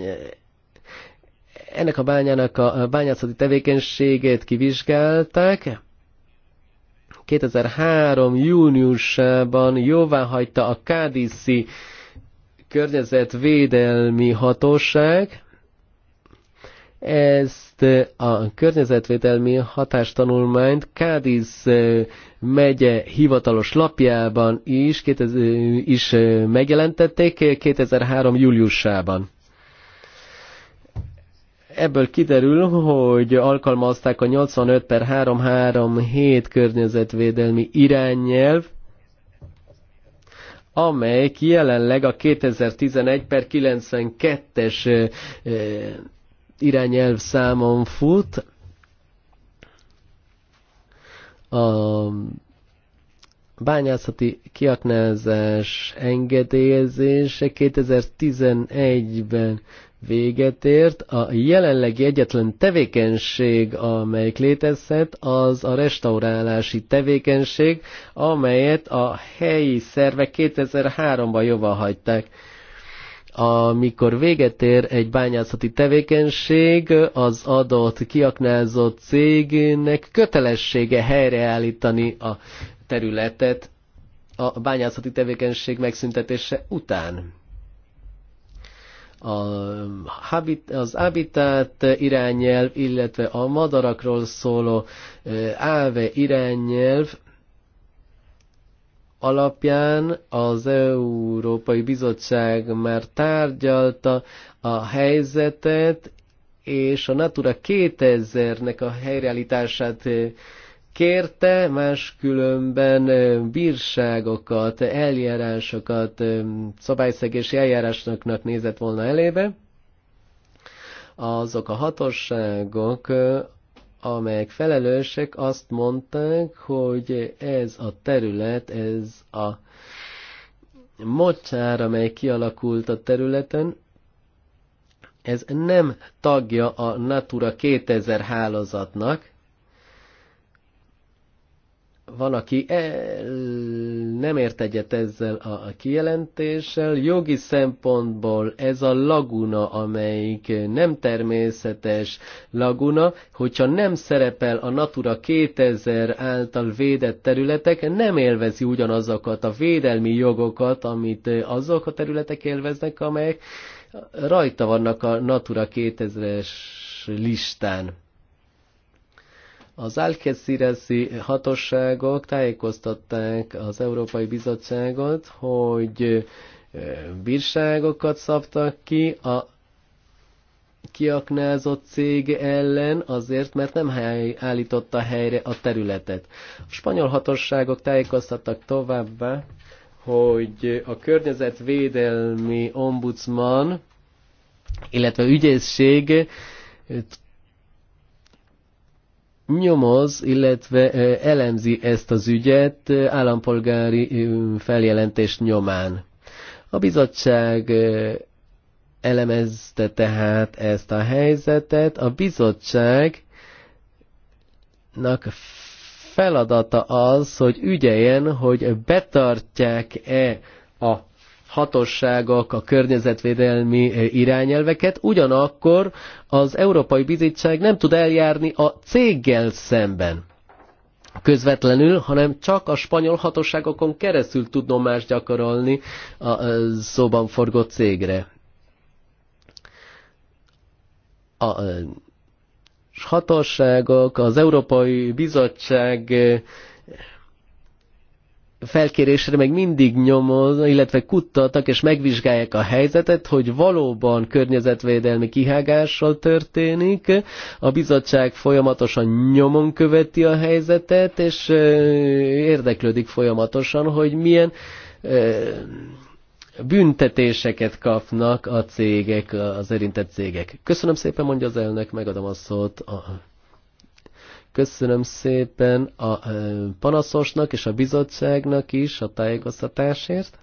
ennek a bányának a bányászati tevékenységét kivizsgálták, 2003. júniusában jóvá hagyta a Kádiszi környezetvédelmi hatóság, ezt a környezetvédelmi hatástanulmányt Kádiz megye hivatalos lapjában is, is megjelentették 2003. júliusában. Ebből kiderül, hogy alkalmazták a 85 per 337 környezetvédelmi irányelv, amely jelenleg a 2011 per 92-es irányelv számon fut. A bányászati kiaknázás engedélyezése 2011-ben véget ért. A jelenlegi egyetlen tevékenység, amelyik létezhet, az a restaurálási tevékenység, amelyet a helyi szervek 2003-ban jóvá hagyták amikor véget ér egy bányászati tevékenység, az adott kiaknázott cégnek kötelessége helyreállítani a területet a bányászati tevékenység megszüntetése után. A habit, az habitat irányelv, illetve a madarakról szóló áve irányelv alapján az Európai Bizottság már tárgyalta a helyzetet, és a Natura 2000-nek a helyreállítását kérte, máskülönben bírságokat, eljárásokat, szabályszegési eljárásnak nézett volna elébe. Azok a hatóságok, amelyek felelősek azt mondták, hogy ez a terület, ez a mocsár, amely kialakult a területen, ez nem tagja a Natura 2000 hálózatnak, van, aki el, nem ért egyet ezzel a, a kijelentéssel. Jogi szempontból ez a laguna, amelyik nem természetes laguna, hogyha nem szerepel a Natura 2000 által védett területek, nem élvezi ugyanazokat a védelmi jogokat, amit azok a területek élveznek, amelyek rajta vannak a Natura 2000-es listán. Az Alkeszirezi hatóságok tájékoztatták az Európai Bizottságot, hogy bírságokat szabtak ki a kiaknázott cég ellen azért, mert nem állította helyre a területet. A spanyol hatóságok tájékoztattak továbbá, hogy a környezetvédelmi ombudsman, illetve ügyészség nyomoz, illetve elemzi ezt az ügyet állampolgári feljelentés nyomán. A bizottság elemezte tehát ezt a helyzetet. A bizottságnak feladata az, hogy ügyeljen, hogy betartják-e a hatóságok a környezetvédelmi eh, irányelveket, ugyanakkor az Európai Bizottság nem tud eljárni a céggel szemben közvetlenül, hanem csak a spanyol hatóságokon keresztül tudnom más gyakorolni a eh, szóban forgó cégre. A eh, hatóságok, az Európai Bizottság felkérésre még mindig nyomoz, illetve kutattak és megvizsgálják a helyzetet, hogy valóban környezetvédelmi kihágással történik. A bizottság folyamatosan nyomon követi a helyzetet, és érdeklődik folyamatosan, hogy milyen büntetéseket kapnak a cégek, az érintett cégek. Köszönöm szépen, mondja az elnök, megadom a szót a Köszönöm szépen a panaszosnak és a bizottságnak is a tájékoztatásért.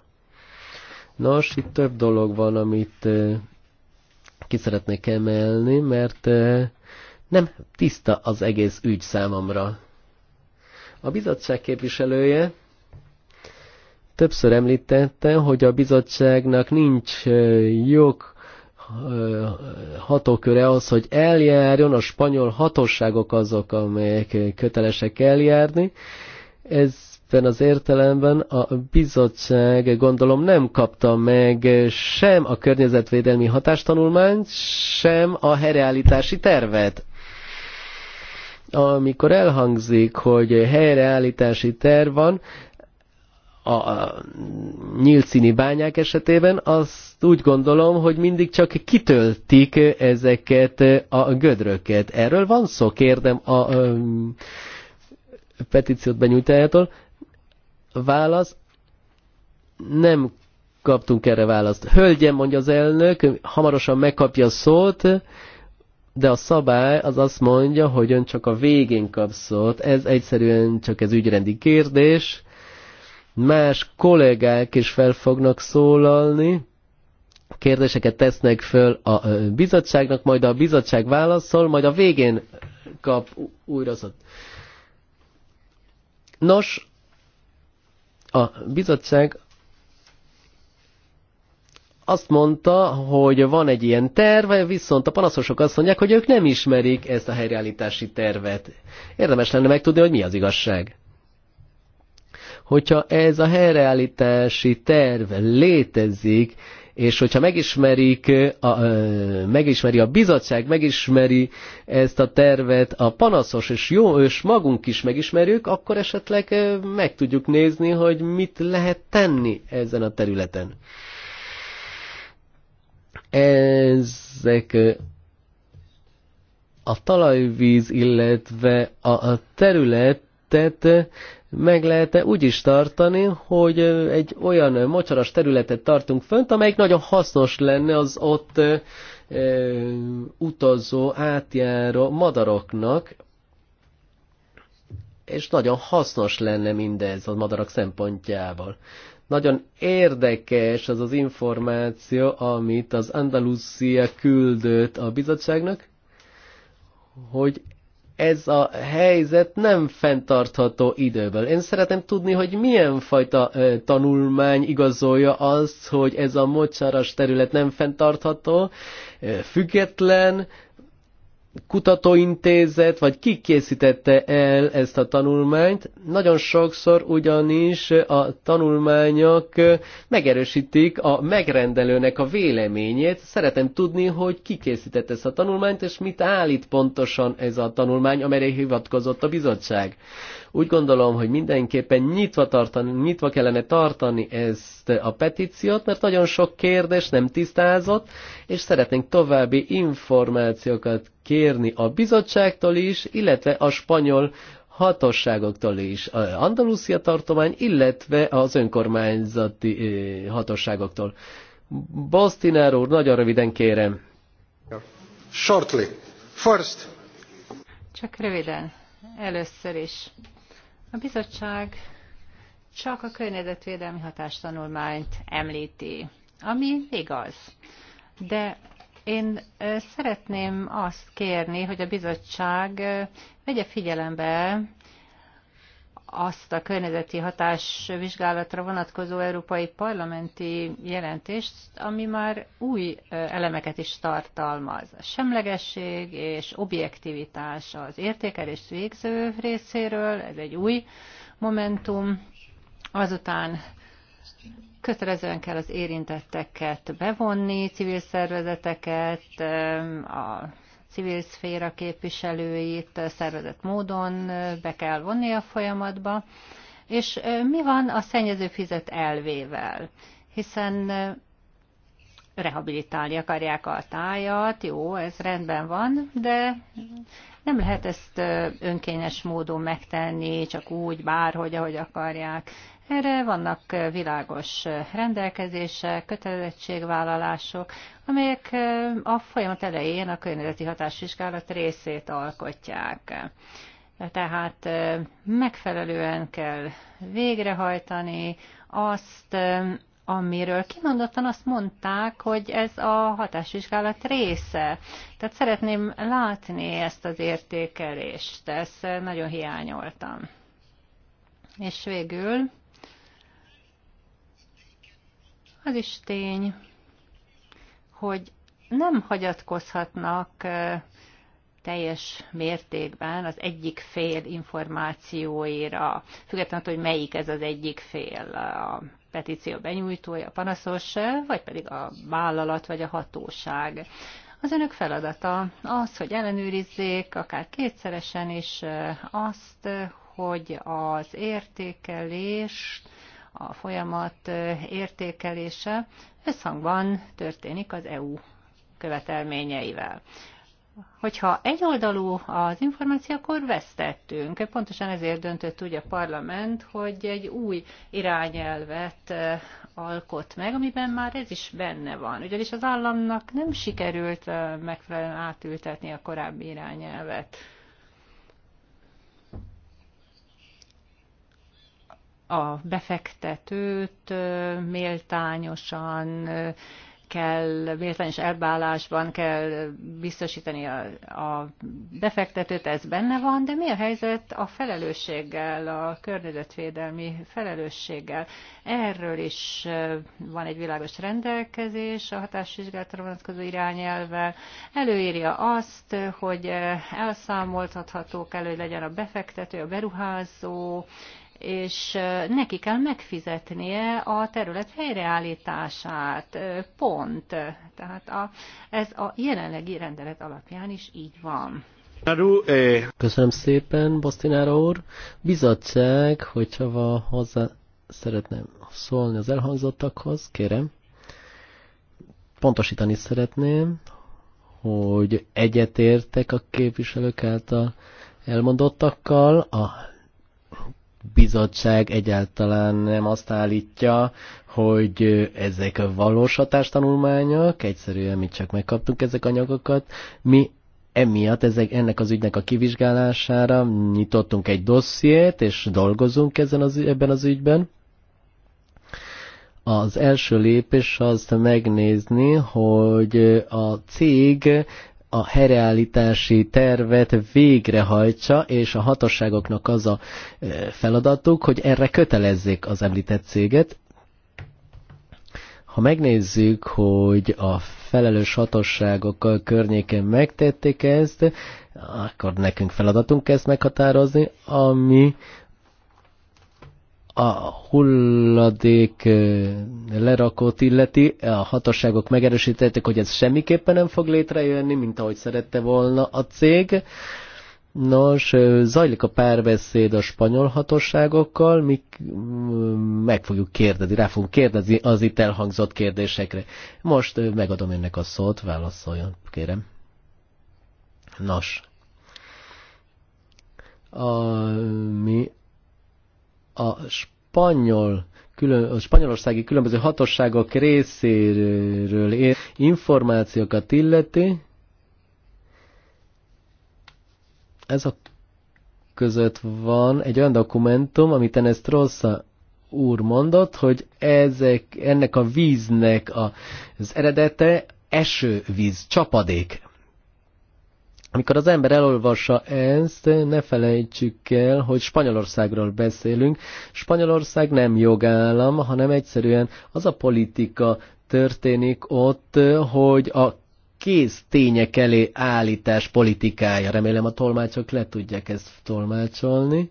Nos, itt több dolog van, amit ki szeretnék emelni, mert nem tiszta az egész ügy számomra. A bizottság képviselője többször említette, hogy a bizottságnak nincs jog hatóköre az, hogy eljárjon, a spanyol hatóságok azok, amelyek kötelesek eljárni. Ez ebben az értelemben a bizottság gondolom nem kapta meg sem a környezetvédelmi hatástanulmányt, sem a helyreállítási tervet. Amikor elhangzik, hogy helyreállítási terv van, a nyílt bányák esetében, azt úgy gondolom, hogy mindig csak kitöltik ezeket a gödröket. Erről van szó, kérdem a, a petíciót benyújtájától. Válasz, nem kaptunk erre választ. Hölgyem, mondja az elnök, hamarosan megkapja a szót, de a szabály az azt mondja, hogy ön csak a végén kap szót. Ez egyszerűen csak ez ügyrendi kérdés más kollégák is fel fognak szólalni, kérdéseket tesznek föl a bizottságnak, majd a bizottság válaszol, majd a végén kap újra szót. Nos, a bizottság azt mondta, hogy van egy ilyen terve, viszont a panaszosok azt mondják, hogy ők nem ismerik ezt a helyreállítási tervet. Érdemes lenne megtudni, hogy mi az igazság hogyha ez a helyreállítási terv létezik, és hogyha megismerik, a, megismeri a bizottság, megismeri ezt a tervet a panaszos, és jó, és magunk is megismerjük, akkor esetleg meg tudjuk nézni, hogy mit lehet tenni ezen a területen. Ezek a talajvíz, illetve a, a területet meg lehet-e úgy is tartani, hogy egy olyan mocsaras területet tartunk fönt, amelyik nagyon hasznos lenne az ott utazó, átjáró madaroknak, és nagyon hasznos lenne mindez a madarak szempontjából. Nagyon érdekes az az információ, amit az Andalusia küldött a bizottságnak, hogy ez a helyzet nem fenntartható időből. Én szeretném tudni, hogy milyen fajta tanulmány igazolja azt, hogy ez a mocsaras terület nem fenntartható, független, kutatóintézet, vagy ki készítette el ezt a tanulmányt. Nagyon sokszor ugyanis a tanulmányok megerősítik a megrendelőnek a véleményét. Szeretem tudni, hogy ki készítette ezt a tanulmányt, és mit állít pontosan ez a tanulmány, amelyre hivatkozott a bizottság. Úgy gondolom, hogy mindenképpen nyitva, tartani, nyitva kellene tartani ezt a petíciót, mert nagyon sok kérdés nem tisztázott, és szeretnénk további információkat kérni a bizottságtól is, illetve a spanyol hatosságoktól is, Andalusia tartomány, illetve az önkormányzati hatóságoktól. Bostinár úr, nagyon röviden kérem. Shortly. First. Csak röviden. Először is. A bizottság csak a környezetvédelmi hatástanulmányt említi, ami igaz. De én szeretném azt kérni, hogy a bizottság vegye figyelembe azt a környezeti hatás vizsgálatra vonatkozó európai parlamenti jelentést, ami már új elemeket is tartalmaz. A semlegesség és objektivitás az értékelés végző részéről, ez egy új momentum. Azután kötelezően kell az érintetteket bevonni, civil szervezeteket, a civil szféra képviselőit szervezett módon be kell vonni a folyamatba. És mi van a szennyező fizet elvével? Hiszen rehabilitálni akarják a tájat, jó, ez rendben van, de nem lehet ezt önkényes módon megtenni, csak úgy, bárhogy, ahogy akarják. Erre vannak világos rendelkezések, kötelezettségvállalások, amelyek a folyamat elején a környezeti hatásvizsgálat részét alkotják. Tehát megfelelően kell végrehajtani azt, amiről kimondottan azt mondták, hogy ez a hatásvizsgálat része. Tehát szeretném látni ezt az értékelést, ezt nagyon hiányoltam. És végül Az is tény, hogy nem hagyatkozhatnak teljes mértékben az egyik fél információira, függetlenül, hogy melyik ez az egyik fél, a petíció benyújtója, a panaszos, vagy pedig a vállalat, vagy a hatóság. Az önök feladata az, hogy ellenőrizzék, akár kétszeresen is azt, hogy az értékelést a folyamat értékelése összhangban történik az EU követelményeivel. Hogyha egyoldalú az információ, akkor vesztettünk. Pontosan ezért döntött úgy a parlament, hogy egy új irányelvet alkot meg, amiben már ez is benne van. Ugyanis az államnak nem sikerült megfelelően átültetni a korábbi irányelvet. a befektetőt méltányosan kell, méltányos elbálásban kell biztosítani a, a befektetőt, ez benne van, de mi a helyzet a felelősséggel, a környezetvédelmi felelősséggel? Erről is van egy világos rendelkezés a hatásvizsgálatra vonatkozó irányelvel. Előírja azt, hogy elszámoltathatók elő hogy legyen a befektető, a beruházó, és neki kell megfizetnie a terület helyreállítását, pont. Tehát a, ez a jelenlegi rendelet alapján is így van. Köszönöm szépen, Bosztinára úr. Bizottság, hogyha hozzá szeretném szólni az elhangzottakhoz, kérem. Pontosítani szeretném, hogy egyetértek a képviselők által elmondottakkal, a bizottság egyáltalán nem azt állítja, hogy ezek a valós hatástanulmányok, egyszerűen mi csak megkaptunk ezek anyagokat, mi emiatt ezek, ennek az ügynek a kivizsgálására nyitottunk egy dossziét, és dolgozunk ezen az, ebben az ügyben. Az első lépés az megnézni, hogy a cég a helyreállítási tervet végrehajtsa, és a hatóságoknak az a e, feladatuk, hogy erre kötelezzék az említett céget. Ha megnézzük, hogy a felelős hatóságokkal környéken megtették ezt, akkor nekünk feladatunk ezt meghatározni, ami a hulladék lerakót illeti, a hatóságok megerősítették, hogy ez semmiképpen nem fog létrejönni, mint ahogy szerette volna a cég. Nos, zajlik a párbeszéd a spanyol hatóságokkal, mi meg fogjuk kérdezni, rá fogunk kérdezni az itt elhangzott kérdésekre. Most megadom önnek a szót, válaszoljon, kérem. Nos, ami a spanyol külön, a spanyolországi különböző hatóságok részéről információkat illeti, ez a között van egy olyan dokumentum, amit ezt Trossa úr mondott, hogy ezek, ennek a víznek a, az eredete esővíz, csapadék. Amikor az ember elolvassa ezt, ne felejtsük el, hogy Spanyolországról beszélünk. Spanyolország nem jogállam, hanem egyszerűen az a politika történik ott, hogy a kész tények elé állítás politikája. Remélem a tolmácsok le tudják ezt tolmácsolni.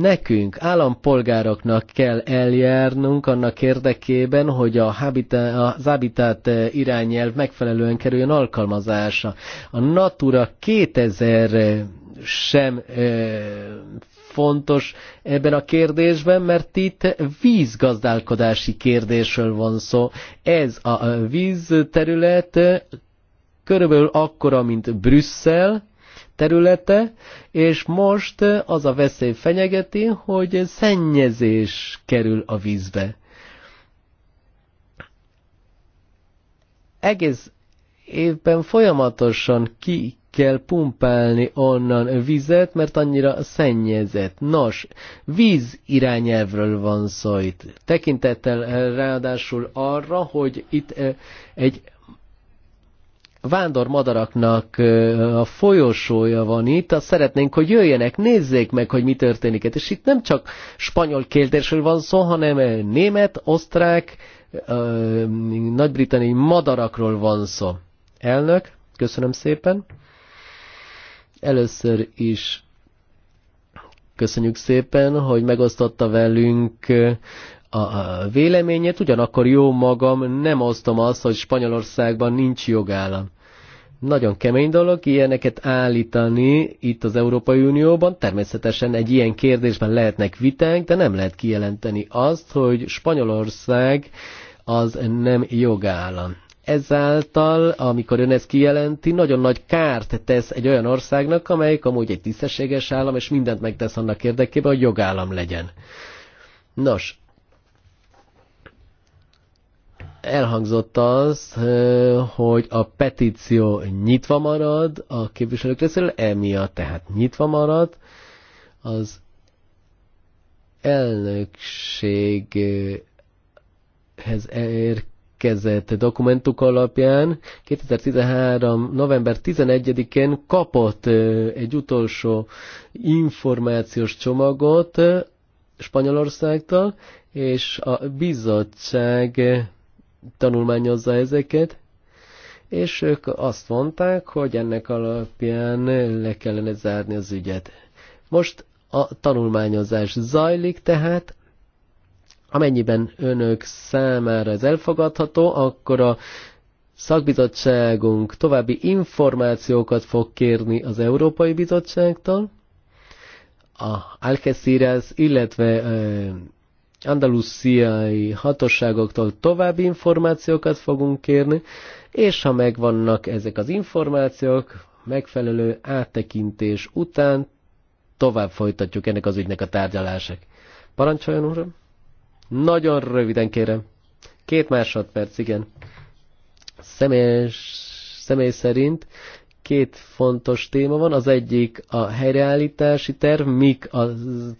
Nekünk, állampolgároknak kell eljárnunk annak érdekében, hogy a habita, az habitat eh, irányelv megfelelően kerüljön alkalmazása. A Natura 2000 eh, sem e, fontos ebben a kérdésben, mert itt vízgazdálkodási kérdésről van szó. Ez a vízterület körülbelül akkora, mint Brüsszel, területe, és most az a veszély fenyegeti, hogy szennyezés kerül a vízbe. Egész évben folyamatosan ki kell pumpálni onnan vizet, mert annyira szennyezett. Nos, víz irányelvről van szó itt. Tekintettel eh, ráadásul arra, hogy itt eh, egy vándor madaraknak a folyosója van itt, azt szeretnénk, hogy jöjjenek, nézzék meg, hogy mi történik. És itt nem csak spanyol kérdésről van szó, hanem német, osztrák, nagy madarakról van szó. Elnök, köszönöm szépen. Először is köszönjük szépen, hogy megosztotta velünk a véleményét, ugyanakkor jó magam nem osztom azt, hogy Spanyolországban nincs jogállam. Nagyon kemény dolog ilyeneket állítani itt az Európai Unióban. Természetesen egy ilyen kérdésben lehetnek vitánk, de nem lehet kijelenteni azt, hogy Spanyolország az nem jogállam ezáltal, amikor ön ezt kijelenti, nagyon nagy kárt tesz egy olyan országnak, amelyik amúgy egy tisztességes állam, és mindent megtesz annak érdekében, hogy jogállam legyen. Nos, elhangzott az, hogy a petíció nyitva marad a képviselők részéről, emiatt tehát nyitva marad az elnökséghez érkezett dokumentuk alapján 2013. november 11-én kapott egy utolsó információs csomagot Spanyolországtól, és a bizottság tanulmányozza ezeket, és ők azt mondták, hogy ennek alapján le kellene zárni az ügyet. Most a tanulmányozás zajlik, tehát amennyiben önök számára ez elfogadható, akkor a szakbizottságunk további információkat fog kérni az Európai Bizottságtól, a Alcaciras, illetve andalusziai hatóságoktól további információkat fogunk kérni, és ha megvannak ezek az információk, megfelelő áttekintés után tovább folytatjuk ennek az ügynek a tárgyalását. Parancsoljon, uram! Nagyon röviden kérem. Két másodperc, igen. Személyes, személy szerint két fontos téma van, az egyik a helyreállítási terv, mik a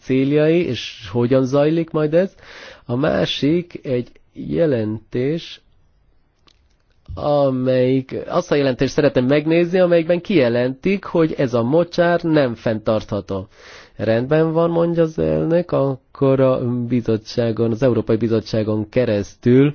céljai, és hogyan zajlik majd ez. A másik egy jelentés, amelyik, azt a jelentést szeretem megnézni, amelyikben kijelentik, hogy ez a mocsár nem fenntartható. Rendben van, mondja az elnök, akkor a bizottságon, az Európai Bizottságon keresztül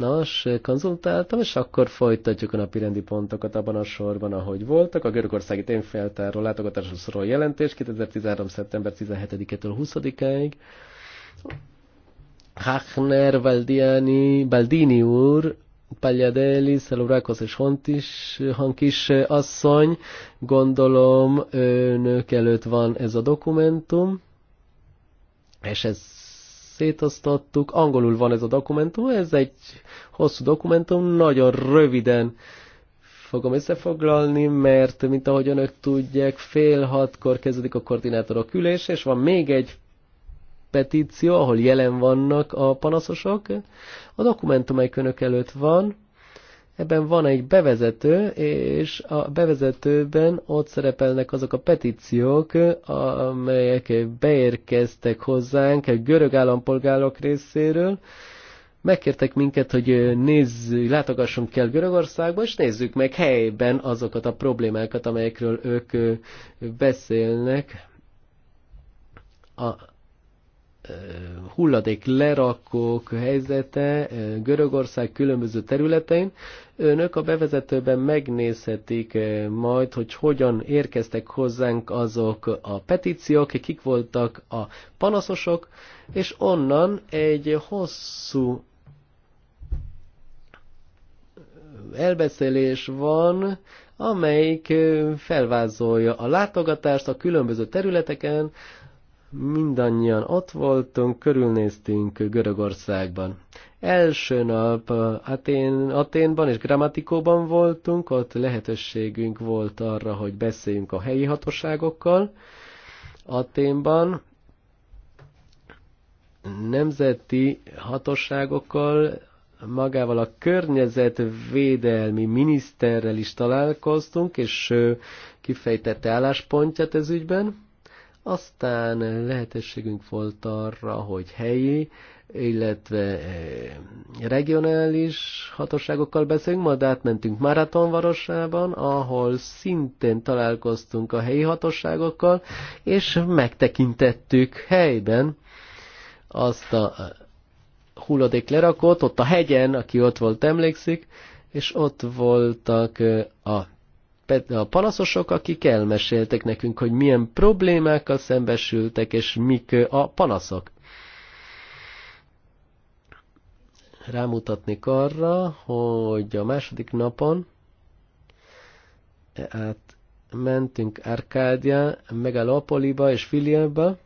Nos, konzultáltam, és akkor folytatjuk a napirendi pontokat abban a sorban, ahogy voltak. A Görögországi Tényfeltárról látogatásról szóló jelentés 2013. szeptember 17-től 20 ig Hachner, Valdiani, Baldini úr, Pagliadelli, Szelurákos és Hontis, Hankis asszony, gondolom önök előtt van ez a dokumentum, és ez szétosztottuk. Angolul van ez a dokumentum, ez egy hosszú dokumentum, nagyon röviden fogom összefoglalni, mert mint ahogy önök tudják, fél hatkor kezdődik a koordinátorok ülés, és van még egy petíció, ahol jelen vannak a panaszosok. A dokumentum, amelyik önök előtt van, Ebben van egy bevezető, és a bevezetőben ott szerepelnek azok a petíciók, amelyek beérkeztek hozzánk a görög állampolgárok részéről, megkértek minket, hogy nézzük, látogassunk el Görögországba, és nézzük meg helyben azokat a problémákat, amelyekről ők beszélnek. A hulladék lerakók helyzete Görögország különböző területein. Önök a bevezetőben megnézhetik majd, hogy hogyan érkeztek hozzánk azok a petíciók, kik voltak a panaszosok, és onnan egy hosszú elbeszélés van, amelyik felvázolja a látogatást a különböző területeken, mindannyian ott voltunk, körülnéztünk Görögországban. Első nap Atén, Aténban és Grammatikóban voltunk, ott lehetőségünk volt arra, hogy beszéljünk a helyi hatóságokkal. Aténban nemzeti hatóságokkal, magával a környezetvédelmi miniszterrel is találkoztunk, és kifejtette álláspontját ez ügyben aztán lehetőségünk volt arra, hogy helyi, illetve eh, regionális hatóságokkal beszélünk, majd átmentünk Maratonvarosában, ahol szintén találkoztunk a helyi hatóságokkal, és megtekintettük helyben azt a eh, hulladék lerakót, ott a hegyen, aki ott volt emlékszik, és ott voltak eh, a a panaszosok, akik elmeséltek nekünk, hogy milyen problémákkal szembesültek, és mik a panaszok. Rámutatnék arra, hogy a második napon hát mentünk Arkádia, Megalopoliba és Filiába,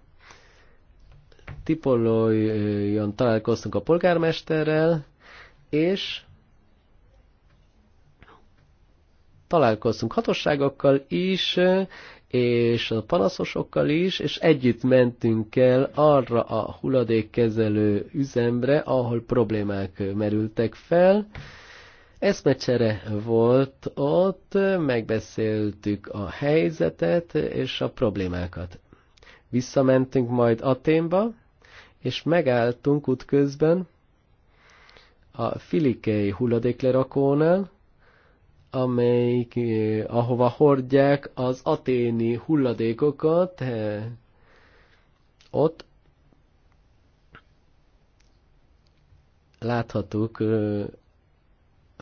Tipolójon találkoztunk a polgármesterrel, és találkoztunk hatóságokkal is, és a panaszosokkal is, és együtt mentünk el arra a hulladékkezelő üzemre, ahol problémák merültek fel. Eszmecsere volt ott, megbeszéltük a helyzetet és a problémákat. Visszamentünk majd Aténba, és megálltunk útközben a Filikei hulladéklerakónál, amelyik, eh, ahova hordják az aténi hulladékokat, eh, ott láthatók, eh,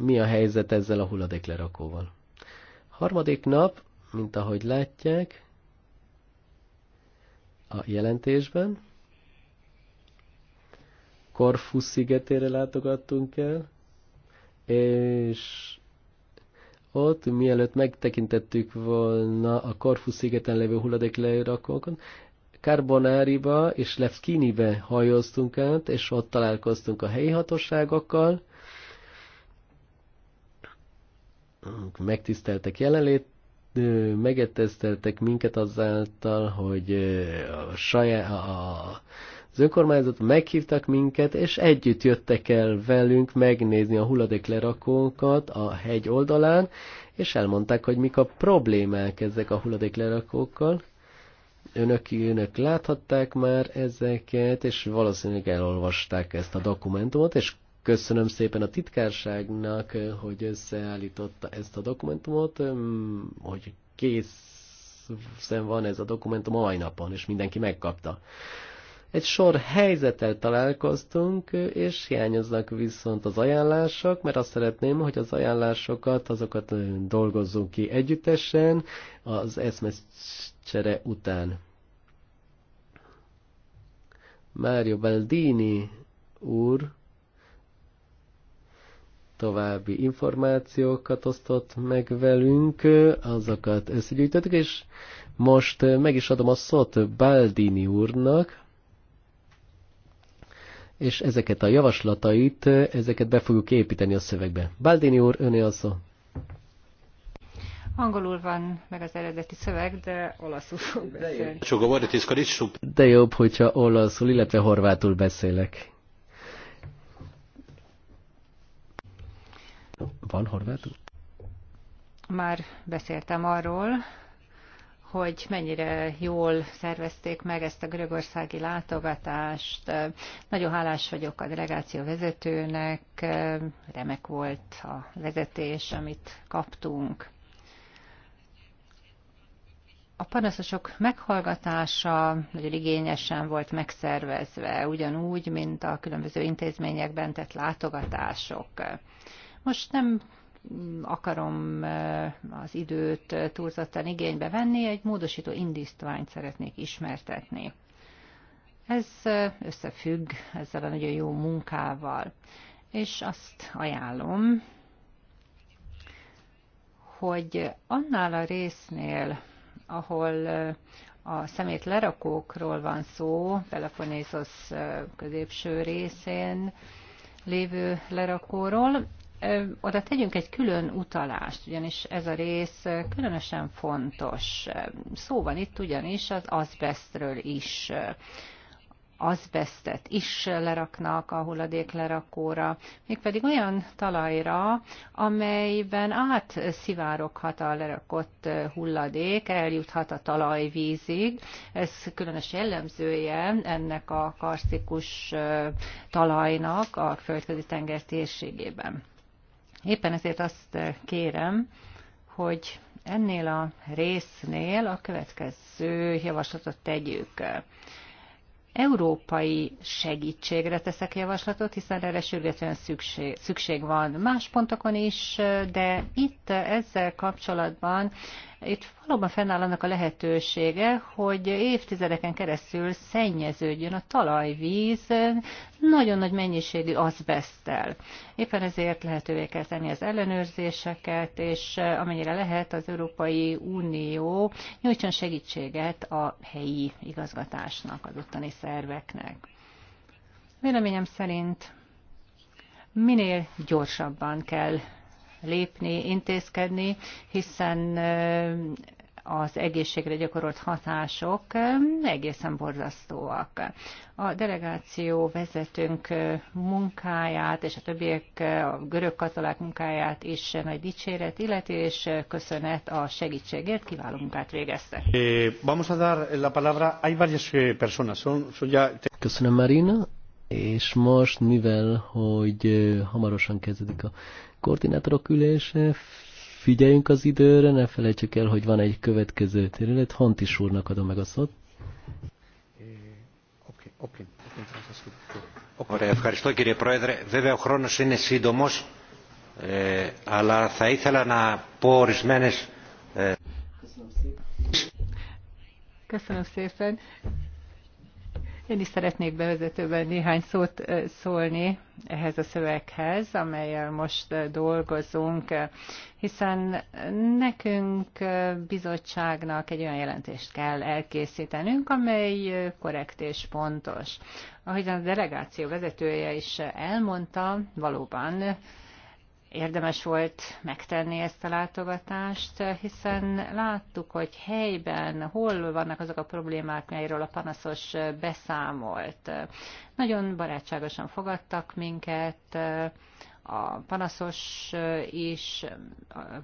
mi a helyzet ezzel a hulladéklerakóval. Harmadik nap, mint ahogy látják a jelentésben, Korfu szigetére látogattunk el, és ott, mielőtt megtekintettük volna a Korfu szigeten hulladék hulladéklerakókon, Carbonáriba és Levskinibe hajóztunk át, és ott találkoztunk a helyi hatóságokkal, megtiszteltek jelenlét, megeteszteltek minket azáltal, hogy a saját a az önkormányzat meghívtak minket, és együtt jöttek el velünk megnézni a hulladéklerakókat a hegy oldalán, és elmondták, hogy mik a problémák ezek a hulladéklerakókkal. Önök, önök láthatták már ezeket, és valószínűleg elolvasták ezt a dokumentumot, és köszönöm szépen a titkárságnak, hogy összeállította ezt a dokumentumot, hogy kész hiszen van ez a dokumentum a mai napon, és mindenki megkapta. Egy sor helyzettel találkoztunk, és hiányoznak viszont az ajánlások, mert azt szeretném, hogy az ajánlásokat, azokat dolgozzunk ki együttesen az eszmecsere után. Mário Baldini úr további információkat osztott meg velünk, azokat összegyűjtöttük, és most meg is adom a szót Baldini úrnak, és ezeket a javaslatait, ezeket be fogjuk építeni a szövegbe. Baldini úr, öné a szó. Angolul van meg az eredeti szöveg, de olaszul fog beszélni. De jobb, hogyha olaszul, illetve horvátul beszélek. Van horvátul? Már beszéltem arról, hogy mennyire jól szervezték meg ezt a görögországi látogatást. Nagyon hálás vagyok a delegáció vezetőnek, remek volt a vezetés, amit kaptunk. A panaszosok meghallgatása nagyon igényesen volt megszervezve, ugyanúgy, mint a különböző intézményekben tett látogatások. Most nem akarom eh, az időt eh, túlzottan igénybe venni, egy módosító indítványt szeretnék ismertetni. Ez eh, összefügg ezzel a nagyon jó munkával, és azt ajánlom, hogy annál a résznél, ahol a szemét lerakókról van szó, Peloponnesos középső részén lévő lerakóról oda tegyünk egy külön utalást, ugyanis ez a rész különösen fontos. Szó van itt ugyanis az azbestről is azbestet is leraknak a hulladéklerakóra, mégpedig olyan talajra, amelyben átszivároghat a lerakott hulladék, eljuthat a talajvízig. Ez különös jellemzője ennek a karszikus talajnak a földközi tenger térségében. Éppen ezért azt eh, kérem, hogy ennél a résznél a következő javaslatot tegyük. Európai segítségre teszek javaslatot, hiszen erre sürgetően szükség, szükség van más pontokon is, de itt eh, ezzel kapcsolatban itt valóban fennáll annak a lehetősége, hogy évtizedeken keresztül szennyeződjön a talajvíz nagyon nagy mennyiségű azbesztel. Éppen ezért lehetővé kell tenni az ellenőrzéseket, és amennyire lehet az Európai Unió nyújtson segítséget a helyi igazgatásnak, az ottani szerveknek. Véleményem szerint minél gyorsabban kell lépni, intézkedni, hiszen az egészségre gyakorolt hatások egészen borzasztóak. A delegáció vezetőnk munkáját és a többiek a görög katolák munkáját is nagy dicséret illeti, és köszönet a segítségért, kiváló munkát végezte. Eh, vamos a dar la palabra, hay varias eh, personas, son, ya... Köszönöm, Marina. És most, mivel, hogy hamarosan kezdődik a koordinátorok ülése, figyeljünk az időre, ne felejtsük el, hogy van egy következő terület. Hontis úrnak adom meg a szót. Ωραία, ευχαριστώ κύριε Πρόεδρε. Βέβαια ο χρόνος είναι σύντομος, ε, αλλά θα ήθελα να πω ορισμένες... Ε... Köszönöm szépen. Én is szeretnék bevezetőben néhány szót szólni ehhez a szöveghez, amelyel most dolgozunk, hiszen nekünk bizottságnak egy olyan jelentést kell elkészítenünk, amely korrekt és pontos. Ahogy a delegáció vezetője is elmondta, valóban érdemes volt megtenni ezt a látogatást, hiszen láttuk, hogy helyben hol vannak azok a problémák, melyről a panaszos beszámolt. Nagyon barátságosan fogadtak minket, a panaszos is,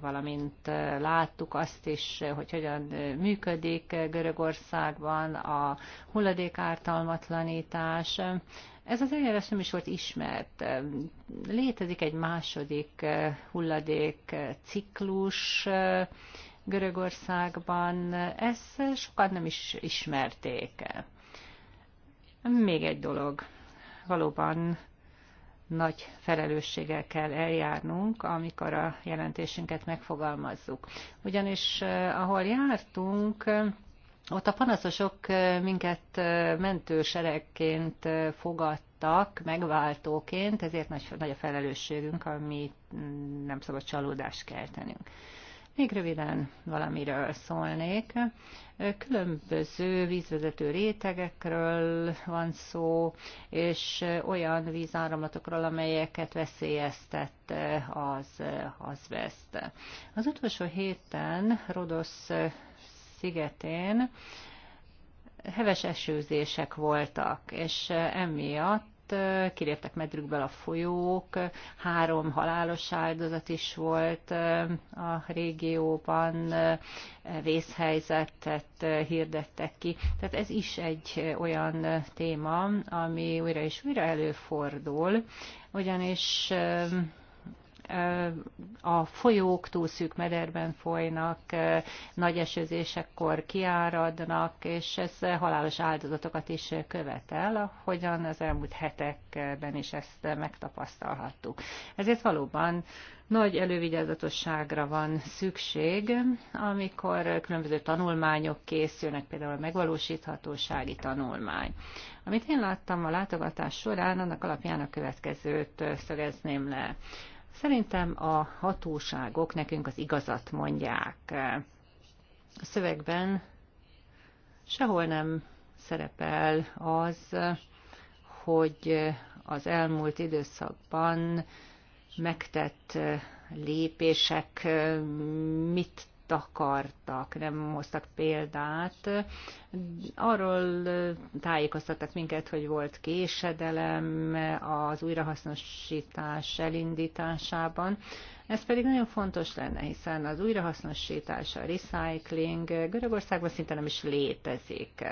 valamint láttuk azt is, hogy hogyan működik Görögországban a hulladékártalmatlanítás. Ez az eljárás nem is volt ismert. Létezik egy második eh, hulladék eh, ciklus eh, Görögországban. Ezt sokan nem is ismerték. Még egy dolog. Valóban nagy felelősséggel kell eljárnunk, amikor a jelentésünket megfogalmazzuk. Ugyanis ahol jártunk, ott a panaszosok minket mentőserekként fogadtak, megváltóként, ezért nagy, nagy a felelősségünk, ami mm, nem szabad csalódást keltenünk. Még röviden valamiről szólnék. Különböző vízvezető rétegekről van szó, és olyan vízáramlatokról, amelyeket veszélyeztett az veszte. Az utolsó héten Rodosz szigetén heves esőzések voltak, és eh, emiatt eh, kiléptek medrükből a folyók, három halálos áldozat is volt eh, a régióban, vészhelyzetet hirdettek ki. Tehát ez is egy olyan téma, ami újra és újra előfordul, ugyanis a folyók túl szűk mederben folynak, nagy esőzésekkor kiáradnak, és ez halálos áldozatokat is követel, ahogyan az elmúlt hetekben is ezt megtapasztalhattuk. Ezért valóban nagy elővigyázatosságra van szükség, amikor különböző tanulmányok készülnek, például a megvalósíthatósági tanulmány. Amit én láttam a látogatás során, annak alapján a következőt szögezném le. Szerintem a hatóságok nekünk az igazat mondják. A szövegben sehol nem szerepel az, hogy az elmúlt időszakban megtett lépések mit takartak, nem hoztak példát. Arról tájékoztattak minket, hogy volt késedelem az újrahasznosítás elindításában. Ez pedig nagyon fontos lenne, hiszen az újrahasznosítás, a recycling Görögországban szinte nem is létezik.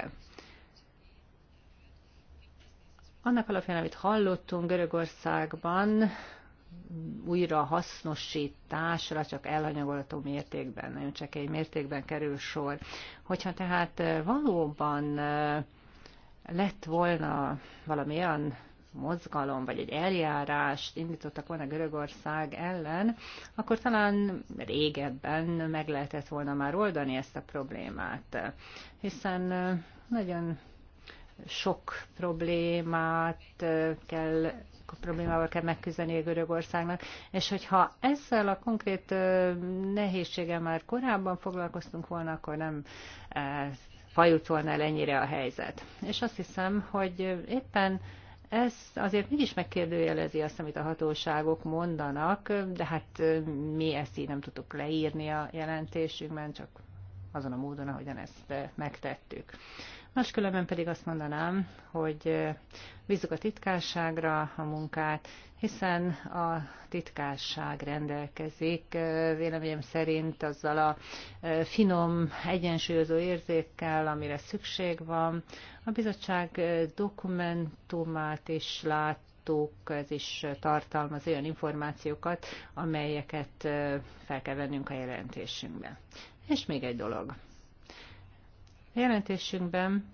Annak alapján, amit hallottunk Görögországban, újra hasznosításra csak elhanyagolható mértékben, nagyon csak egy mértékben kerül sor. Hogyha tehát eh, valóban eh, lett volna valami olyan mozgalom, vagy egy eljárást indítottak volna Görögország ellen, akkor talán régebben meg lehetett volna már oldani ezt a problémát. Hiszen eh, nagyon sok problémát kell problémával kell megküzdeni a Görögországnak, és hogyha ezzel a konkrét nehézséggel már korábban foglalkoztunk volna, akkor nem fajult volna el ennyire a helyzet. És azt hiszem, hogy éppen ez azért mégis megkérdőjelezi azt, amit a hatóságok mondanak, de hát mi ezt így nem tudtuk leírni a jelentésünkben, csak azon a módon, ahogyan ezt megtettük. Máskülönben pedig azt mondanám, hogy bízzuk a titkárságra a munkát, hiszen a titkárság rendelkezik véleményem szerint azzal a finom, egyensúlyozó érzékkel, amire szükség van. A bizottság dokumentumát is lát ez is tartalmaz olyan információkat, amelyeket fel kell vennünk a jelentésünkbe. És még egy dolog jelentésünkben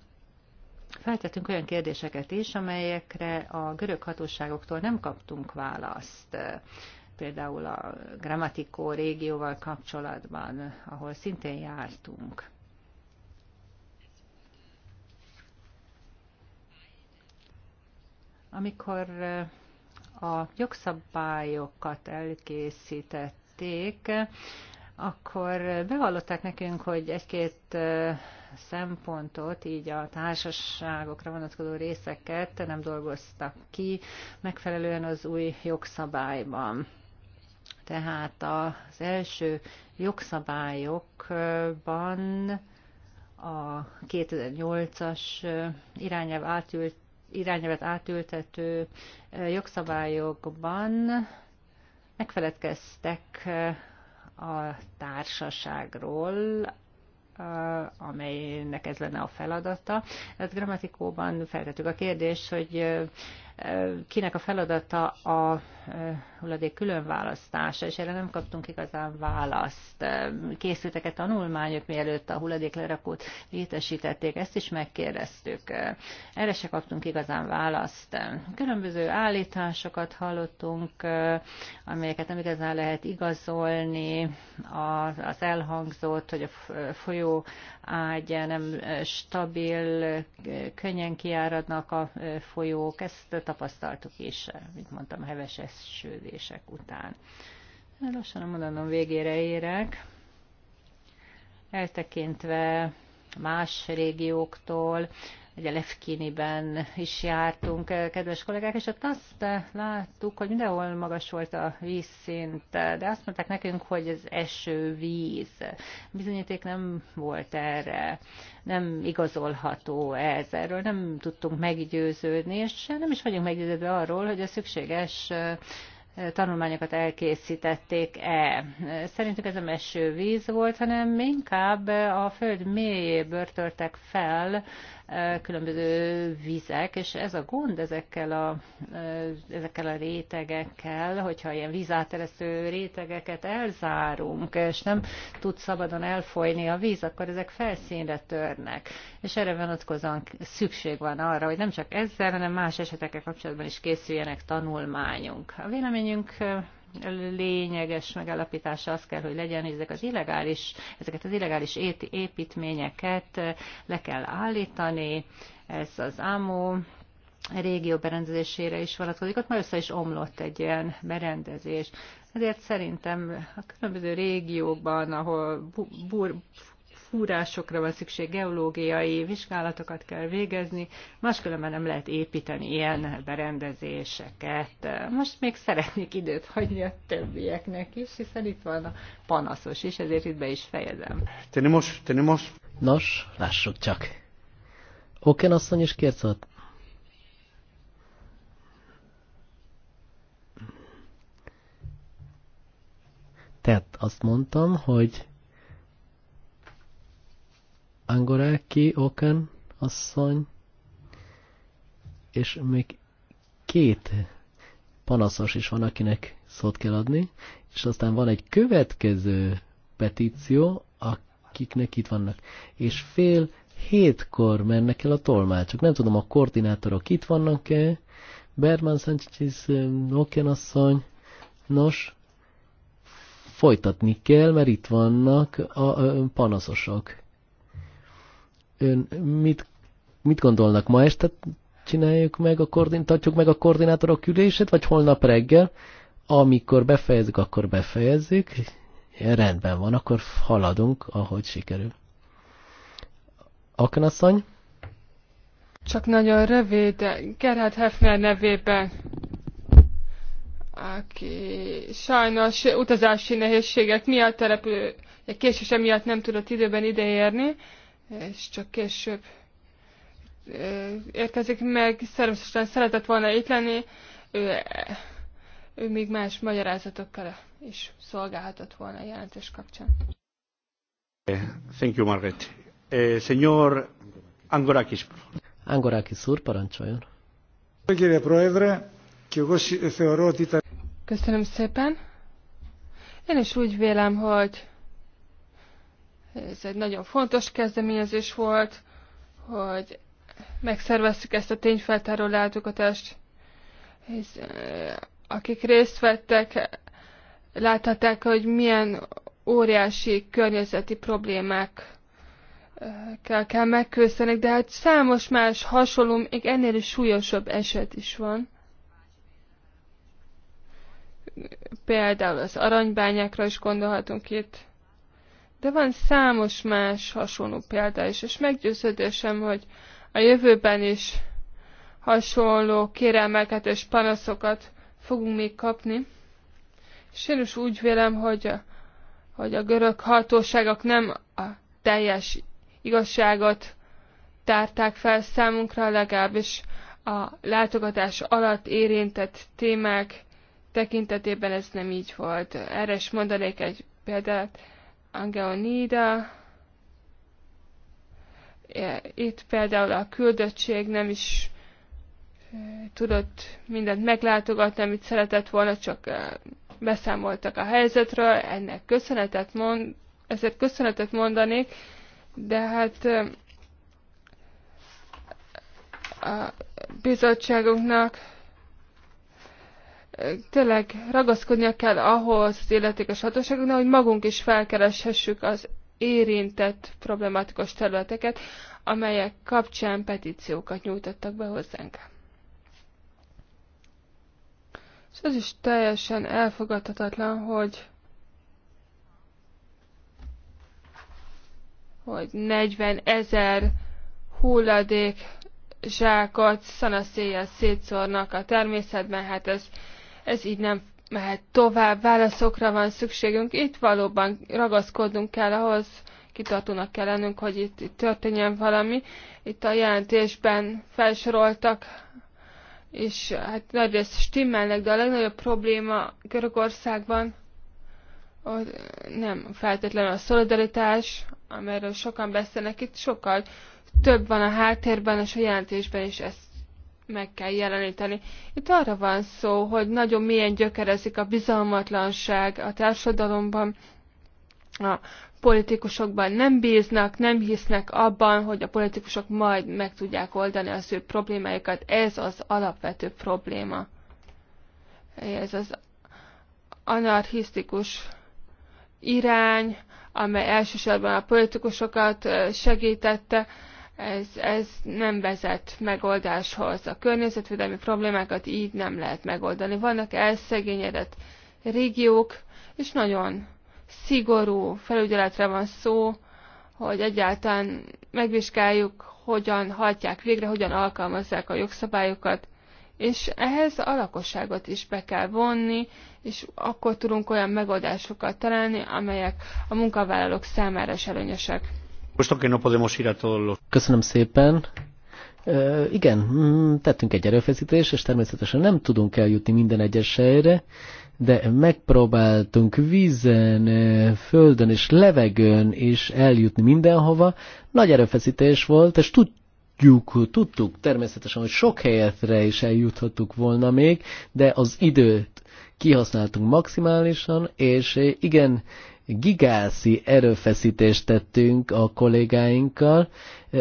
feltettünk olyan kérdéseket is, amelyekre a görög hatóságoktól nem kaptunk választ. Például a Grammatikó régióval kapcsolatban, ahol szintén jártunk. Amikor a jogszabályokat elkészítették, akkor bevallották nekünk, hogy egy-két szempontot, így a társaságokra vonatkozó részeket nem dolgoztak ki megfelelően az új jogszabályban. Tehát az első jogszabályokban a 2008-as irányelv átült, irányelvet átültető jogszabályokban megfeledkeztek a társaságról, Eh, amelynek ez lenne a feladata. Ez hát grammatikóban feltettük a kérdést, hogy eh, kinek a feladata a hulladék különválasztása, és erre nem kaptunk igazán választ. Készültek-e tanulmányok, mielőtt a hulladék lerakót létesítették, ezt is megkérdeztük. Erre se kaptunk igazán választ. Különböző állításokat hallottunk, amelyeket nem igazán lehet igazolni. Az elhangzott, hogy a folyó ágya nem stabil, könnyen kiáradnak a folyók, ezt tapasztaltuk is, mint mondtam, heves esődések után. Hát lassan a mondanom végére érek. Eltekintve más régióktól, ugye Lefkiniben is jártunk, eh, kedves kollégák, és ott azt eh, láttuk, hogy mindenhol magas volt a vízszint, eh, de azt mondták nekünk, hogy ez esővíz. Bizonyíték nem volt erre, nem igazolható ez, erről nem tudtunk meggyőződni, és nem is vagyunk meggyőződve arról, hogy a szükséges tanulmányokat elkészítették-e. Szerintük ez a esővíz volt, hanem inkább a föld mélyéből törtek fel különböző vizek, és ez a gond ezekkel a, ezekkel a rétegekkel, hogyha ilyen vízáteresztő rétegeket elzárunk, és nem tud szabadon elfolyni a víz, akkor ezek felszínre törnek. És erre vonatkozóan szükség van arra, hogy nem csak ezzel, hanem más esetekkel kapcsolatban is készüljenek tanulmányunk. A véleményünk lényeges megállapítása az kell, hogy legyen, hogy ezek az illegális, ezeket az illegális építményeket eh, le kell állítani, ez az ámó régió berendezésére is vonatkozik, ott már össze is omlott egy ilyen berendezés. Ezért szerintem a különböző régiókban, ahol bur, fúrásokra van szükség, geológiai vizsgálatokat kell végezni, máskülönben nem lehet építeni ilyen berendezéseket. Most még szeretnék időt hagyni a többieknek is, hiszen itt van a panaszos is, ezért itt be is fejezem. Tenemos, tenemos. Nos, lássuk csak. Oké, asszony is kért szót. Tehát azt mondtam, hogy Angoráki, Oken asszony, és még két panaszos is van, akinek szót kell adni, és aztán van egy következő petíció, akiknek itt vannak. És fél hétkor mennek el a tolmácsok. Nem tudom, a koordinátorok itt vannak-e, Berman Sánchez, Oken asszony, nos, folytatni kell, mert itt vannak a panaszosok. Ön mit, mit gondolnak ma este? Csináljuk meg a koordinátorok, meg a koordinátorok ülését, vagy holnap reggel? Amikor befejezzük, akkor befejezzük. Ja, rendben van, akkor haladunk, ahogy sikerül. Aknasszony? Csak nagyon rövid, Gerhard Hefner nevében, aki sajnos utazási nehézségek miatt, települő késése miatt nem tudott időben ideérni, és csak később érkezik meg. Szervezetesen szeretett volna itt lenni, ő, ő még más magyarázatokkal is szolgálhatott volna a jelentés kapcsán. Eh, thank you, Margaret. Uh, señor Angorakis. Angorakis úr, parancsoljon. Köszönöm szépen. Én is úgy vélem, hogy ez egy nagyon fontos kezdeményezés volt, hogy megszerveztük ezt a tényfeltáró látogatást. Ez, akik részt vettek, láthatták, hogy milyen óriási környezeti problémák kell, kell megküzdenek, de hát számos más hasonló, még ennél is súlyosabb eset is van. Például az aranybányákra is gondolhatunk itt. De van számos más hasonló példa is, és meggyőződésem, hogy a jövőben is hasonló kérelmeket és panaszokat fogunk még kapni. És én is úgy vélem, hogy a, hogy a görög hatóságok nem a teljes igazságot tárták fel számunkra, legalábbis a látogatás alatt érintett témák tekintetében ez nem így volt. Erre is mondanék egy példát. Angeonida. Itt például a küldöttség nem is tudott mindent meglátogatni, amit szeretett volna, csak beszámoltak a helyzetről, ennek köszönetet mond, ezért köszönetet mondanék, de hát a bizottságunknak tényleg ragaszkodnia kell ahhoz az illetékes hatóságoknak, hogy magunk is felkereshessük az érintett problematikus területeket, amelyek kapcsán petíciókat nyújtottak be hozzánk. És az is teljesen elfogadhatatlan, hogy hogy 40 ezer hulladék zsákot szanaszéjjel szétszórnak a természetben, hát ez ez így nem mehet tovább, válaszokra van szükségünk. Itt valóban ragaszkodnunk kell ahhoz, kitartónak kell lennünk, hogy itt, itt történjen valami. Itt a jelentésben felsoroltak, és hát nagyrészt stimmelnek, de a legnagyobb probléma Görögországban hogy nem feltétlenül a szolidaritás, amiről sokan beszélnek, itt sokkal több van a háttérben, és a jelentésben is ezt meg kell jeleníteni. Itt arra van szó, hogy nagyon milyen gyökerezik a bizalmatlanság a társadalomban, a politikusokban nem bíznak, nem hisznek abban, hogy a politikusok majd meg tudják oldani az ő problémáikat. Ez az alapvető probléma. Ez az anarchisztikus irány, amely elsősorban a politikusokat segítette, ez, ez nem vezet megoldáshoz. A környezetvédelmi problémákat így nem lehet megoldani. Vannak elszegényedett régiók, és nagyon szigorú felügyeletre van szó, hogy egyáltalán megvizsgáljuk, hogyan hajtják végre, hogyan alkalmazzák a jogszabályokat, és ehhez a lakosságot is be kell vonni, és akkor tudunk olyan megoldásokat találni, amelyek a munkavállalók számára is előnyösek. Köszönöm szépen. E, igen, mm, tettünk egy erőfeszítést, és természetesen nem tudunk eljutni minden egyes helyre, de megpróbáltunk vízen, földön és levegőn is eljutni mindenhova. Nagy erőfeszítés volt, és tud, tudjuk, tudtuk természetesen, hogy sok helyetre is eljuthattuk volna még, de az időt kihasználtunk maximálisan, és igen, gigászi erőfeszítést tettünk a kollégáinkkal.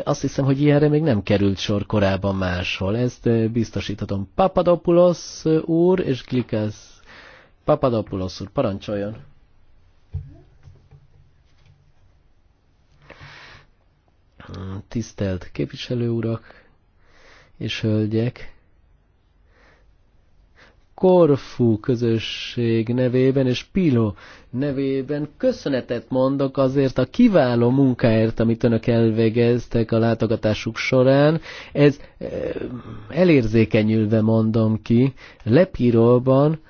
Azt hiszem, hogy ilyenre még nem került sor korábban máshol. Ezt eh, biztosíthatom. Papadopoulos eh, úr és Klikász. Papadopoulos úr, parancsoljon! Tisztelt képviselő urak és hölgyek! Korfu közösség nevében és Pilo nevében köszönetet mondok azért a kiváló munkáért, amit önök elvégeztek a látogatásuk során. Ez eh, elérzékenyülve mondom ki, Lepíróban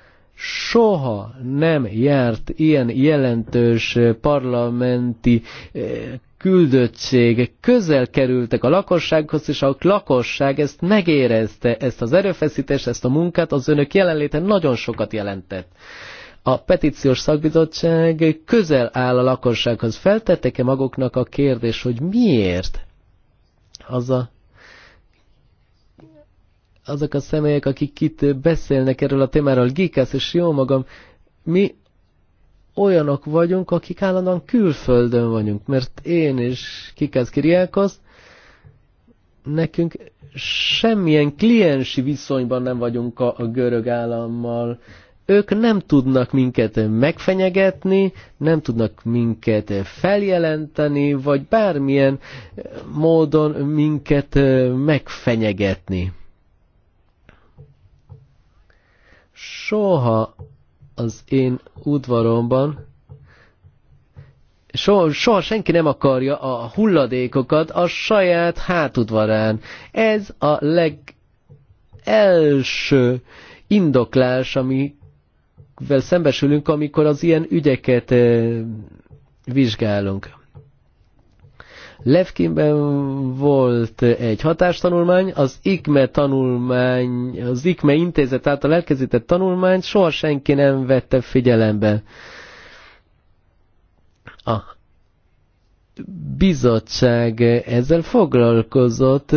soha nem járt ilyen jelentős eh, parlamenti eh, küldöttség közel kerültek a lakossághoz, és a lakosság ezt megérezte, ezt az erőfeszítést, ezt a munkát, az önök jelenléte nagyon sokat jelentett. A petíciós szakbizottság közel áll a lakossághoz. Feltettek-e maguknak a kérdés, hogy miért az a azok a személyek, akik itt beszélnek erről a témáról, Gikász és jó magam, mi olyanok vagyunk, akik állandóan külföldön vagyunk, mert én és Kikász Kiriákosz, nekünk semmilyen kliensi viszonyban nem vagyunk a, a görög állammal, ők nem tudnak minket megfenyegetni, nem tudnak minket feljelenteni, vagy bármilyen módon minket megfenyegetni. soha az én udvaromban soha, soha senki nem akarja a hulladékokat a saját hátudvarán. Ez a legelső indoklás, amivel szembesülünk, amikor az ilyen ügyeket eh, vizsgálunk. Levkinben volt egy hatástanulmány, az IKME tanulmány, az IKME intézet által elkezdített tanulmányt soha senki nem vette figyelembe. A bizottság ezzel foglalkozott,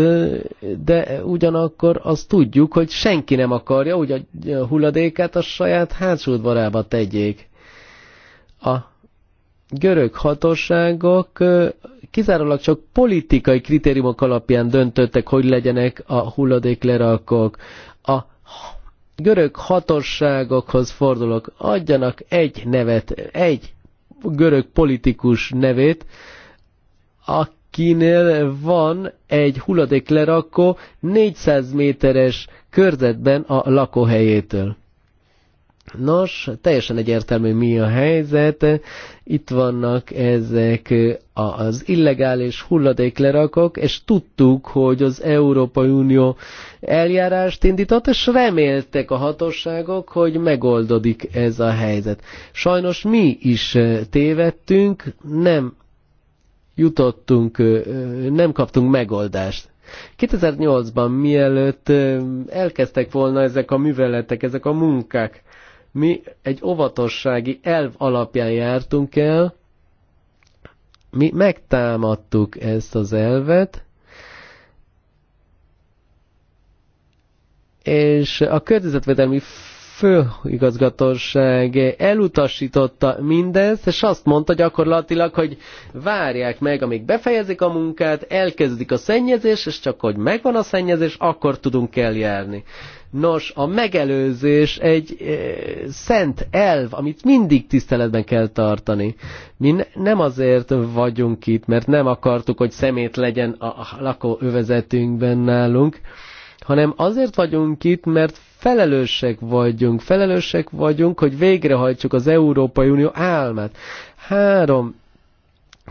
de ugyanakkor azt tudjuk, hogy senki nem akarja, hogy a hulladékát a saját hátsó udvarába tegyék. A görög hatóságok kizárólag csak politikai kritériumok alapján döntöttek, hogy legyenek a hulladéklerakók. A görög hatóságokhoz fordulok, adjanak egy nevet, egy görög politikus nevét, akinél van egy hulladéklerakó 400 méteres körzetben a lakóhelyétől. Nos, teljesen egyértelmű mi a helyzet. Itt vannak ezek az illegális hulladéklerakok, és tudtuk, hogy az Európai Unió eljárást indított, és reméltek a hatóságok, hogy megoldodik ez a helyzet. Sajnos mi is eh, tévedtünk, nem jutottunk, eh, nem kaptunk megoldást. 2008-ban mielőtt eh, elkezdtek volna ezek a műveletek, ezek a munkák, mi egy óvatossági elv alapján jártunk el, mi megtámadtuk ezt az elvet, és a környezetvédelmi főigazgatóság elutasította mindezt, és azt mondta gyakorlatilag, hogy várják meg, amíg befejezik a munkát, elkezdik a szennyezés, és csak hogy megvan a szennyezés, akkor tudunk eljárni. Nos, a megelőzés egy e, szent elv, amit mindig tiszteletben kell tartani. Mi ne, nem azért vagyunk itt, mert nem akartuk, hogy szemét legyen a, a lakóövezetünkben nálunk, hanem azért vagyunk itt, mert felelősek vagyunk, felelősek vagyunk, hogy végrehajtsuk az Európai Unió álmát. Három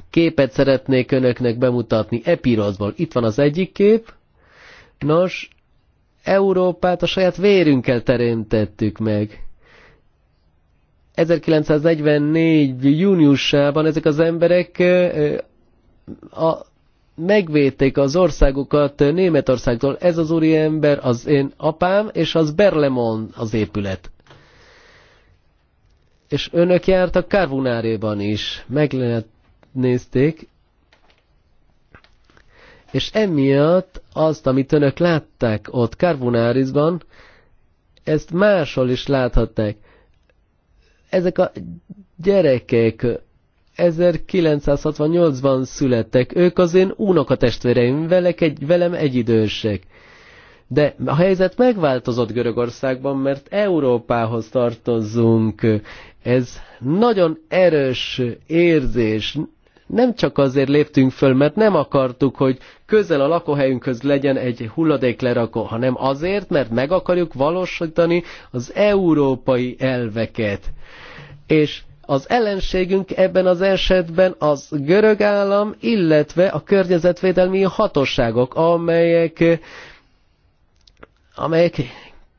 képet szeretnék önöknek bemutatni Epirosból. Itt van az egyik kép. Nos, Európát a saját vérünkkel teremtettük meg. 1944. júniusában ezek az emberek a, megvédték az országokat Németországtól. Ez az úri ember az én apám, és az Berlemon az épület. És önök jártak Carvunáréban is, megnézték, és emiatt azt, amit önök látták ott Carbonarisban, ezt máshol is láthatták. Ezek a gyerekek 1968-ban születtek, ők az én unokatestvéreim, velek egy, velem egyidősek. De a helyzet megváltozott Görögországban, mert Európához tartozunk. Ez nagyon erős érzés, nem csak azért léptünk föl, mert nem akartuk, hogy közel a lakóhelyünkhöz legyen egy hulladéklerakó, hanem azért, mert meg akarjuk valósítani az európai elveket. És az ellenségünk ebben az esetben az görög állam, illetve a környezetvédelmi hatóságok, amelyek, amelyek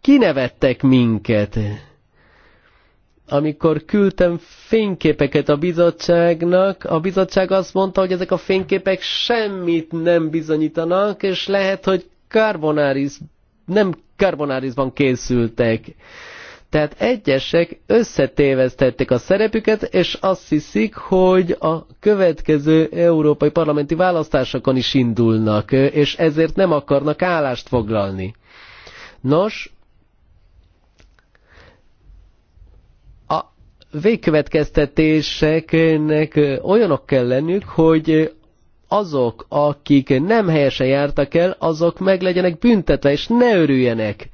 kinevettek minket amikor küldtem fényképeket a bizottságnak, a bizottság azt mondta, hogy ezek a fényképek semmit nem bizonyítanak, és lehet, hogy karbonáris, nem karbonárisban készültek. Tehát egyesek összetévesztették a szerepüket, és azt hiszik, hogy a következő európai parlamenti választásokon is indulnak, és ezért nem akarnak állást foglalni. Nos, végkövetkeztetéseknek olyanok kell lennük, hogy azok, akik nem helyesen jártak el, azok meg legyenek büntetve, és ne örüljenek.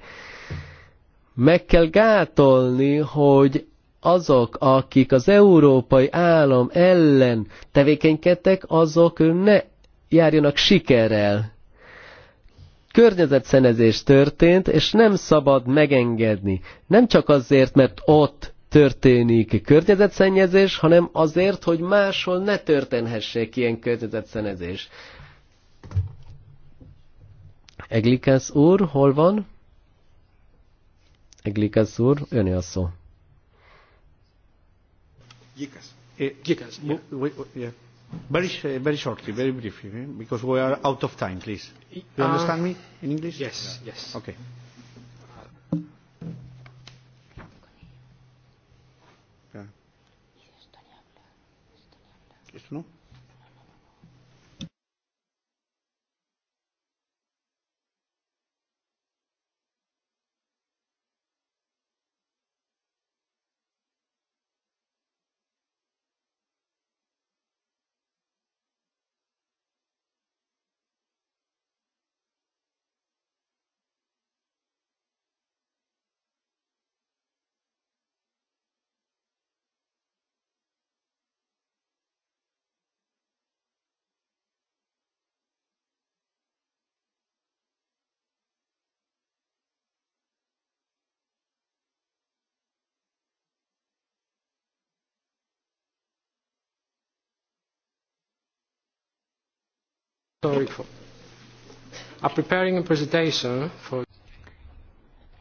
Meg kell gátolni, hogy azok, akik az európai állam ellen tevékenykedtek, azok ne járjanak sikerrel. Környezetszenezés történt, és nem szabad megengedni. Nem csak azért, mert ott történik környezetszennyezés, hanem azért, hogy máshol ne történhessék ilyen környezetszennyezés. Eglikász úr, hol van? Eglikász úr, ön a szó. Gikász. Eh, very, very shortly, very briefly, eh? because we are out of time, please. You uh, understand me in English? Yes, yes. Okay. Sorry for. I'm preparing a presentation for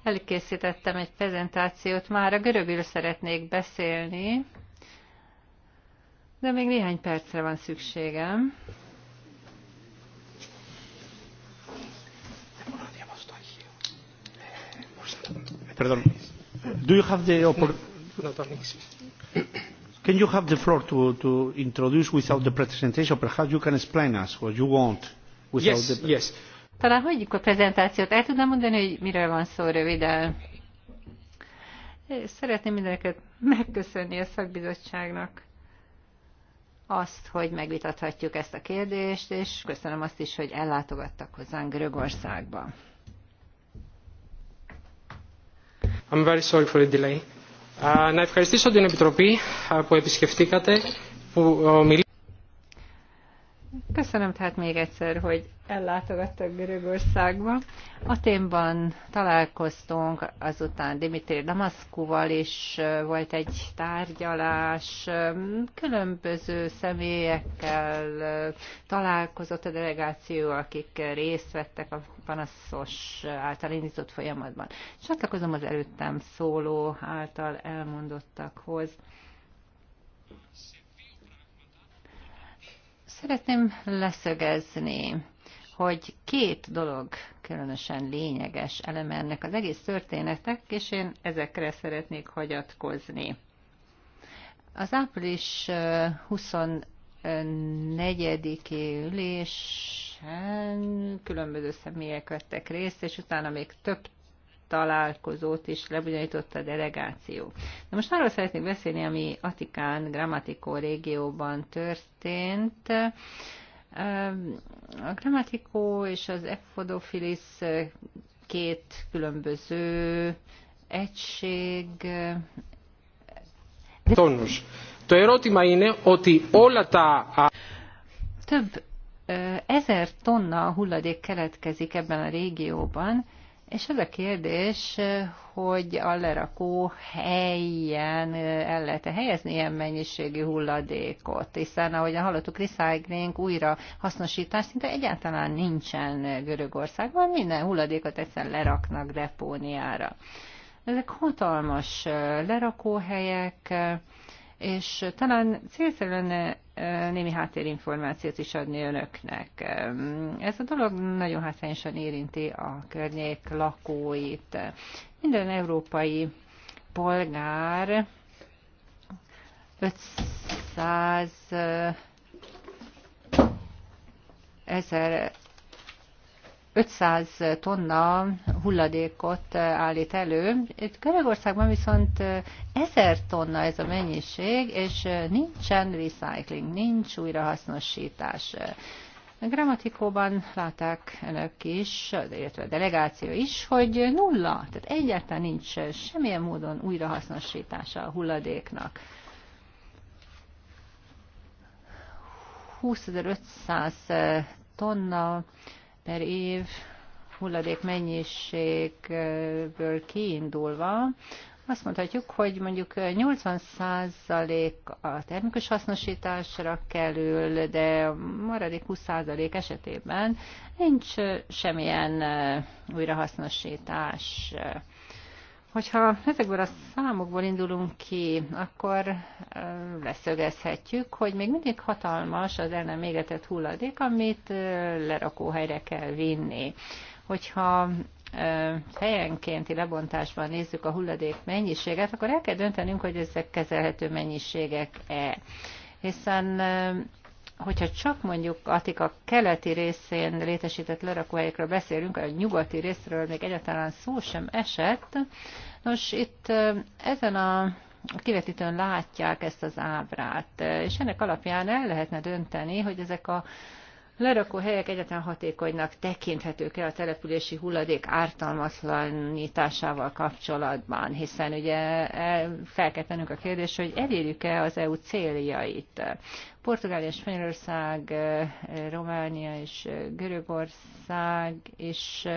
Elkészítettem egy prezentációt, már a görögül szeretnék beszélni, de még néhány percre van szükségem. Perdón. Do you have the opportunity? Can you have the floor to, to introduce without the presentation? Perhaps you can explain us what you want without yes, the... Yes. Talán hagyjuk a prezentációt. El tudnám mondani, hogy miről van szó röviden. Szeretném mindeneket megköszönni a szakbizottságnak azt, hogy megvitathatjuk ezt a kérdést, és köszönöm azt is, hogy ellátogattak hozzánk Görögországba. I'm very sorry for the delay. Να ευχαριστήσω την Επιτροπή που επισκεφτήκατε, που Köszönöm tehát még egyszer, hogy ellátogattak Görögországba. Aténban találkoztunk, azután Dimitri Damaszkuval is volt egy tárgyalás, különböző személyekkel találkozott a delegáció, akik részt vettek a panaszos által indított folyamatban. Csatlakozom az előttem szóló által elmondottakhoz. Szeretném leszögezni, hogy két dolog különösen lényeges eleme ennek az egész történetek és én ezekre szeretnék hagyatkozni. Az április 24-i ülésen különböző személyek vettek részt, és utána még több találkozót is lebonyolította a delegáció. Na most arról szeretnék beszélni, ami Atikán, Grammatikó régióban történt. A Grammatikó és az Efodofilis két különböző egység. Tonus. Το ερώτημα είναι ότι όλα τα... Több ezer tonna hulladék keletkezik ebben a régióban, és az a kérdés, hogy a lerakó helyen el lehet-e helyezni ilyen mennyiségű hulladékot, hiszen ahogy hallottuk, recycling, újra hasznosítás szinte egyáltalán nincsen Görögországban, minden hulladékot egyszer leraknak depóniára. Ezek hatalmas lerakóhelyek, és talán célszerűen némi háttérinformációt is adni önöknek. Ez a dolog nagyon hátrányosan érinti a környék lakóit. Minden európai polgár 500 ezer 500 tonna hulladékot állít elő. Itt Görögországban viszont 1000 tonna ez a mennyiség, és nincsen recycling, nincs újrahasznosítás. A grammatikóban látták önök is, illetve a delegáció is, hogy nulla, tehát egyáltalán nincs semmilyen módon újrahasznosítása a hulladéknak. 20.500 tonna per év hulladék mennyiségből kiindulva, azt mondhatjuk, hogy mondjuk 80% eh, a termikus hasznosításra kerül, de a maradék 20% esetében nincs eh, semmilyen eh, újrahasznosítás. Hogyha ezekből a számokból indulunk ki, akkor leszögezhetjük, hogy még mindig hatalmas az el nem égetett hulladék, amit lerakóhelyre kell vinni. Hogyha fejenkénti lebontásban nézzük a hulladék mennyiséget, akkor el kell döntenünk, hogy ezek kezelhető mennyiségek-e. Hiszen hogyha csak mondjuk a keleti részén létesített lerakóhelyekről beszélünk, a nyugati részről még egyáltalán szó sem esett. Nos, itt ezen a kivetítőn látják ezt az ábrát, és ennek alapján el lehetne dönteni, hogy ezek a lerakó helyek egyetlen hatékonynak tekinthetők-e a települési hulladék ártalmatlanításával kapcsolatban, hiszen ugye e, fel kell tennünk a kérdés, hogy elérjük-e az EU céljait. Portugália, Spanyolország, Románia és Görögország és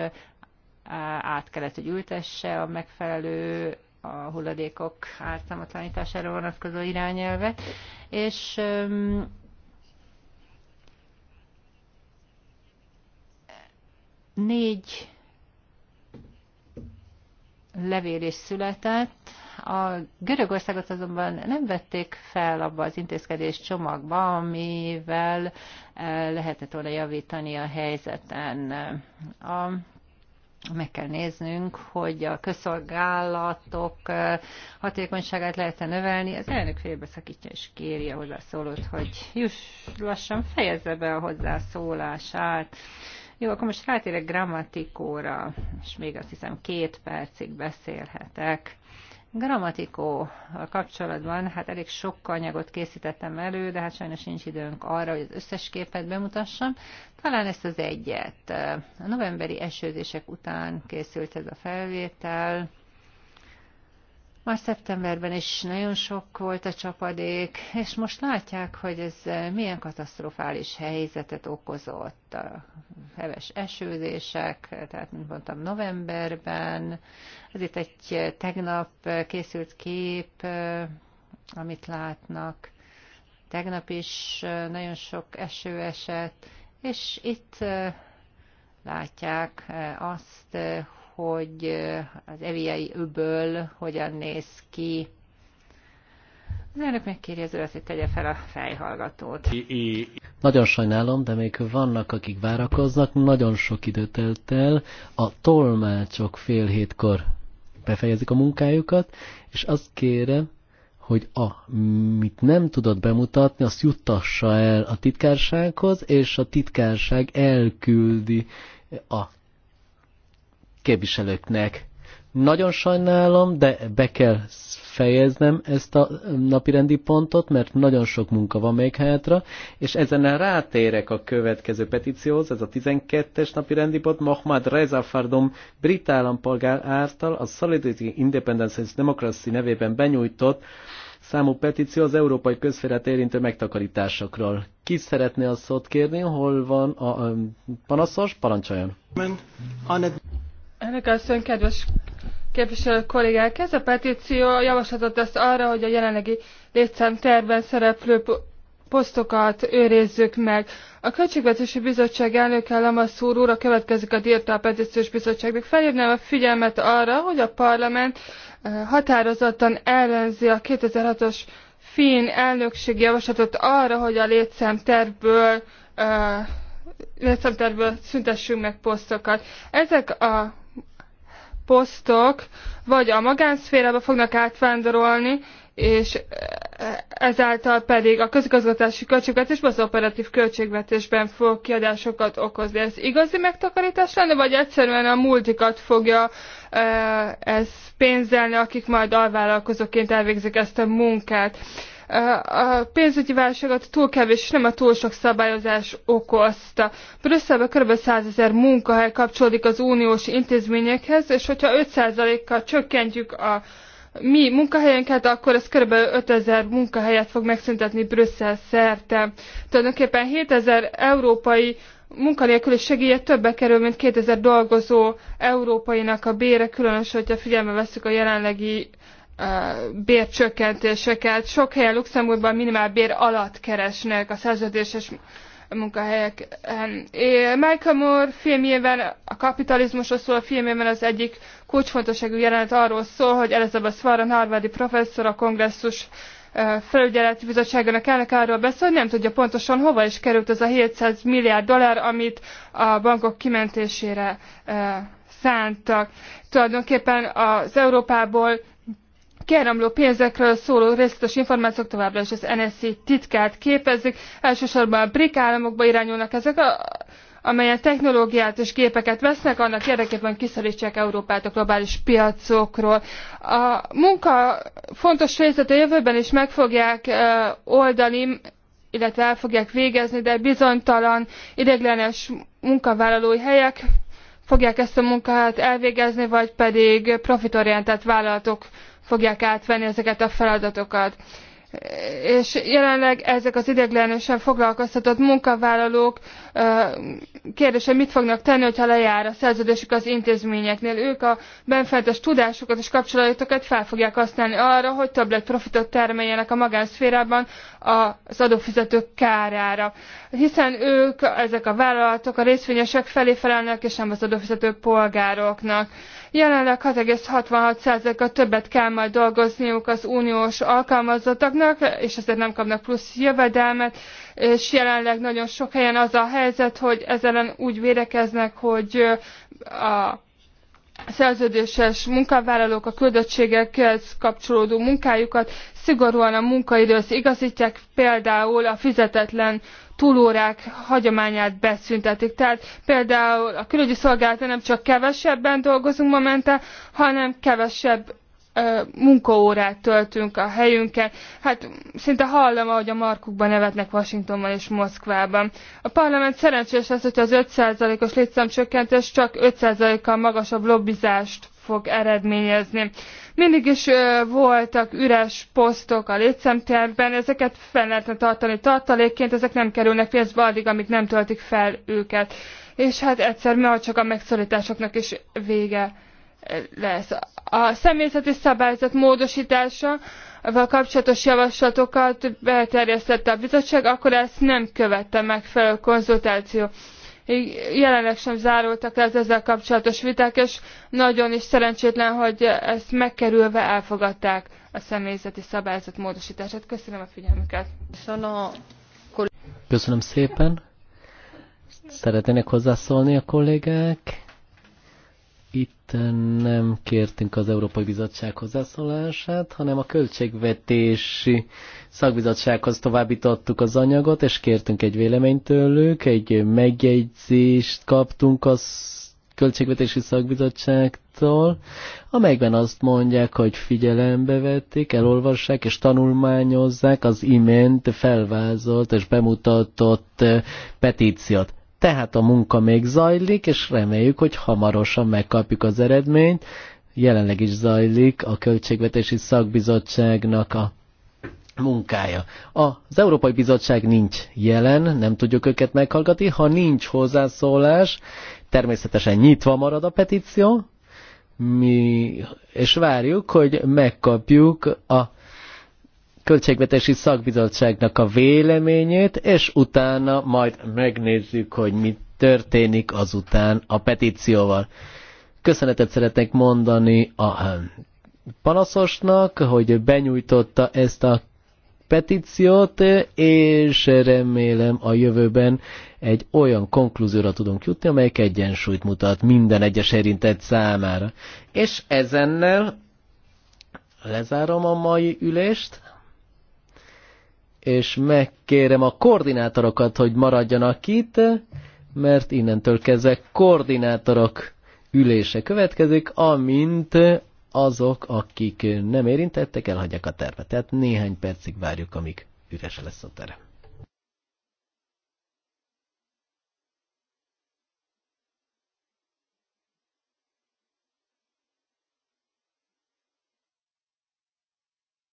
át kellett, hogy ültesse a megfelelő a hulladékok ártalmatlanítására vonatkozó irányelvet, és négy levél is született, a Görögországot azonban nem vették fel abba az intézkedés csomagba, amivel eh, lehetett volna javítani a helyzeten. A meg kell néznünk, hogy a közszolgálatok eh, hatékonyságát lehet-e növelni. Az elnök félbeszakítja és kéri a hozzászólót, hogy juss lassan fejezze be a hozzászólását. Jó, akkor most rátérek grammatikóra, és még azt hiszem két percig beszélhetek. Grammatikó kapcsolatban, hát elég sok anyagot készítettem elő, de hát sajnos nincs időnk arra, hogy az összes képet bemutassam. Talán ezt az egyet. A novemberi esőzések után készült ez a felvétel, már szeptemberben is nagyon sok volt a csapadék, és most látják, hogy ez milyen katasztrofális helyzetet okozott. A heves esőzések, tehát mint mondtam novemberben, ez itt egy tegnap készült kép, amit látnak. Tegnap is nagyon sok eső esett, és itt látják azt, hogy az eviai öböl hogyan néz ki. Az elnök megkéri az urat, hogy tegye fel a fejhallgatót. Nagyon sajnálom, de még vannak, akik várakoznak, nagyon sok időt telt el. A tolmácsok fél hétkor befejezik a munkájukat, és azt kérem, hogy amit nem tudott bemutatni, azt juttassa el a titkársághoz, és a titkárság elküldi a képviselőknek. Nagyon sajnálom, de be kell fejeznem ezt a napirendi pontot, mert nagyon sok munka van még hátra, és ezen rátérek a következő petícióhoz, ez a 12-es napirendi pont, Mohamed Reza Fardom brit állampolgár által a Solidarity Independence and Democracy nevében benyújtott számú petíció az európai közférát érintő megtakarításokról. Ki szeretné a szót kérni, hol van a, a panaszos? Parancsoljon! Elnök asszony, kedves képviselő kollégák, ez a petíció javaslatot tesz arra, hogy a jelenlegi létszámtervben szereplő posztokat őrizzük meg. A Költségvetési Bizottság elnöke Lamaszúr úr a következőket írta a petíciós bizottságnak. Felhívnám a figyelmet arra, hogy a parlament eh, határozottan ellenzi a 2006-os finn elnökség javaslatot arra, hogy a létszámtervből, eh, létszámtervből szüntessünk meg posztokat. Ezek a posztok vagy a magánszférába fognak átvándorolni, és ezáltal pedig a közigazgatási költségvetésben, az operatív költségvetésben fog kiadásokat okozni. Ez igazi megtakarítás lenne, vagy egyszerűen a multikat fogja e, ez pénzelni, akik majd alvállalkozóként elvégzik ezt a munkát? a pénzügyi válságot túl kevés és nem a túl sok szabályozás okozta. Brüsszelben kb. 100 ezer munkahely kapcsolódik az uniós intézményekhez, és hogyha 5%-kal csökkentjük a mi munkahelyenket, akkor ez kb. 5000 munkahelyet fog megszüntetni Brüsszel szerte. Tulajdonképpen 7000 európai munkanélküli segélye többe kerül, mint 2000 dolgozó európainak a bére, különösen, hogyha figyelme veszük a jelenlegi bércsökkentéseket. Sok helyen Luxemburgban bér alatt keresnek a szerződéses munkahelyek. Michael Moore filmjében, a kapitalizmusról szól a filmjében az egyik kulcsfontosságú jelenet arról szól, hogy Elizabeth Warren, Harvardi professzor, a kongresszus felügyeleti bizottságának arról beszél, hogy nem tudja pontosan hova is került ez a 700 milliárd dollár, amit a bankok kimentésére szántak. Tulajdonképpen az Európából kiáramló pénzekről szóló részletes információk továbbra is az NSZ titkát képezik. Elsősorban a BRIC államokba irányulnak ezek, a, amelyen technológiát és gépeket vesznek, annak érdekében kiszorítsák Európát a globális piacokról. A munka fontos részlet a jövőben is meg fogják oldani, illetve el fogják végezni, de bizonytalan, ideglenes munkavállalói helyek fogják ezt a munkát elvégezni, vagy pedig profitorientált vállalatok fogják átvenni ezeket a feladatokat. És jelenleg ezek az ideglenesen foglalkoztatott munkavállalók kérdése, mit fognak tenni, hogyha lejár a szerződésük az intézményeknél. Ők a benfentes tudásukat és kapcsolatokat fel fogják használni arra, hogy többlet profitot termeljenek a magánszférában az adófizetők kárára. Hiszen ők, ezek a vállalatok a részvényesek felé felelnek, és nem az adófizető polgároknak Jelenleg 6,66%-kal többet kell majd dolgozniuk az uniós alkalmazottaknak, és ezért nem kapnak plusz jövedelmet, és jelenleg nagyon sok helyen az a helyzet, hogy ezzel úgy védekeznek, hogy a szerződéses munkavállalók a küldöttségekhez kapcsolódó munkájukat szigorúan a munkaidőhöz igazítják, például a fizetetlen túlórák hagyományát beszüntetik. Tehát például a külügyi szolgálata nem csak kevesebben dolgozunk momentán, hanem kevesebb munkaórát töltünk a helyünket. Hát szinte hallom, ahogy a markukban nevetnek Washingtonban és Moszkvában. A parlament szerencsés lesz, hogy az 5%-os létszámcsökkentés csak 5%-kal magasabb lobbizást fog eredményezni. Mindig is voltak üres posztok a létszemterben, ezeket fel lehetne tartani tartalékként, ezek nem kerülnek pénzbe addig, amíg nem töltik fel őket. És hát egyszer mi csak a megszorításoknak is vége lesz. A személyzeti szabályzat módosítása a kapcsolatos javaslatokat beterjesztette a bizottság, akkor ezt nem követte megfelelő konzultáció jelenleg sem zárultak le az ezzel kapcsolatos viták, és nagyon is szerencsétlen, hogy ezt megkerülve elfogadták a személyzeti szabályzat módosítását. Köszönöm a figyelmüket. Köszönöm szépen. Szeretnének hozzászólni a kollégák? Itt nem kértünk az Európai Bizottság hozzászólását, hanem a költségvetési szakbizottsághoz továbbítottuk az anyagot, és kértünk egy véleményt tőlük, egy megjegyzést kaptunk a költségvetési szakbizottságtól, amelyben azt mondják, hogy figyelembe vették, elolvassák és tanulmányozzák az imént felvázolt és bemutatott petíciót. Tehát a munka még zajlik, és reméljük, hogy hamarosan megkapjuk az eredményt. Jelenleg is zajlik a Költségvetési Szakbizottságnak a munkája. Az Európai Bizottság nincs jelen, nem tudjuk őket meghallgatni. Ha nincs hozzászólás, természetesen nyitva marad a petíció, mi, és várjuk, hogy megkapjuk a költségvetési szakbizottságnak a véleményét, és utána majd megnézzük, hogy mi történik azután a petícióval. Köszönetet szeretnék mondani a panaszosnak, hogy benyújtotta ezt a petíciót, és remélem a jövőben egy olyan konklúzióra tudunk jutni, amelyik egyensúlyt mutat minden egyes érintett számára. És ezennel lezárom a mai ülést és megkérem a koordinátorokat, hogy maradjanak itt, mert innentől kezdve koordinátorok ülése következik, amint azok, akik nem érintettek, elhagyják a tervet, Tehát néhány percig várjuk, amíg üres lesz a terem.